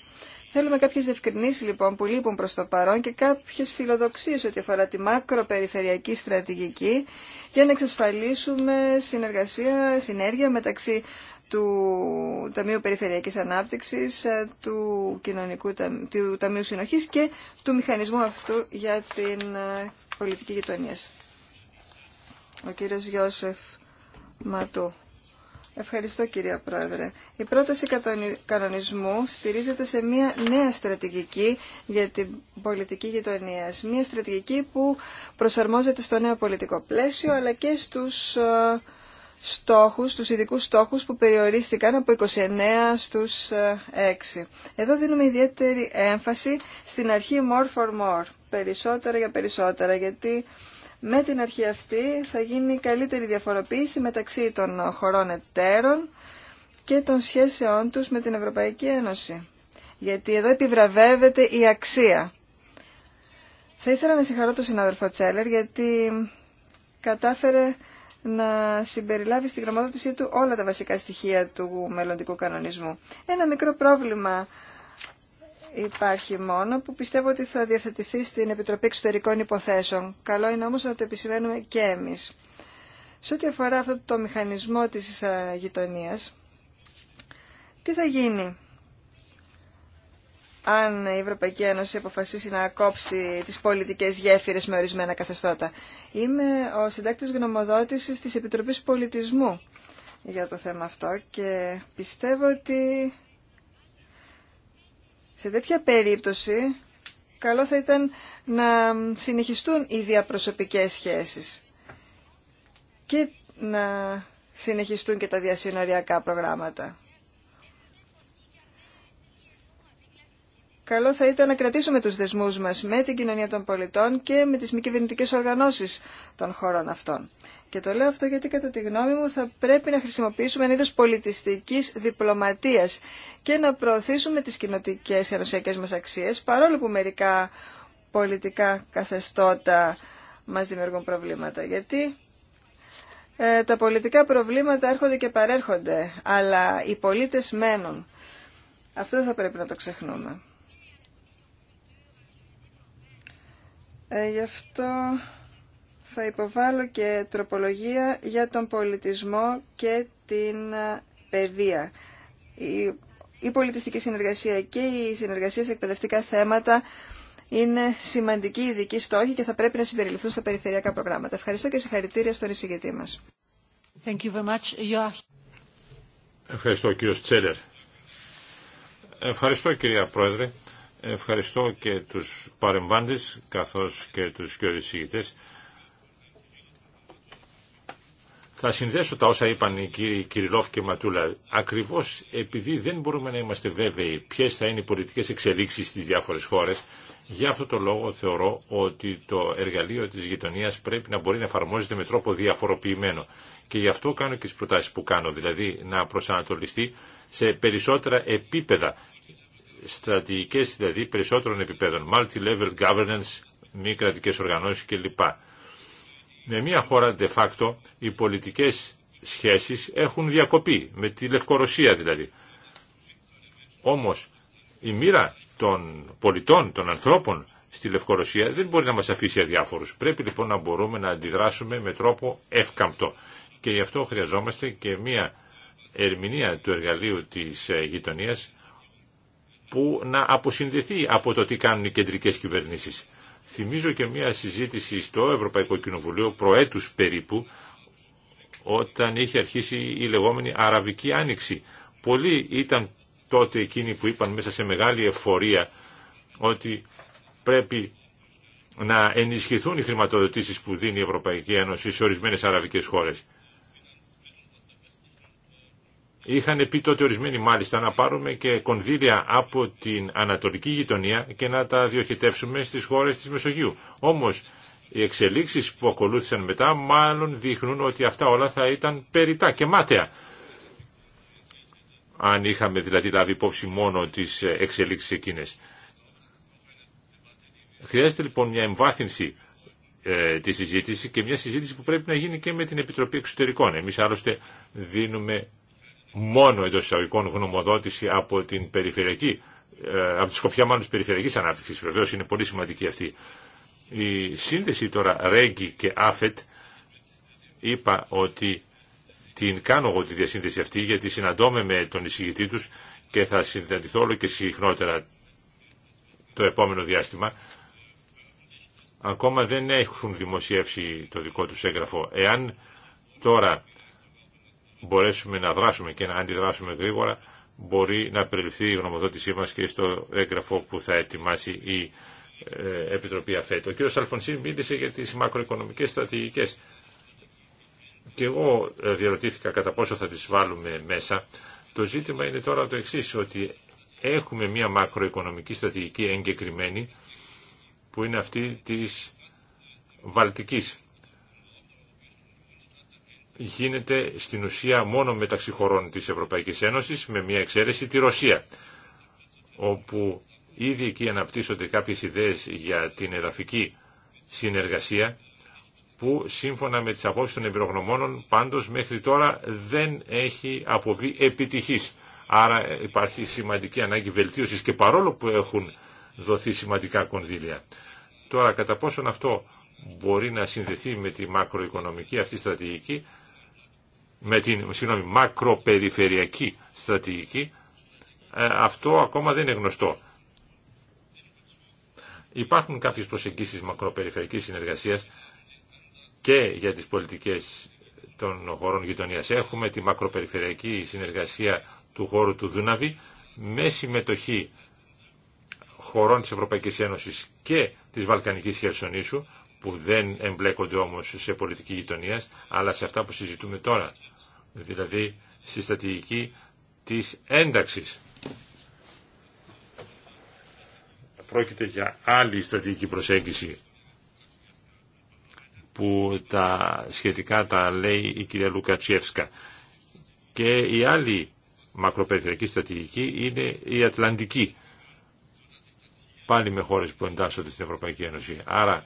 [SPEAKER 1] Θέλουμε κάποιε διευκρινήσει λοιπόν που λείπουν προ το παρόν και κάποιε φιλοδοξίε ό,τι αφορά τη μακροπεριφερειακή στρατηγική για να εξασφαλίσουμε συνεργασία, συνέργεια μεταξύ του Ταμείου Περιφερειακής Ανάπτυξης, ε, του, Κοινωνικού, του Ταμείου Συνοχής και του μηχανισμού αυτού για την ε, πολιτική γειτονία. Ο κύριος Γιώσεφ Ματού. Ευχαριστώ κυρία Πρόεδρε. Η πρόταση κανονισμού στηρίζεται σε μια νέα στρατηγική για την πολιτική γειτονία. Μια στρατηγική που προσαρμόζεται στο νέο πολιτικό πλαίσιο αλλά και στους ε, στόχους, τους ειδικούς στόχους που περιορίστηκαν από 29 στους 6. Ε, εδώ δίνουμε ιδιαίτερη έμφαση στην αρχή more for more, περισσότερα για περισσότερα, γιατί με την αρχή αυτή θα γίνει καλύτερη διαφοροποίηση μεταξύ των χωρών εταίρων και των σχέσεών τους με την Ευρωπαϊκή Ένωση. Γιατί εδώ επιβραβεύεται η αξία. Θα ήθελα να συγχαρώ τον συνάδελφο Τσέλερ γιατί κατάφερε να συμπεριλάβει στη γραμμάτωσή του όλα τα βασικά στοιχεία του μελλοντικού κανονισμού. Ένα μικρό πρόβλημα υπάρχει μόνο που πιστεύω ότι θα διαθετηθεί στην Επιτροπή Εξωτερικών Υποθέσεων. Καλό είναι όμως να το επισημαίνουμε και εμείς. Σε ό,τι αφορά αυτό το μηχανισμό της ε, γειτονίας, τι θα γίνει αν η Ευρωπαϊκή Ένωση αποφασίσει να κόψει τις πολιτικές γέφυρες με ορισμένα καθεστώτα. Είμαι ο συντάκτης γνωμοδότησης της Επιτροπής Πολιτισμού για το θέμα αυτό και πιστεύω ότι σε τέτοια περίπτωση καλό θα ήταν να συνεχιστούν οι διαπροσωπικές σχέσεις και να συνεχιστούν και τα διασυνοριακά προγράμματα. καλό θα ήταν να κρατήσουμε τους δεσμούς μας με την κοινωνία των πολιτών και με τις μη κυβερνητικέ οργανώσεις των χωρών αυτών. Και το λέω αυτό γιατί κατά τη γνώμη μου θα πρέπει να χρησιμοποιήσουμε ένα είδος πολιτιστικής διπλωματίας και να προωθήσουμε τις κοινοτικέ ενωσιακές μας αξίες παρόλο που μερικά πολιτικά καθεστώτα μας δημιουργούν προβλήματα. Γιατί ε, τα πολιτικά προβλήματα έρχονται και παρέρχονται, αλλά οι πολίτες μένουν. Αυτό δεν θα πρέπει να το ξεχνούμε. Ε, γι' αυτό θα υποβάλω και τροπολογία για τον πολιτισμό και την ε, παιδεία. Η, η πολιτιστική συνεργασία και η συνεργασία σε εκπαιδευτικά θέματα είναι σημαντική ειδική στόχη και θα πρέπει να συμπεριληφθούν στα περιφερειακά προγράμματα. Ευχαριστώ και συγχαρητήρια στον εισηγητή μας. Thank you very much.
[SPEAKER 2] Ευχαριστώ κύριο Τσέλερ. Ευχαριστώ κυρία Πρόεδρε. Ευχαριστώ και τους παρεμβάντες καθώς και τους κυριοδησίγητες. Θα συνδέσω τα όσα είπαν οι κύριοι Κυριλόφ και Ματούλα. Ακριβώς επειδή δεν μπορούμε να είμαστε βέβαιοι ποιες θα είναι οι πολιτικές εξελίξεις στις διάφορες χώρες, για αυτό το λόγο θεωρώ ότι το εργαλείο της γειτονία πρέπει να μπορεί να εφαρμόζεται με τρόπο διαφοροποιημένο. Και γι' αυτό κάνω και τις προτάσεις που κάνω, δηλαδή να προσανατολιστεί σε περισσότερα επίπεδα στρατηγικές δηλαδή περισσότερων επιπέδων, multi-level governance, μη κρατικέ οργανώσεις κλπ. Με μια χώρα de facto οι πολιτικές σχέσεις έχουν διακοπεί, με τη Λευκορωσία δηλαδή. Όμως η μοίρα των πολιτών, των ανθρώπων στη Λευκορωσία δεν μπορεί να μας αφήσει αδιάφορους. Πρέπει λοιπόν να μπορούμε να αντιδράσουμε με τρόπο εύκαμπτο. Και γι' αυτό χρειαζόμαστε και μια ερμηνεία του εργαλείου της ε, γειτονίας που να αποσυνδεθεί από το τι κάνουν οι κεντρικές κυβερνήσεις. Θυμίζω και μια συζήτηση στο Ευρωπαϊκό Κοινοβουλίο προέτους περίπου όταν είχε αρχίσει η λεγόμενη Αραβική Άνοιξη. Πολλοί ήταν τότε εκείνοι που είπαν μέσα σε μεγάλη εφορία ότι πρέπει να ενισχυθούν οι χρηματοδοτήσεις που δίνει η Ευρωπαϊκή Ένωση σε ορισμένες αραβικές χώρες. Είχαν πει τότε ορισμένοι μάλιστα να πάρουμε και κονδύλια από την ανατολική γειτονία και να τα διοχετεύσουμε στις χώρες της Μεσογείου. Όμως οι εξελίξεις που ακολούθησαν μετά μάλλον δείχνουν ότι αυτά όλα θα ήταν περιτά και μάταια. Αν είχαμε δηλαδή λάβει υπόψη μόνο τις εξελίξεις εκείνες. Χρειάζεται λοιπόν μια εμβάθυνση ε, τη συζήτηση και μια συζήτηση που πρέπει να γίνει και με την Επιτροπή Εξωτερικών. Εμείς άλλωστε δίνουμε μόνο εντό εισαγωγικών γνωμοδότηση από την περιφερειακή, ε, από τη σκοπιά μάλλον τη περιφερειακή ανάπτυξη. Βεβαίω είναι πολύ σημαντική αυτή. Η σύνδεση τώρα Ρέγκι και Άφετ είπα ότι την κάνω εγώ τη διασύνδεση αυτή γιατί συναντώμαι με τον εισηγητή του και θα συνδεθώ όλο και συχνότερα το επόμενο διάστημα. Ακόμα δεν έχουν δημοσιεύσει το δικό τους έγγραφο. Εάν τώρα μπορέσουμε να δράσουμε και να αντιδράσουμε γρήγορα, μπορεί να περιληφθεί η γνωμοδότησή μας και στο έγγραφο που θα ετοιμάσει η ε, Επιτροπή ΑΦΕΤ. Ο κ. Αλφονσίν μίλησε για τις μακροοικονομικές στρατηγικές. Και εγώ ε, διαρωτήθηκα κατά πόσο θα τις βάλουμε μέσα. Το ζήτημα είναι τώρα το εξή ότι έχουμε μια μακροοικονομική στρατηγική εγκεκριμένη, που είναι αυτή της Βαλτικής γίνεται στην ουσία μόνο μεταξύ χωρών της Ευρωπαϊκής Ένωσης με μια εξαίρεση τη Ρωσία όπου ήδη εκεί αναπτύσσονται κάποιες ιδέες για την εδαφική συνεργασία που σύμφωνα με τις απόψεις των εμπειρογνωμόνων πάντως μέχρι τώρα δεν έχει αποβεί επιτυχής. Άρα υπάρχει σημαντική ανάγκη βελτίωσης και παρόλο που έχουν δοθεί σημαντικά κονδύλια. Τώρα κατά πόσον αυτό μπορεί να συνδεθεί με τη μακροοικονομική αυτή στρατηγική με την συγγνώμη, μακροπεριφερειακή στρατηγική, ε, αυτό ακόμα δεν είναι γνωστό. Υπάρχουν κάποιες προσεγγίσεις μακροπεριφερειακής συνεργασίας και για τις πολιτικές των χωρών γειτονία. Έχουμε τη μακροπεριφερειακή συνεργασία του χώρου του Δούναβη με συμμετοχή χωρών της Ευρωπαϊκής Ένωσης και της Βαλκανικής Χερσονήσου που δεν εμπλέκονται όμως σε πολιτική γειτονία, αλλά σε αυτά που συζητούμε τώρα, δηλαδή στη στατηγική της ένταξης. Πρόκειται για άλλη στατηγική προσέγγιση που τα σχετικά τα λέει η κυρία Λουκατσιεύσκα. Και η άλλη μακροπεριφερειακή στρατηγική είναι η Ατλαντική. Πάλι με χώρες που εντάσσονται στην Ευρωπαϊκή Ένωση. Άρα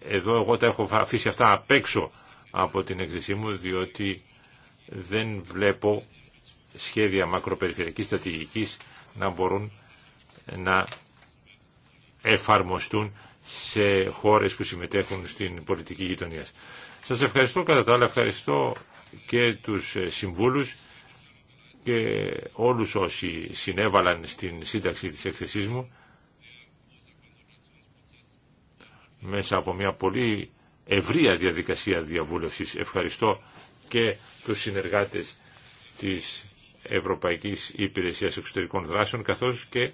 [SPEAKER 2] εδώ εγώ τα έχω αφήσει αυτά απ' έξω από την έκθεσή μου, διότι δεν βλέπω σχέδια μακροπεριφερειακής στρατηγικής να μπορούν να εφαρμοστούν σε χώρες που συμμετέχουν στην πολιτική γειτονία. Σας ευχαριστώ κατά τα άλλα, ευχαριστώ και τους ε, συμβούλους και όλους όσοι συνέβαλαν στην σύνταξη της έκθεσής μου. μέσα από μια πολύ ευρία διαδικασία διαβούλευσης. Ευχαριστώ και τους συνεργάτες της Ευρωπαϊκής Υπηρεσίας Εξωτερικών Δράσεων καθώς και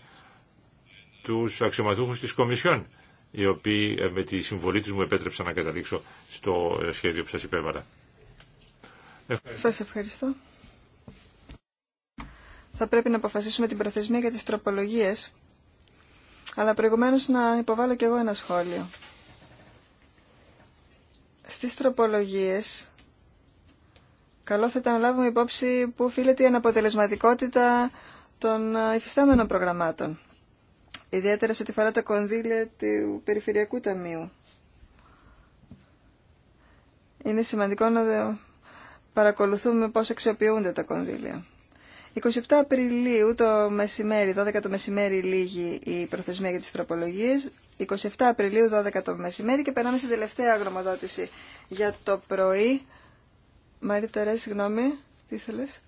[SPEAKER 2] τους αξιωματούχους της Κομισιόν οι οποίοι ε, με τη συμβολή τους μου επέτρεψαν να καταλήξω στο ε, σχέδιο που σας υπέβαλα.
[SPEAKER 1] Ευχαριστώ. Σας ευχαριστώ. Θα πρέπει να αποφασίσουμε την προθεσμία για τις τροπολογίες, αλλά προηγουμένως να υποβάλω κι εγώ ένα σχόλιο. Στις τροπολογίες, καλό θα ήταν να λάβουμε υπόψη που οφείλεται η αναποτελεσματικότητα των ε, υφιστάμενων προγραμμάτων. Ιδιαίτερα σε ό,τι φορά τα κονδύλια του Περιφερειακού Ταμείου. Είναι σημαντικό να παρακολουθούμε πώς αξιοποιούνται τα κονδύλια. 27 Απριλίου το μεσημέρι, 12 το μεσημέρι λίγη η προθεσμία για τις τροπολογίες. 27 Απριλίου 12 το μεσημέρι και περνάμε στην τελευταία γνωμοδότηση για το πρωί. Μαρή Τερέ, συγγνώμη, τι θέλες.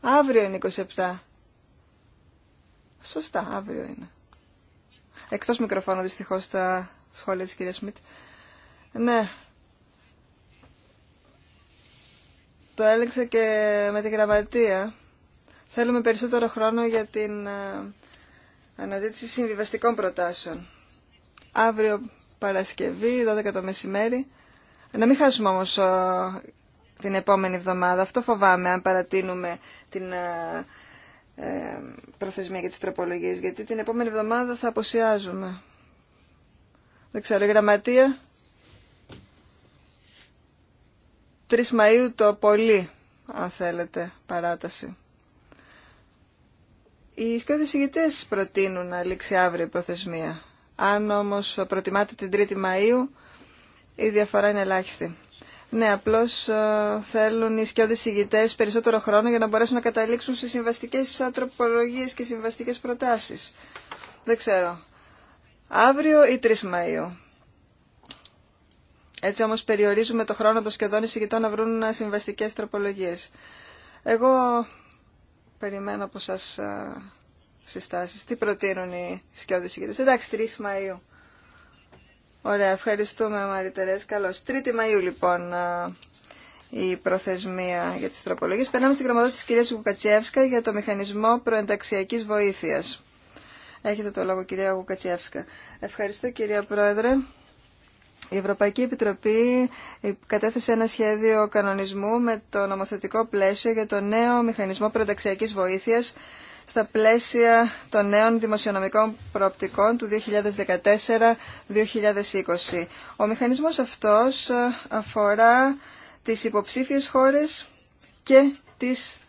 [SPEAKER 1] Αύριο είναι 27. Σωστά, αύριο είναι. Εκτός μικροφώνου δυστυχώς τα σχόλια της κυρία Σμιτ. Ναι. Το έλεξα και με τη γραμματεία. Θέλουμε περισσότερο χρόνο για την ε, αναζήτηση συμβιβαστικών προτάσεων. Αύριο Παρασκευή, 12 το μεσημέρι. Να μην χάσουμε όμως την επόμενη εβδομάδα. Αυτό φοβάμαι αν παρατείνουμε την ε, ε, προθεσμία για τις τροπολογίες, γιατί την επόμενη εβδομάδα θα αποσιάζουμε. Δεν ξέρω, η γραμματεία... 3 Μαΐου το πολύ, αν θέλετε, παράταση. Οι σκιώδες ηγητές προτείνουν να λήξει αύριο η προθεσμία. Αν όμως προτιμάτε την 3η Μαΐου, η διαφορά είναι ελάχιστη. Ναι, απλώς ε, θέλουν οι σκιώδες ηγητές περισσότερο χρόνο για να μπορέσουν να καταλήξουν σε συμβαστικές ανθρωπολογίες και συμβαστικές προτάσεις. Δεν ξέρω. Αύριο ή 3 Μαΐου. Έτσι όμως περιορίζουμε το χρόνο των σχεδόν εισηγητών να βρουν συμβαστικές τροπολογίες. Εγώ περιμένω από σα ε, συστάσει. Τι προτείνουν οι σκιώδε συγκεκριτές. Εντάξει, 3 Μαου. Ωραία, ευχαριστούμε Μαρή Τερές. Μαριτερέ. 3η Μαΐου λοιπόν ε, η προθεσμία για τις τροπολογίες. Περνάμε στην γραμματότητα της κυρίας Γουκατσιεύσκα για το μηχανισμό προενταξιακής βοήθειας. Έχετε το λόγο κυρία Γουκατσιεύσκα. Ευχαριστώ κυρία Πρόεδρε. Η Ευρωπαϊκή Επιτροπή κατέθεσε ένα σχέδιο κανονισμού με το νομοθετικό πλαίσιο για το νέο μηχανισμό προταξιακής βοήθειας στα πλαίσια των νέων δημοσιονομικών προοπτικών του 2014-2020. Ο μηχανισμός αυτός αφορά τις υποψήφιες χώρες και τις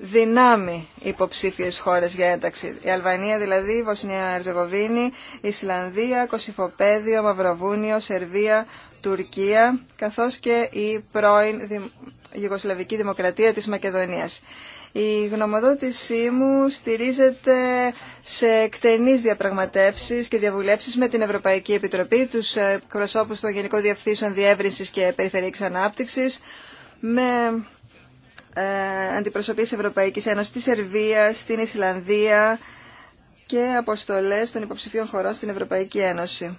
[SPEAKER 1] δυνάμει υποψήφιες χώρες για ένταξη. Η Αλβανία δηλαδή, η Βοσνία η Ισλανδία, Κωσυφοπαίδιο, Μαυροβούνιο, Σερβία, Τουρκία, καθώς και η πρώην Γιουγκοσλαβική Δημοκρατία της Μακεδονίας. Η γνωμοδότησή μου στηρίζεται σε εκτενείς διαπραγματεύσεις και διαβουλεύσεις με την Ευρωπαϊκή Επιτροπή, τους ε, προσώπους των Γενικών Διευθύνσεων Διεύρυνσης και Περιφερειακής Ανάπτυξης, με ε, αντιπροσωπείς Ευρωπαϊκής Ένωσης στη Σερβία, στην Ισλανδία και αποστολές των υποψηφίων χωρών στην Ευρωπαϊκή Ένωση.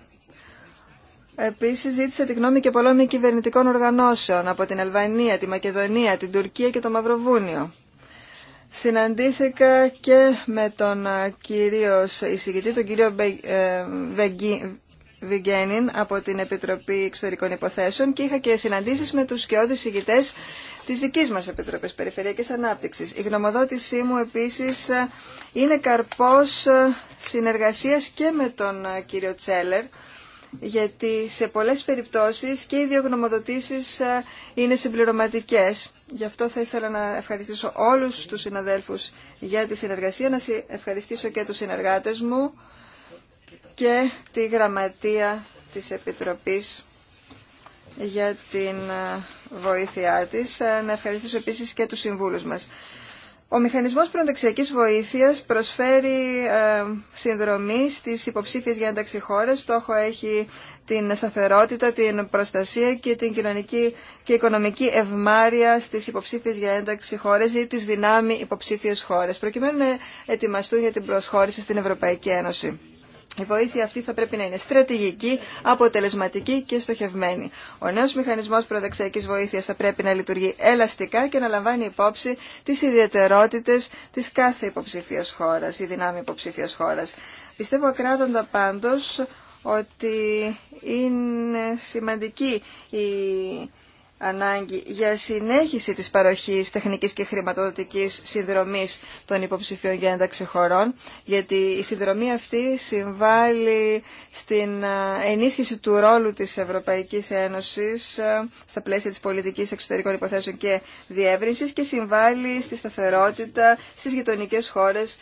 [SPEAKER 1] Επίσης ζήτησα τη γνώμη και πολλών κυβερνητικών οργανώσεων από την Αλβανία, τη Μακεδονία, την Τουρκία και το Μαυροβούνιο. Συναντήθηκα και με τον ε, κύριο εισηγητή, τον κύριο ε, Βιγγένιν από την Επιτροπή Εξωτερικών Υποθέσεων και είχα και συναντήσει με του σκιώδει ηγητέ τη δική μα Επιτροπή Περιφερειακής Ανάπτυξη. Η γνωμοδότησή μου επίση ε, είναι καρπό ε, συνεργασία και με τον ε, κύριο Τσέλερ γιατί σε πολλές περιπτώσεις και οι δύο γνωμοδοτήσεις είναι συμπληρωματικές. Γι' αυτό θα ήθελα να ευχαριστήσω όλους τους συναδέλφους για τη συνεργασία, να ευχαριστήσω και τους συνεργάτε μου και τη γραμματεία της Επιτροπής για την ε, βοήθειά της. Ε, να ευχαριστήσω επίσης και τους συμβούλους μας. Ο μηχανισμός προνταξιακής βοήθειας προσφέρει ε, συνδρομή στις υποψήφιες για ένταξη χώρες. Στόχο έχει την σταθερότητα, την προστασία και την κοινωνική και οικονομική ευμάρεια στις υποψήφιες για ένταξη χώρες ή τις δυνάμει υποψήφιες χώρες, προκειμένου να ετοιμαστούν για την προσχώρηση στην Ευρωπαϊκή Ένωση. Η βοήθεια αυτή θα πρέπει να είναι στρατηγική, αποτελεσματική και στοχευμένη. Ο νέο μηχανισμό προδεξιακή βοήθεια θα πρέπει να λειτουργεί ελαστικά και να λαμβάνει υπόψη τι ιδιαιτερότητε τη κάθε υποψηφία χώρα ή δυνάμει υποψηφία χώρα. Πιστεύω ακράδαντα πάντω ότι είναι σημαντική η ανάγκη για συνέχιση της παροχής τεχνικής και χρηματοδοτικής συνδρομής των υποψηφίων για ένταξη χωρών, γιατί η συνδρομή αυτή συμβάλλει στην ενίσχυση του ρόλου της Ευρωπαϊκής Ένωσης στα πλαίσια της πολιτικής εξωτερικών υποθέσεων και διεύρυνσης και συμβάλλει στη σταθερότητα στις γειτονικέ χώρες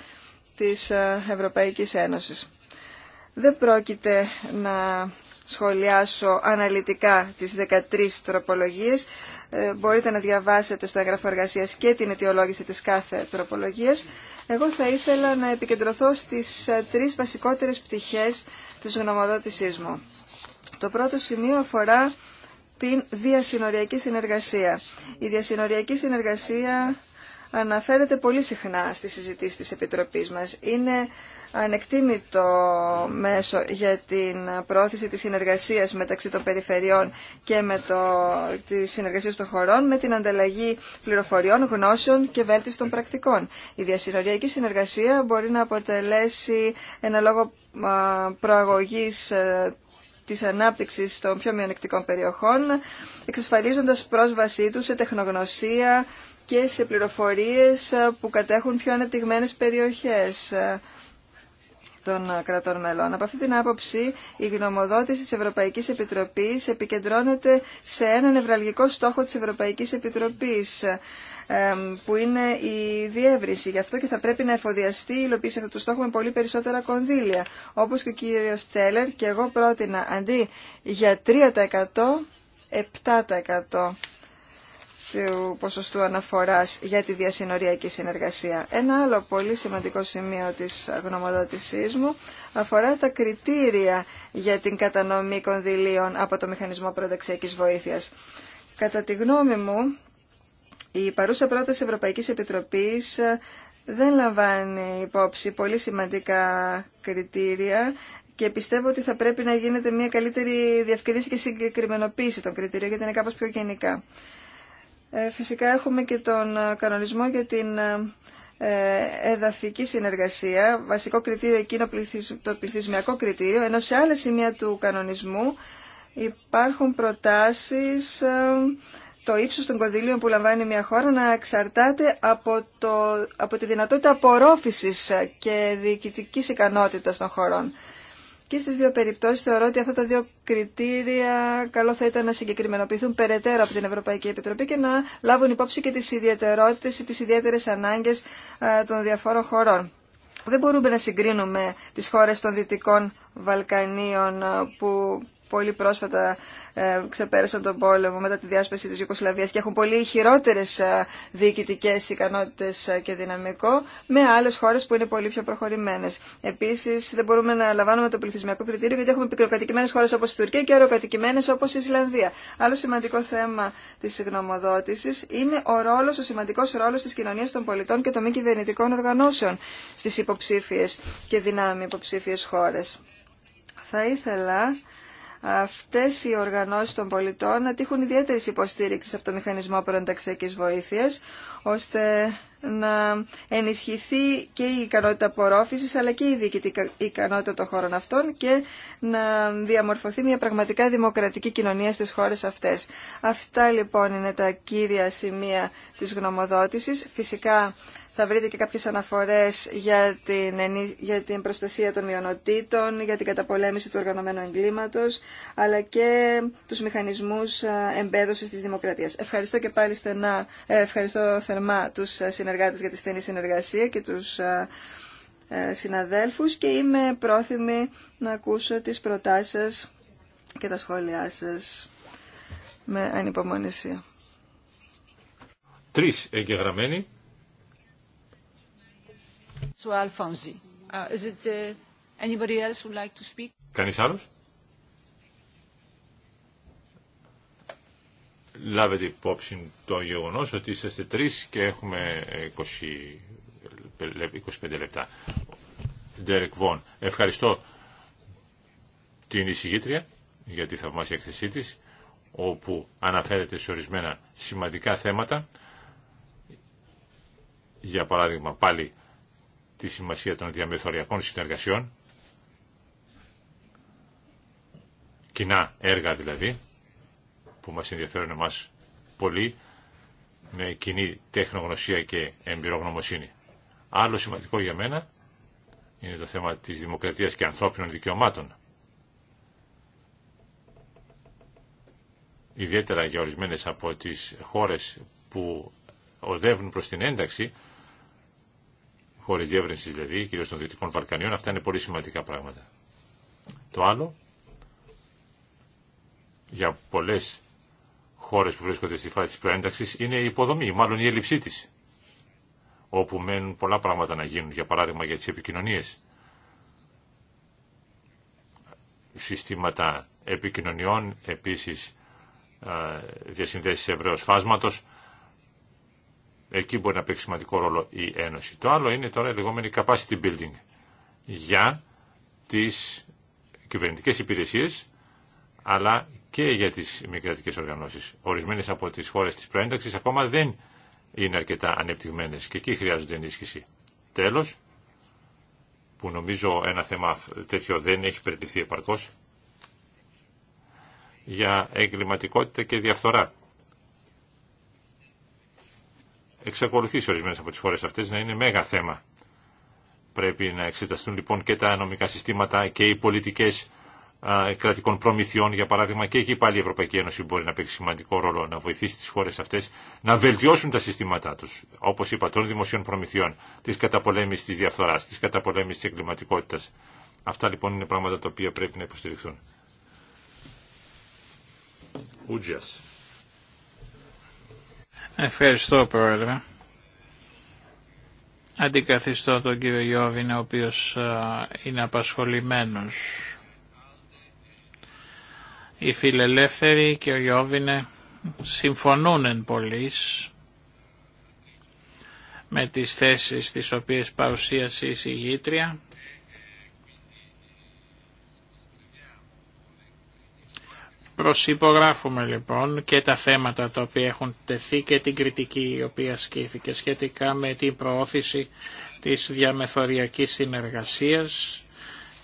[SPEAKER 1] της Ευρωπαϊκής Ένωσης. Δεν πρόκειται να σχολιάσω αναλυτικά τις 13 τροπολογίες. Ε, μπορείτε να διαβάσετε στο έγγραφο εργασία και την αιτιολόγηση της κάθε τροπολογίας. Εγώ θα ήθελα να επικεντρωθώ στις ε, τρεις βασικότερες πτυχές της γνωμοδότησής μου. Το πρώτο σημείο αφορά την διασυνοριακή συνεργασία. Η διασυνοριακή συνεργασία αναφέρεται πολύ συχνά στη συζητήση της Επιτροπής μας. Είναι ανεκτήμητο μέσο για την πρόθεση της συνεργασίας μεταξύ των περιφερειών και με το, τη συνεργασία των χωρών με την ανταλλαγή πληροφοριών, γνώσεων και των πρακτικών. Η διασυνοριακή συνεργασία μπορεί να αποτελέσει ένα λόγο προαγωγής ε, της ανάπτυξης των πιο μειονεκτικών περιοχών, εξασφαλίζοντας πρόσβασή τους σε τεχνογνωσία και σε πληροφορίες ε, που κατέχουν πιο ανεπτυγμένες περιοχές των κρατών μελών. Από αυτή την άποψη, η γνωμοδότηση της Ευρωπαϊκής Επιτροπής επικεντρώνεται σε ένα νευραλγικό στόχο της Ευρωπαϊκής Επιτροπής, που είναι η διεύρυνση. Γι' αυτό και θα πρέπει να εφοδιαστεί η υλοποίηση αυτού του στόχου με πολύ περισσότερα κονδύλια. Όπως και ο κύριο Τσέλερ και εγώ πρότεινα αντί για 3% 7% του ποσοστού αναφοράς για τη διασυνοριακή συνεργασία. Ένα άλλο πολύ σημαντικό σημείο της γνωμοδότησής μου αφορά τα κριτήρια για την κατανομή κονδυλίων από το Μηχανισμό Προδεξιακής Βοήθειας. Κατά τη γνώμη μου, η παρούσα πρόταση Ευρωπαϊκής Επιτροπής ε, δεν λαμβάνει υπόψη πολύ σημαντικά κριτήρια και πιστεύω ότι θα πρέπει να γίνεται μια καλύτερη διευκρίνηση και συγκεκριμενοποίηση των κριτηρίων γιατί είναι κάπως πιο γενικά. Ε, φυσικά έχουμε και τον ε, κανονισμό για την ε, εδαφική συνεργασία, βασικό κριτήριο εκείνο το πληθυσμιακό κριτήριο, ενώ σε άλλα σημεία του κανονισμού υπάρχουν προτάσεις το ύψος των κονδυλίων που λαμβάνει μια χώρα να εξαρτάται από, από τη δυνατότητα απορρόφησης και διοικητικής ικανότητας των χωρών. Και στι δύο περιπτώσεις θεωρώ ότι αυτά τα δύο κριτήρια καλό θα ήταν να συγκεκριμενοποιηθούν περαιτέρω από την Ευρωπαϊκή Επιτροπή και να λάβουν υπόψη και τις ιδιαιτερότητες ή τις ιδιαίτερες ανάγκες ε, των διαφόρων χωρών. Δεν μπορούμε να συγκρίνουμε τις χώρες των Δυτικών Βαλκανίων ε, που πολύ πρόσφατα ε, ξεπέρασαν τον πόλεμο μετά τη διάσπαση της Ιουκοσλαβίας και έχουν πολύ χειρότερες ε, διοικητικές ικανότητες ε, και δυναμικό με άλλες χώρες που είναι πολύ πιο προχωρημένες. Επίσης δεν μπορούμε να λαμβάνουμε το πληθυσμιακό κριτήριο γιατί έχουμε πικροκατοικημένες χώρες όπως η Τουρκία και αεροκατοικημένες όπως η Ισλανδία. Άλλο σημαντικό θέμα της γνωμοδότησης είναι ο ρόλος, ο σημαντικός ρόλος της κοινωνίας των πολιτών και των μη κυβερνητικών οργανώσεων στις υποψήφιες και δυνάμει υποψήφιες χώρες. Θα ήθελα αυτές οι οργανώσεις των πολιτών να τύχουν ιδιαίτερης υποστήριξης από το Μηχανισμό Προενταξιακής Βοήθειας, ώστε να ενισχυθεί και η ικανότητα απορρόφησης, αλλά και η διοικητική ικανότητα των χώρων αυτών και να διαμορφωθεί μια πραγματικά δημοκρατική κοινωνία στις χώρες αυτές. Αυτά λοιπόν είναι τα κύρια σημεία της γνωμοδότησης. Φυσικά θα βρείτε και κάποιες αναφορές για την, για την προστασία των μειονοτήτων, για την καταπολέμηση του οργανωμένου εγκλήματος, αλλά και τους μηχανισμούς ε, εμπέδωσης της δημοκρατίας. Ευχαριστώ και πάλι στενά, ε, ευχαριστώ θερμά τους ε, συνεργάτες για τη στενή συνεργασία και τους συναδέλφους και είμαι πρόθυμη να ακούσω τις προτάσεις σας και τα σχόλιά σας με ανυπομονησία.
[SPEAKER 2] Τρεις εγγεγραμμένοι.
[SPEAKER 1] Κανεί uh, uh,
[SPEAKER 2] Κανείς άλλος? Λάβετε υπόψη το γεγονός ότι είσαστε τρεις και έχουμε 25 λεπτά. Ευχαριστώ την εισηγήτρια για τη θαυμάσια εκθεσή της όπου αναφέρεται σε ορισμένα σημαντικά θέματα για παράδειγμα πάλι τη σημασία των διαμεθοριακών συνεργασιών, κοινά έργα δηλαδή, που μας ενδιαφέρουν εμάς πολύ, με κοινή τεχνογνωσία και εμπειρογνωμοσύνη. Άλλο σημαντικό για μένα είναι το θέμα της δημοκρατίας και ανθρώπινων δικαιωμάτων. Ιδιαίτερα για ορισμένες από τις χώρες που οδεύουν προς την ένταξη, χώρες διεύρυνση δηλαδή, κυρίως των Δυτικών Βαλκανίων, αυτά είναι πολύ σημαντικά πράγματα. Το άλλο, για πολλές χώρες που βρίσκονται στη φάση της προένταξης, είναι η υποδομή, μάλλον η έλλειψή τη, όπου μένουν πολλά πράγματα να γίνουν, για παράδειγμα για τι επικοινωνίε. Συστήματα επικοινωνιών, επίσης ε, διασυνδέσει ευρέω φάσματο. Εκεί μπορεί να παίξει σημαντικό ρόλο η Ένωση. Το άλλο είναι τώρα η λεγόμενη capacity building για τις κυβερνητικές υπηρεσίες αλλά και για τις μη κρατικές οργανώσεις. Ορισμένες από τις χώρες της προένταξης ακόμα δεν είναι αρκετά ανεπτυγμένες και εκεί χρειάζονται ενίσχυση. Τέλος, που νομίζω ένα θέμα τέτοιο δεν έχει περιληφθεί επαρκώς, για εγκληματικότητα και διαφθορά εξακολουθεί σε ορισμένε από τι χώρε αυτέ να είναι μέγα θέμα. Πρέπει να εξεταστούν λοιπόν και τα νομικά συστήματα και οι πολιτικέ κρατικών προμηθειών, για παράδειγμα, και εκεί πάλι η Ευρωπαϊκή Ένωση μπορεί να παίξει σημαντικό ρόλο να βοηθήσει τι χώρε αυτέ να βελτιώσουν τα συστήματά του, όπω είπα, των δημοσίων προμηθειών, τη καταπολέμηση τη διαφθορά, τη καταπολέμηση τη εγκληματικότητα. Αυτά λοιπόν είναι πράγματα τα οποία πρέπει να υποστηριχθούν. Ούτζιας.
[SPEAKER 3] Ευχαριστώ Πρόεδρε. Αντικαθιστώ τον κύριο Γιώβινε ο οποίος είναι απασχολημένος. Οι φιλελεύθεροι και ο Γιώβινε συμφωνούν εν με τις θέσεις τις οποίες παρουσίασε η συγγήτρια Προσυπογράφουμε λοιπόν και τα θέματα τα οποία έχουν τεθεί και την κριτική η οποία ασκήθηκε σχετικά με την προώθηση της διαμεθοριακής συνεργασίας,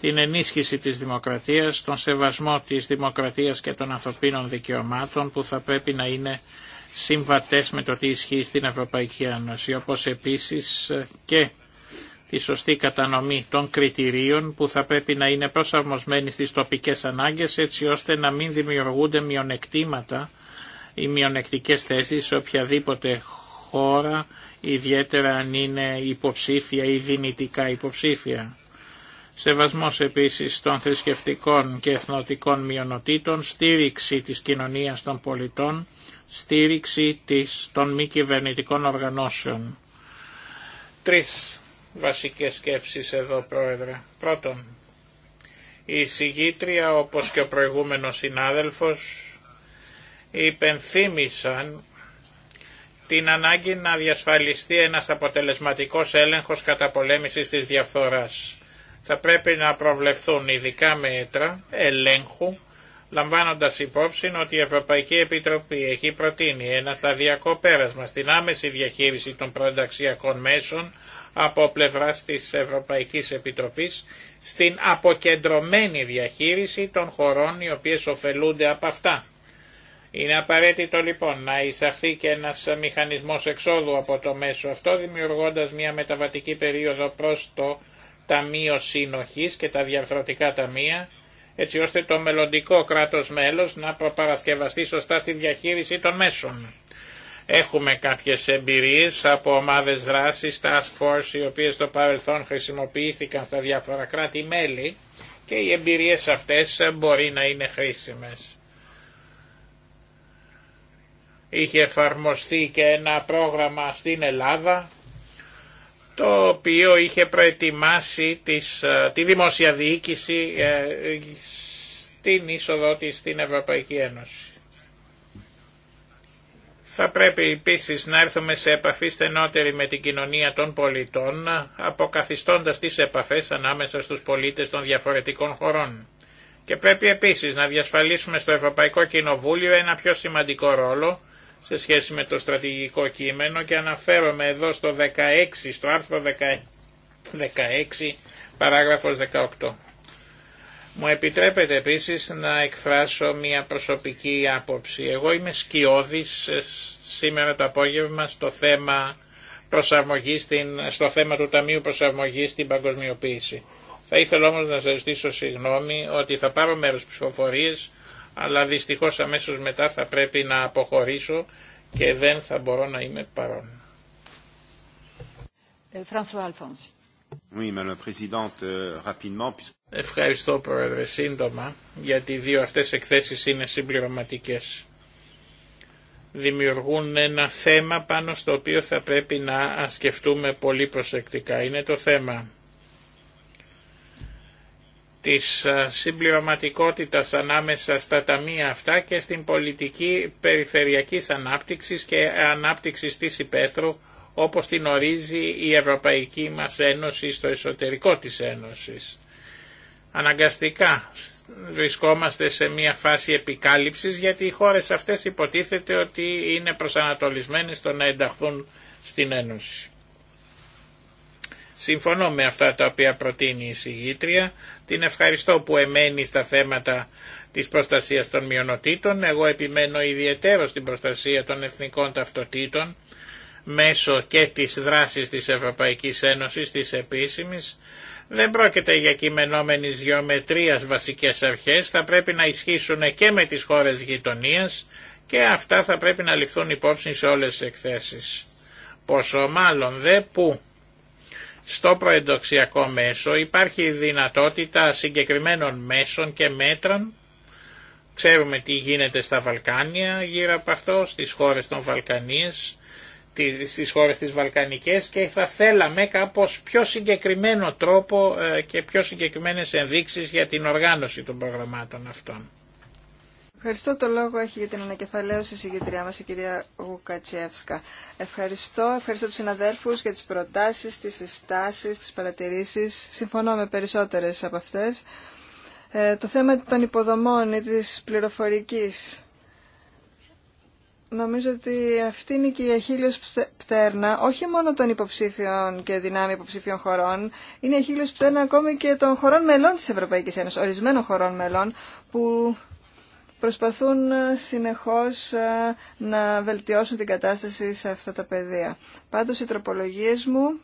[SPEAKER 3] την ενίσχυση της δημοκρατίας, τον σεβασμό της δημοκρατίας και των ανθρωπίνων δικαιωμάτων που θα πρέπει να είναι συμβατές με το τι ισχύει στην Ευρωπαϊκή Ένωση, όπως επίσης και η σωστή κατανομή των κριτηρίων που θα πρέπει να είναι προσαρμοσμένοι στις τοπικές ανάγκες έτσι ώστε να μην δημιουργούνται μειονεκτήματα ή μειονεκτικές θέσεις σε οποιαδήποτε χώρα ιδιαίτερα αν είναι υποψήφια ή δυνητικά υποψήφια. Σεβασμός επίσης των θρησκευτικών και εθνοτικών μειονοτήτων, στήριξη της κοινωνίας των πολιτών, στήριξη της, των μη κυβερνητικών οργανώσεων. Τρεις βασικές σκέψεις εδώ πρόεδρε. Πρώτον, η συγγήτρια όπως και ο προηγούμενος συνάδελφος υπενθύμησαν την ανάγκη να διασφαλιστεί ένας αποτελεσματικός έλεγχος πολέμησης της διαφθοράς. Θα πρέπει να προβλεφθούν ειδικά μέτρα ελέγχου, λαμβάνοντας υπόψη ότι η Ευρωπαϊκή Επιτροπή έχει προτείνει ένα σταδιακό πέρασμα στην άμεση διαχείριση των προενταξιακών μέσων από πλευράς της Ευρωπαϊκής Επιτροπής στην αποκεντρωμένη διαχείριση των χωρών οι οποίες ωφελούνται από αυτά. Είναι απαραίτητο λοιπόν να εισαχθεί και ένας μηχανισμός εξόδου από το μέσο αυτό δημιουργώντας μια μεταβατική περίοδο προς το Ταμείο Συνοχής και τα διαρθρωτικά ταμεία έτσι ώστε το μελλοντικό κράτος μέλος να προπαρασκευαστεί σωστά τη διαχείριση των μέσων. Έχουμε κάποιες εμπειρίες από ομάδες δράσης, task force, οι οποίες στο παρελθόν χρησιμοποιήθηκαν στα διάφορα κράτη-μέλη και οι εμπειρίες αυτές μπορεί να είναι χρήσιμες. Είχε εφαρμοστεί και ένα πρόγραμμα στην Ελλάδα, το οποίο είχε προετοιμάσει τις, ε, τη δημοσιαδιοίκηση ε, στην είσοδό της στην Ευρωπαϊκή Ένωση. Θα πρέπει επίσης να έρθουμε σε επαφή στενότερη με την κοινωνία των πολιτών, αποκαθιστώντας τις επαφές ανάμεσα στους πολίτες των διαφορετικών χωρών. Και πρέπει επίσης να διασφαλίσουμε στο Ευρωπαϊκό Κοινοβούλιο ένα πιο σημαντικό ρόλο σε σχέση με το στρατηγικό κείμενο και αναφέρομαι εδώ στο 16, στο άρθρο 16, παράγραφος 18. Μου επιτρέπετε επίσης να εκφράσω μια προσωπική άποψη. Εγώ είμαι σκιώδης ε, σήμερα το απόγευμα στο θέμα, στο θέμα του Ταμείου Προσαρμογής στην Παγκοσμιοποίηση. Θα ήθελα όμως να σας ζητήσω συγγνώμη ότι θα πάρω μέρος ψηφοφορίες, αλλά δυστυχώς αμέσως μετά θα πρέπει να αποχωρήσω και δεν θα μπορώ να είμαι παρόν. Ε, Euh, Ευχαριστώ Πρόεδρε, σύντομα, γιατί οι δύο αυτές εκθέσεις είναι συμπληρωματικές. Δημιουργούν ένα θέμα πάνω στο οποίο θα πρέπει να σκεφτούμε πολύ προσεκτικά. Είναι το θέμα της συμπληρωματικότητας ανάμεσα στα ταμεία αυτά και στην πολιτική περιφερειακής ανάπτυξης και ανάπτυξης της υπαίθρου όπως την ορίζει η Ευρωπαϊκή μας Ένωση στο εσωτερικό της Ένωσης. Αναγκαστικά βρισκόμαστε σε μια φάση επικάλυψης γιατί οι χώρες αυτές υποτίθεται ότι είναι προσανατολισμένες στο να ενταχθούν στην Ένωση. Συμφωνώ με αυτά τα οποία προτείνει η συγγήτρια. Την ευχαριστώ που εμένει στα θέματα της προστασίας των μειονοτήτων. Εγώ επιμένω ιδιαίτερο στην προστασία των εθνικών ταυτοτήτων μέσω και της δράσης της Ευρωπαϊκής Ένωσης, της επίσημης, δεν πρόκειται για κειμενόμενης γεωμετρίας βασικές αρχές, θα πρέπει να ισχύσουν και με τις χώρες γειτονίας και αυτά θα πρέπει να ληφθούν υπόψη σε όλες τις εκθέσεις. Πόσο μάλλον δε που στο προεντοξιακό μέσο υπάρχει δυνατότητα συγκεκριμένων μέσων και μέτρων Ξέρουμε τι γίνεται στα Βαλκάνια γύρω από αυτό, στις χώρες των Βαλκανίες στις χώρες της Βαλκανικές και θα θέλαμε κάπως πιο συγκεκριμένο τρόπο ε, και πιο συγκεκριμένες ενδείξεις για την οργάνωση των προγραμμάτων αυτών.
[SPEAKER 1] Ευχαριστώ το λόγο έχει για την ανακεφαλαίωση η συγκεκριά μας η κυρία Γουκατσιεύσκα. Ευχαριστώ, ευχαριστώ τους συναδέλφους για τις προτάσεις, τις συστάσεις, τις παρατηρήσεις. Συμφωνώ με περισσότερες από αυτές. Ε, το θέμα των υποδομών ή της πληροφορικής Νομίζω ότι αυτή είναι και η αχίλιος πτέρνα, όχι μόνο των υποψήφιων και δυνάμει υποψήφιων χωρών, είναι η αχίλιος πτέρνα ακόμη και των χωρών μελών της Ευρωπαϊκής Ένωσης, ορισμένων χωρών μελών, που προσπαθούν ε, συνεχώς ε, να βελτιώσουν την κατάσταση σε αυτά τα πεδία. Πάντως οι τροπολογίες μου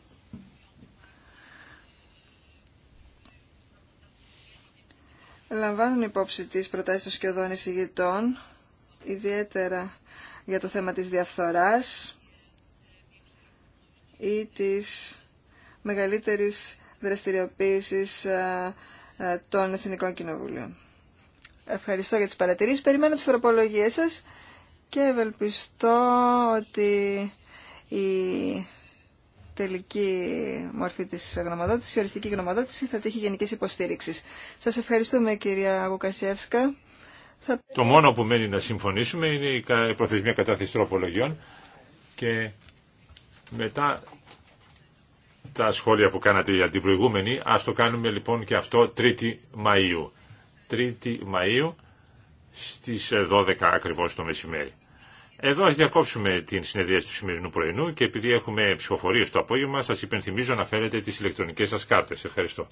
[SPEAKER 1] λαμβάνουν υπόψη τις προτάσεις των σκιωδών εισηγητών, ιδιαίτερα για το θέμα της διαφθοράς ή της μεγαλύτερης δραστηριοποίησης ε, ε, των Εθνικών Κοινοβουλίων. Ευχαριστώ για τις παρατηρήσεις. Περιμένω τις τροπολογίες σας και ευελπιστώ ότι η τελική μορφή της γνωμοδότησης, η οριστική γνωμοδότηση θα τύχει γενικής υποστήριξης. Σας ευχαριστούμε κυρία Γουκασιεύσκα.
[SPEAKER 2] Το μόνο που μένει να συμφωνήσουμε είναι η προθεσμία κατάθεση τροπολογιών και μετά τα σχόλια που κάνατε για την προηγούμενη, ας το κάνουμε λοιπόν και αυτό 3η Μαΐου. 3η Μαΐου στις 12 ακριβώς το μεσημέρι. Εδώ ας διακόψουμε την συνέδριαση του σημερινού πρωινού και επειδή έχουμε ψηφοφορίες το απόγευμα σας υπενθυμίζω να φέρετε τις ηλεκτρονικές σας κάρτες. Ευχαριστώ.